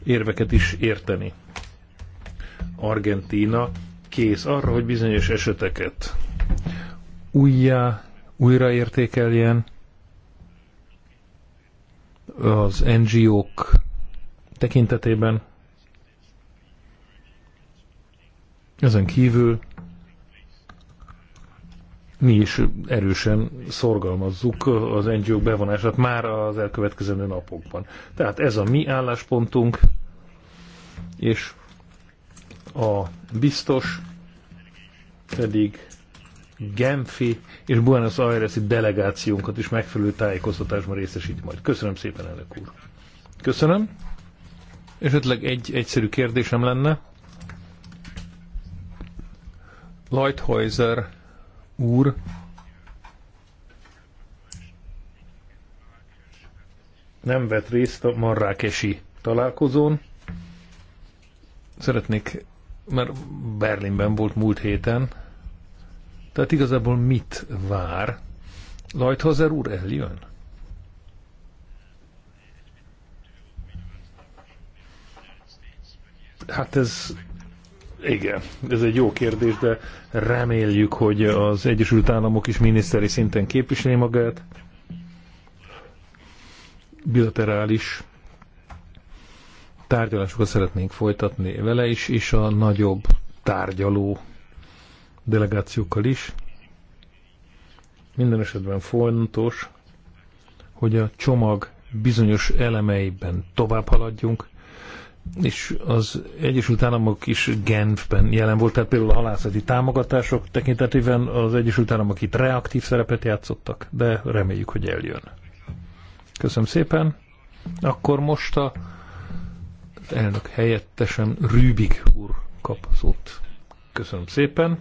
érveket is érteni. Argentína kész arra, hogy bizonyos eseteket újjá, újraértékeljen az NGO-k tekintetében. Ezen kívül mi is erősen szorgalmazzuk az ngo bevonását már az elkövetkező napokban. Tehát ez a mi álláspontunk, és a biztos pedig Genfi és Buenos Aires-i delegációnkat is megfelelő tájékoztatásban részesít majd. Köszönöm szépen, elnök úr. Köszönöm. Esetleg egy egyszerű kérdésem lenne. Lighthäuser úr nem vett részt a marrákesi találkozón. Szeretnék, mert Berlinben volt múlt héten, tehát igazából mit vár? Lajthazer úr eljön? Hát ez igen, ez egy jó kérdés, de reméljük, hogy az Egyesült Államok is miniszteri szinten képviseli magát. Bilaterális tárgyalásokat szeretnénk folytatni vele is, és a nagyobb tárgyaló delegációkkal is. Minden esetben fontos, hogy a csomag bizonyos elemeiben tovább haladjunk, és az Egyesült Államok is Genfben jelen volt, tehát például a halászati támogatások tekintetében az Egyesült Államok itt reaktív szerepet játszottak, de reméljük, hogy eljön. Köszönöm szépen. Akkor most a elnök helyettesen Rübig úr kap szót. Köszönöm szépen.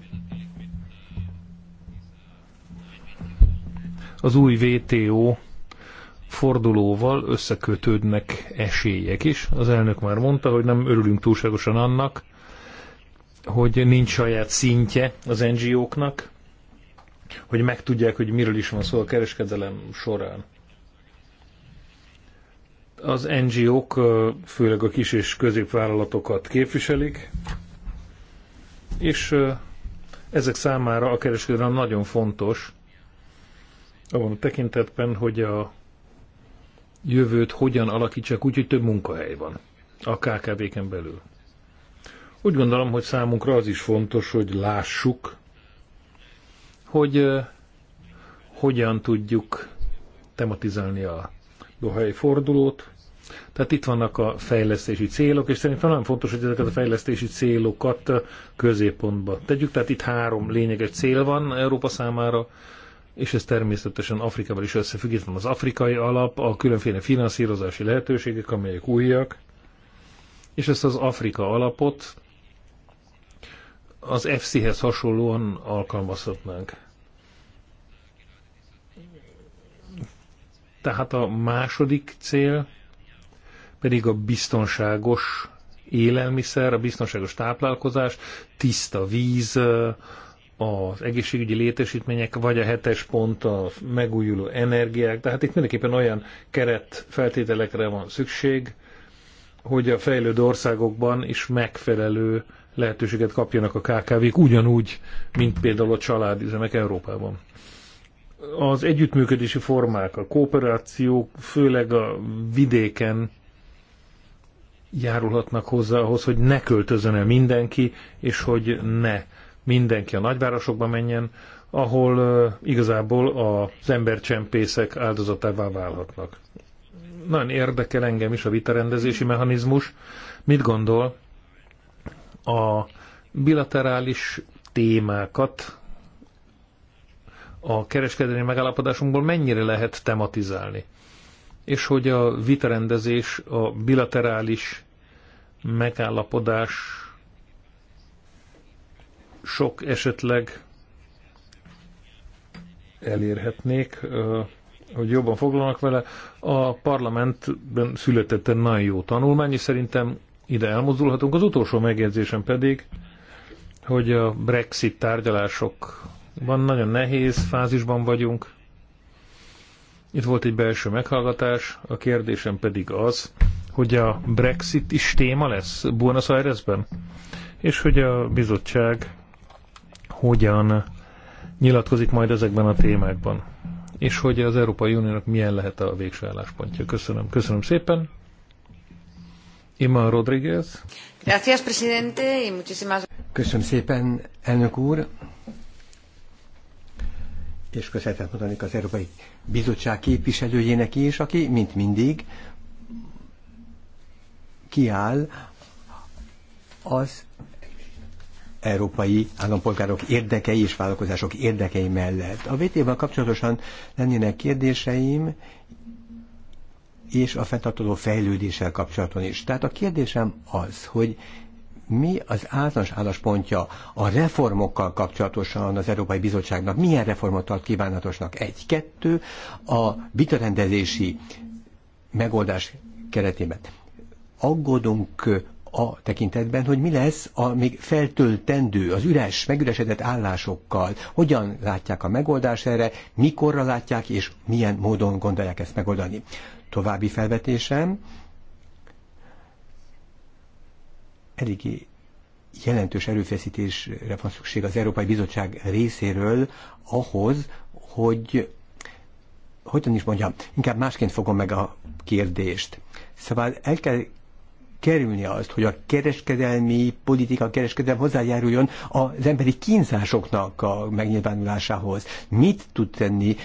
az új VTO fordulóval összekötődnek esélyek is. Az elnök már mondta, hogy nem örülünk túlságosan annak, hogy nincs saját szintje az NGO-knak, hogy megtudják, hogy miről is van szó a kereskedelem során. Az NGO-k főleg a kis és középvállalatokat képviselik, és ezek számára a kereskedelem nagyon fontos, abban a tekintetben, hogy a jövőt hogyan alakítsák úgy, hogy több munkahely van a KKV-ken belül. Úgy gondolom, hogy számunkra az is fontos, hogy lássuk, hogy uh, hogyan tudjuk tematizálni a dohai fordulót. Tehát itt vannak a fejlesztési célok, és szerintem nagyon fontos, hogy ezeket a fejlesztési célokat középpontba tegyük. Tehát itt három lényeges cél van Európa számára és ez természetesen Afrikával is összefügg. Itt van az afrikai alap, a különféle finanszírozási lehetőségek, amelyek újak, és ezt az Afrika alapot az FC-hez hasonlóan alkalmazhatnánk. Tehát a második cél pedig a biztonságos élelmiszer, a biztonságos táplálkozás, tiszta víz, az egészségügyi létesítmények, vagy a hetes pont a megújuló energiák. Tehát itt mindenképpen olyan keret feltételekre van szükség, hogy a fejlődő országokban is megfelelő lehetőséget kapjanak a KKV-k, ugyanúgy, mint például a családüzemek Európában. Az együttműködési formák, a kooperációk, főleg a vidéken járulhatnak hozzá ahhoz, hogy ne költözön el mindenki, és hogy ne mindenki a nagyvárosokba menjen, ahol igazából az embercsempészek áldozatává válhatnak. Nagyon érdekel engem is a vitarendezési mechanizmus. Mit gondol a bilaterális témákat a kereskedelmi megállapodásunkból mennyire lehet tematizálni? És hogy a vitarendezés a bilaterális megállapodás sok esetleg elérhetnék, hogy jobban foglalnak vele. A parlamentben született egy nagyon jó tanulmány, és szerintem ide elmozdulhatunk. Az utolsó megjegyzésem pedig, hogy a Brexit tárgyalásokban nagyon nehéz fázisban vagyunk. Itt volt egy belső meghallgatás, a kérdésem pedig az, hogy a Brexit is téma lesz Buenos Airesben, és hogy a bizottság hogyan nyilatkozik majd ezekben a témákban, és hogy az Európai Uniónak milyen lehet a végső álláspontja. Köszönöm. Köszönöm szépen. Ima Rodriguez. Gracias, presidente, y muchísimas... Köszönöm szépen, elnök úr és köszönetet mondani az Európai Bizottság képviselőjének is, aki, mint mindig, kiáll az európai állampolgárok érdekei és vállalkozások érdekei mellett. A VT-vel kapcsolatosan lennének kérdéseim, és a fenntartó fejlődéssel kapcsolatban is. Tehát a kérdésem az, hogy mi az általános álláspontja a reformokkal kapcsolatosan az Európai Bizottságnak? Milyen reformot tart kívánatosnak? Egy, kettő, a vitarendezési megoldás keretében. Aggódunk a tekintetben, hogy mi lesz a még feltöltendő, az üres, megüresedett állásokkal, hogyan látják a megoldást erre, mikorra látják, és milyen módon gondolják ezt megoldani. További felvetésem, eléggé jelentős erőfeszítésre van szükség az Európai Bizottság részéről ahhoz, hogy hogyan is mondjam, inkább másként fogom meg a kérdést. Szóval el kell kerülni azt, hogy a kereskedelmi politika, a kereskedelem hozzájáruljon az emberi kínzásoknak a megnyilvánulásához. Mit tud tenni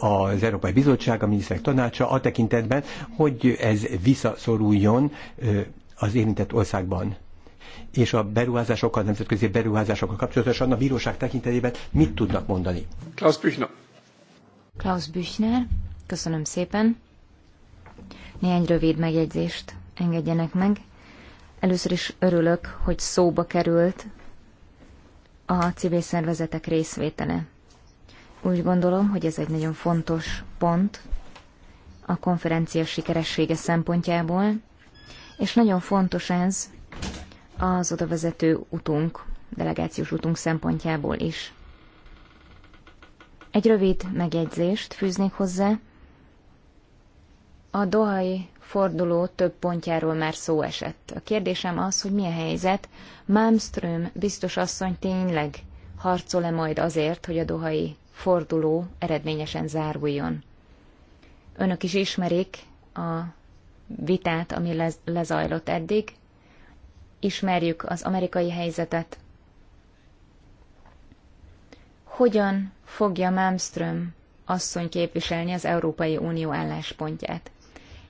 az Európai Bizottság, a miniszterek tanácsa a tekintetben, hogy ez visszaszoruljon az érintett országban? és a beruházásokkal, nemzetközi beruházásokkal kapcsolatosan a bíróság tekintetében mit tudnak mondani? Klaus Büchner. Klaus Büchner, köszönöm szépen. Néhány rövid megjegyzést engedjenek meg. Először is örülök, hogy szóba került a civil szervezetek részvétele. Úgy gondolom, hogy ez egy nagyon fontos pont a konferencia sikeressége szempontjából, és nagyon fontos ez az odavezető utunk, delegációs utunk szempontjából is. Egy rövid megjegyzést fűznék hozzá. A Dohai forduló több pontjáról már szó esett. A kérdésem az, hogy mi a helyzet, Malmström biztos asszony tényleg harcol-e majd azért, hogy a dohai forduló eredményesen záruljon. Önök is ismerik a vitát, ami lez- lezajlott eddig, ismerjük az amerikai helyzetet. Hogyan fogja Malmström asszony képviselni az Európai Unió álláspontját?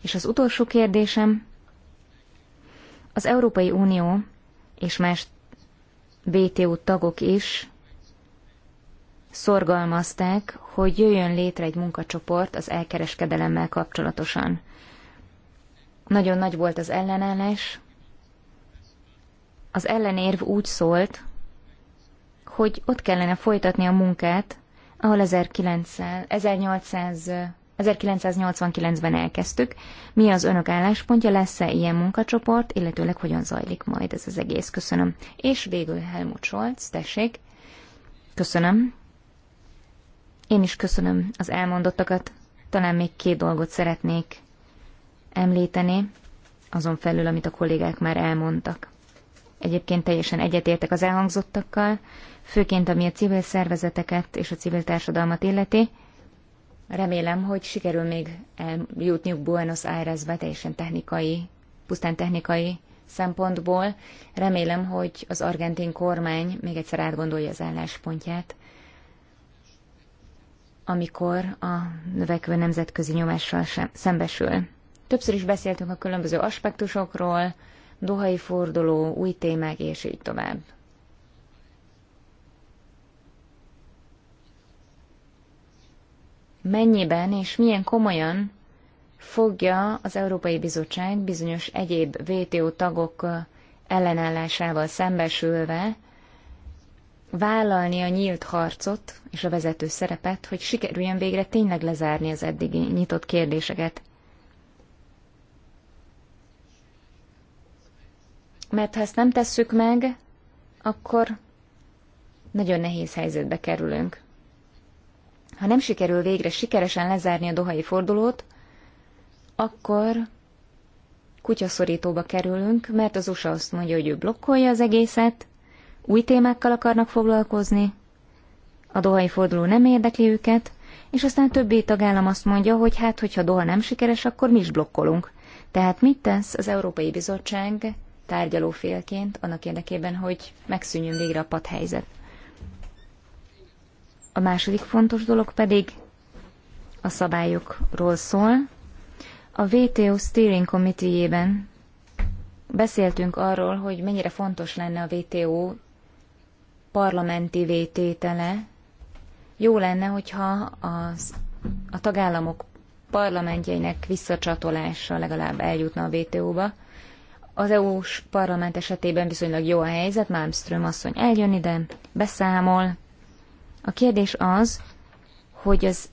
És az utolsó kérdésem, az Európai Unió és más WTO tagok is szorgalmazták, hogy jöjjön létre egy munkacsoport az elkereskedelemmel kapcsolatosan. Nagyon nagy volt az ellenállás. Az ellenérv úgy szólt, hogy ott kellene folytatni a munkát, ahol 1900, 1800 1989-ben elkezdtük. Mi az önök álláspontja, lesz-e ilyen munkacsoport, illetőleg hogyan zajlik majd ez az egész? Köszönöm. És végül Helmut Scholz, tessék. Köszönöm. Én is köszönöm az elmondottakat. Talán még két dolgot szeretnék említeni, azon felül, amit a kollégák már elmondtak. Egyébként teljesen egyetértek az elhangzottakkal, főként ami a civil szervezeteket és a civil társadalmat illeti. Remélem, hogy sikerül még eljutniuk Buenos Airesbe teljesen technikai, pusztán technikai szempontból. Remélem, hogy az argentin kormány még egyszer átgondolja az álláspontját, amikor a növekvő nemzetközi nyomással szembesül. Többször is beszéltünk a különböző aspektusokról, dohai forduló, új témák, és így tovább. mennyiben és milyen komolyan fogja az Európai Bizottság bizonyos egyéb WTO tagok ellenállásával szembesülve vállalni a nyílt harcot és a vezető szerepet, hogy sikerüljön végre tényleg lezárni az eddigi nyitott kérdéseket. Mert ha ezt nem tesszük meg, akkor nagyon nehéz helyzetbe kerülünk ha nem sikerül végre sikeresen lezárni a dohai fordulót, akkor kutyaszorítóba kerülünk, mert az USA azt mondja, hogy ő blokkolja az egészet, új témákkal akarnak foglalkozni, a dohai forduló nem érdekli őket, és aztán többi tagállam azt mondja, hogy hát, hogyha Doha nem sikeres, akkor mi is blokkolunk. Tehát mit tesz az Európai Bizottság tárgyalófélként annak érdekében, hogy megszűnjön végre a padhelyzet? A második fontos dolog pedig a szabályokról szól. A WTO Steering committee ében beszéltünk arról, hogy mennyire fontos lenne a WTO parlamenti vététele. Jó lenne, hogyha az, a tagállamok parlamentjeinek visszacsatolása legalább eljutna a WTO-ba. Az EU-s parlament esetében viszonylag jó a helyzet, Malmström asszony eljön ide, beszámol, a kérdés az, hogy az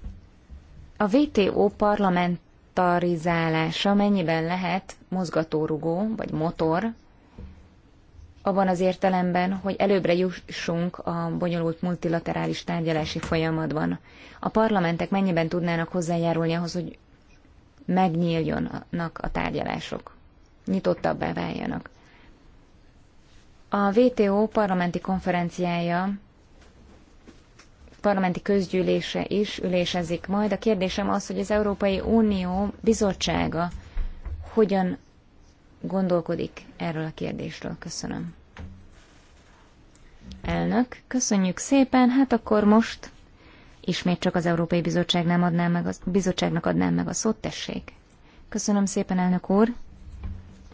a VTO parlamentarizálása mennyiben lehet mozgatórugó vagy motor, abban az értelemben, hogy előbbre jussunk a bonyolult multilaterális tárgyalási folyamatban. A parlamentek mennyiben tudnának hozzájárulni ahhoz, hogy megnyíljonnak a tárgyalások, nyitottabbá váljanak. A VTO parlamenti konferenciája parlamenti közgyűlése is ülésezik majd. A kérdésem az, hogy az Európai Unió bizottsága hogyan gondolkodik erről a kérdésről. Köszönöm. Elnök, köszönjük szépen, hát akkor most ismét csak az Európai Bizottság nem adnám meg a, bizottságnak adnám meg a szót, tessék. Köszönöm szépen, elnök úr.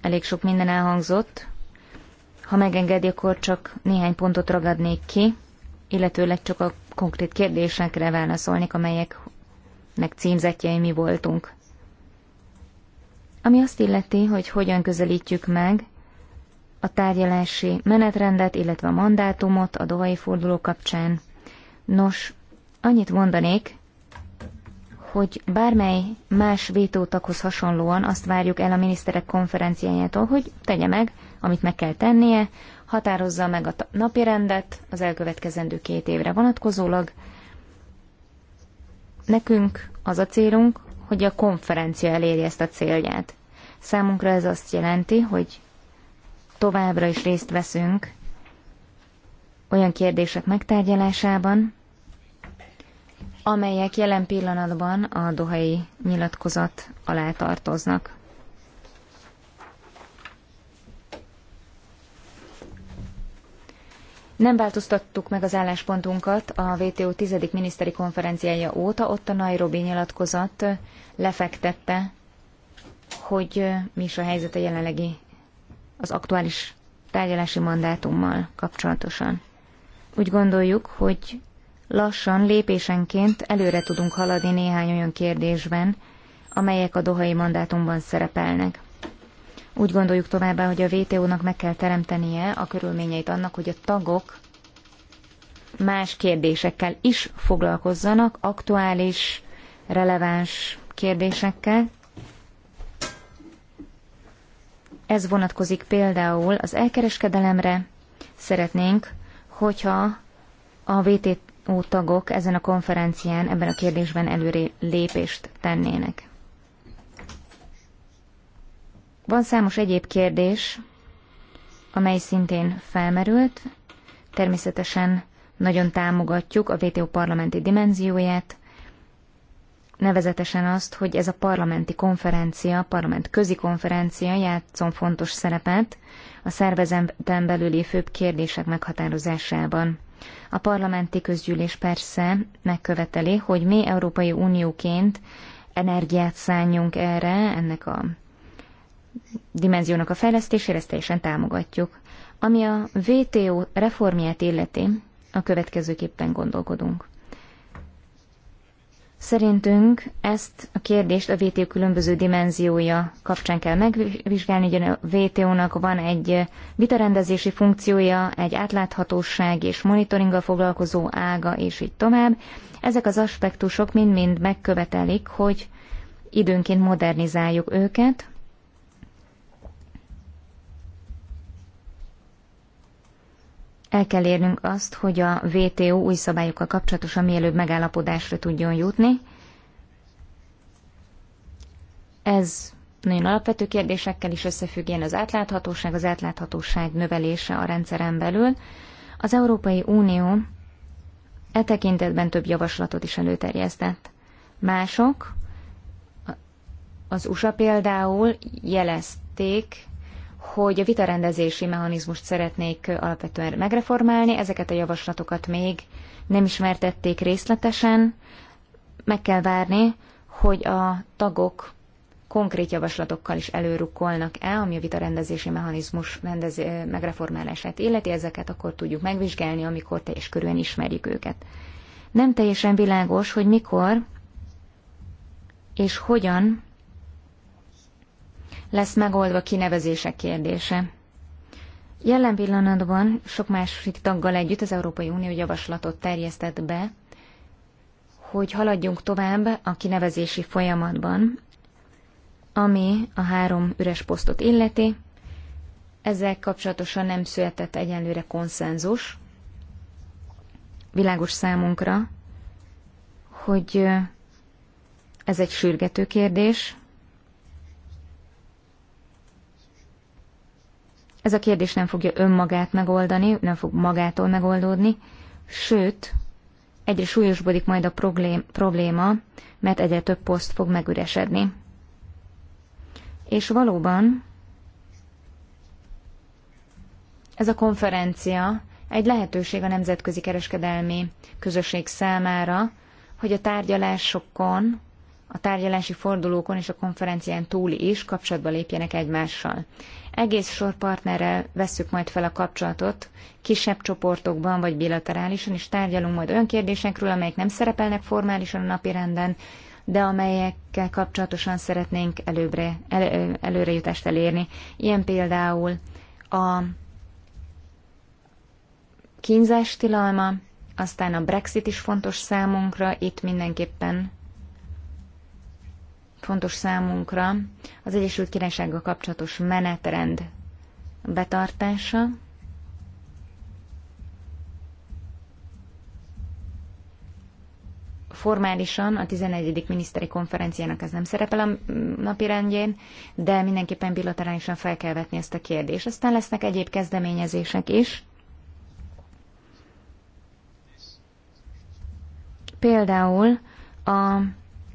Elég sok minden elhangzott. Ha megengedi, akkor csak néhány pontot ragadnék ki, illetőleg csak a konkrét kérdésekre válaszolnék, amelyeknek címzetjei mi voltunk. Ami azt illeti, hogy hogyan közelítjük meg a tárgyalási menetrendet, illetve a mandátumot a dohai forduló kapcsán. Nos, annyit mondanék, hogy bármely más vétótakhoz hasonlóan azt várjuk el a miniszterek konferenciájától, hogy tegye meg, amit meg kell tennie, határozza meg a napi rendet az elkövetkezendő két évre vonatkozólag. Nekünk az a célunk, hogy a konferencia elérje ezt a célját. Számunkra ez azt jelenti, hogy továbbra is részt veszünk olyan kérdések megtárgyalásában, amelyek jelen pillanatban a dohai nyilatkozat alá tartoznak. Nem változtattuk meg az álláspontunkat a WTO tizedik miniszteri konferenciája óta, ott a Nairobi nyilatkozat lefektette, hogy mi is a helyzet a jelenlegi, az aktuális tárgyalási mandátummal kapcsolatosan. Úgy gondoljuk, hogy lassan, lépésenként előre tudunk haladni néhány olyan kérdésben, amelyek a dohai mandátumban szerepelnek. Úgy gondoljuk továbbá, hogy a vto nak meg kell teremtenie a körülményeit annak, hogy a tagok más kérdésekkel is foglalkozzanak, aktuális, releváns kérdésekkel. Ez vonatkozik például az elkereskedelemre. Szeretnénk, hogyha a VTO tagok ezen a konferencián ebben a kérdésben előre lépést tennének. Van számos egyéb kérdés, amely szintén felmerült. Természetesen nagyon támogatjuk a WTO parlamenti dimenzióját, nevezetesen azt, hogy ez a parlamenti konferencia, parlament közi konferencia játszon fontos szerepet a szervezeten belüli főbb kérdések meghatározásában. A parlamenti közgyűlés persze megköveteli, hogy mi Európai Unióként energiát szálljunk erre, ennek a dimenziónak a fejlesztésére, ezt teljesen támogatjuk. Ami a VTO reformját illeti, a következőképpen gondolkodunk. Szerintünk ezt a kérdést a VTO különböző dimenziója kapcsán kell megvizsgálni, ugye a VTO-nak van egy vitarendezési funkciója, egy átláthatóság és monitoringgal foglalkozó ága, és így tovább. Ezek az aspektusok mind-mind megkövetelik, hogy időnként modernizáljuk őket, El kell érnünk azt, hogy a WTO új szabályokkal kapcsolatosan mielőbb megállapodásra tudjon jutni. Ez nagyon alapvető kérdésekkel is összefüggjen az átláthatóság, az átláthatóság növelése a rendszeren belül. Az Európai Unió e tekintetben több javaslatot is előterjesztett. Mások, az USA például jelezték, hogy a vitarendezési mechanizmust szeretnék alapvetően megreformálni. Ezeket a javaslatokat még nem ismertették részletesen. Meg kell várni, hogy a tagok konkrét javaslatokkal is előrukkolnak el, ami a vitarendezési mechanizmus rendezi, megreformálását illeti, ezeket akkor tudjuk megvizsgálni, amikor teljes körűen ismerjük őket. Nem teljesen világos, hogy mikor és hogyan lesz megoldva kinevezések kérdése. Jelen pillanatban sok másik taggal együtt az Európai Unió javaslatot terjesztett be, hogy haladjunk tovább a kinevezési folyamatban, ami a három üres posztot illeti. Ezzel kapcsolatosan nem született egyenlőre konszenzus. Világos számunkra, hogy ez egy sürgető kérdés, Ez a kérdés nem fogja önmagát megoldani, nem fog magától megoldódni, sőt, egyre súlyosbodik majd a probléma, mert egyre több poszt fog megüresedni. És valóban ez a konferencia egy lehetőség a nemzetközi kereskedelmi közösség számára, hogy a tárgyalásokon, a tárgyalási fordulókon és a konferencián túli is kapcsolatba lépjenek egymással. Egész sor partnerrel vesszük majd fel a kapcsolatot, kisebb csoportokban vagy bilaterálisan is tárgyalunk majd olyan kérdésekről, amelyek nem szerepelnek formálisan a napirenden, de amelyekkel kapcsolatosan szeretnénk előbbre, el, előrejutást elérni. Ilyen például a kínzás tilalma, aztán a Brexit is fontos számunkra, itt mindenképpen fontos számunkra az Egyesült Királysággal kapcsolatos menetrend betartása. Formálisan a 11. miniszteri konferenciának ez nem szerepel a napirendjén, de mindenképpen bilaterálisan fel kell vetni ezt a kérdést. Aztán lesznek egyéb kezdeményezések is. Például a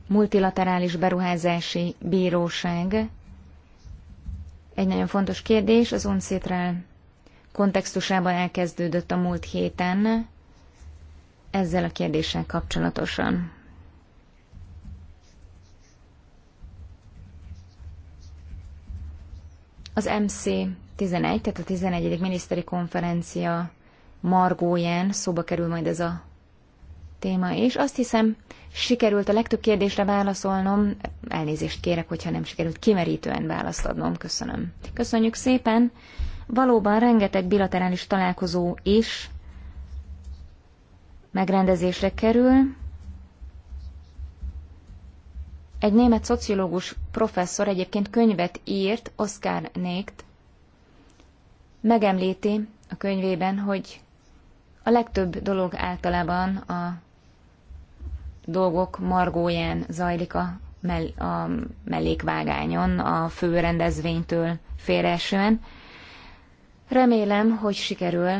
multilaterális beruházási bíróság. Egy nagyon fontos kérdés, az UNCITRAL kontextusában elkezdődött a múlt héten ezzel a kérdéssel kapcsolatosan. Az MC11, tehát a 11. miniszteri konferencia margóján szóba kerül majd ez a téma, és azt hiszem, sikerült a legtöbb kérdésre válaszolnom. Elnézést kérek, hogyha nem sikerült kimerítően választ adnom. Köszönöm. Köszönjük szépen. Valóban rengeteg bilaterális találkozó is megrendezésre kerül. Egy német szociológus professzor egyébként könyvet írt, Oscar Nékt, megemlíti a könyvében, hogy a legtöbb dolog általában a dolgok margóján zajlik a, mell- a mellékvágányon, a fő rendezvénytől félreesően. Remélem, hogy sikerül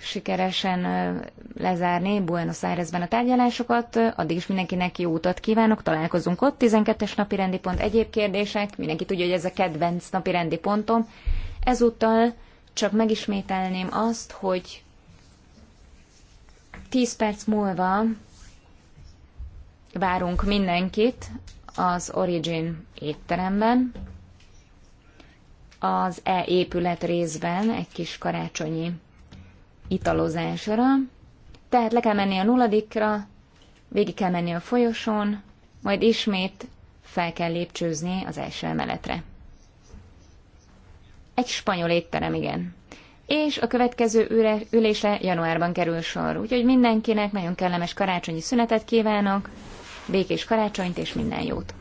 sikeresen lezárni Buenos Airesben a tárgyalásokat. Addig is mindenkinek jó utat kívánok, találkozunk ott. 12-es napi rendi pont, egyéb kérdések. Mindenki tudja, hogy ez a kedvenc napi rendi pontom. Ezúttal csak megismételném azt, hogy 10 perc múlva Várunk mindenkit az Origin étteremben, az E-épület részben egy kis karácsonyi italozásra. Tehát le kell menni a nulladikra, végig kell menni a folyosón, majd ismét fel kell lépcsőzni az első emeletre. Egy spanyol étterem, igen. És a következő ülése ülésre januárban kerül sor, úgyhogy mindenkinek nagyon kellemes karácsonyi szünetet kívánok, békés karácsonyt és minden jót!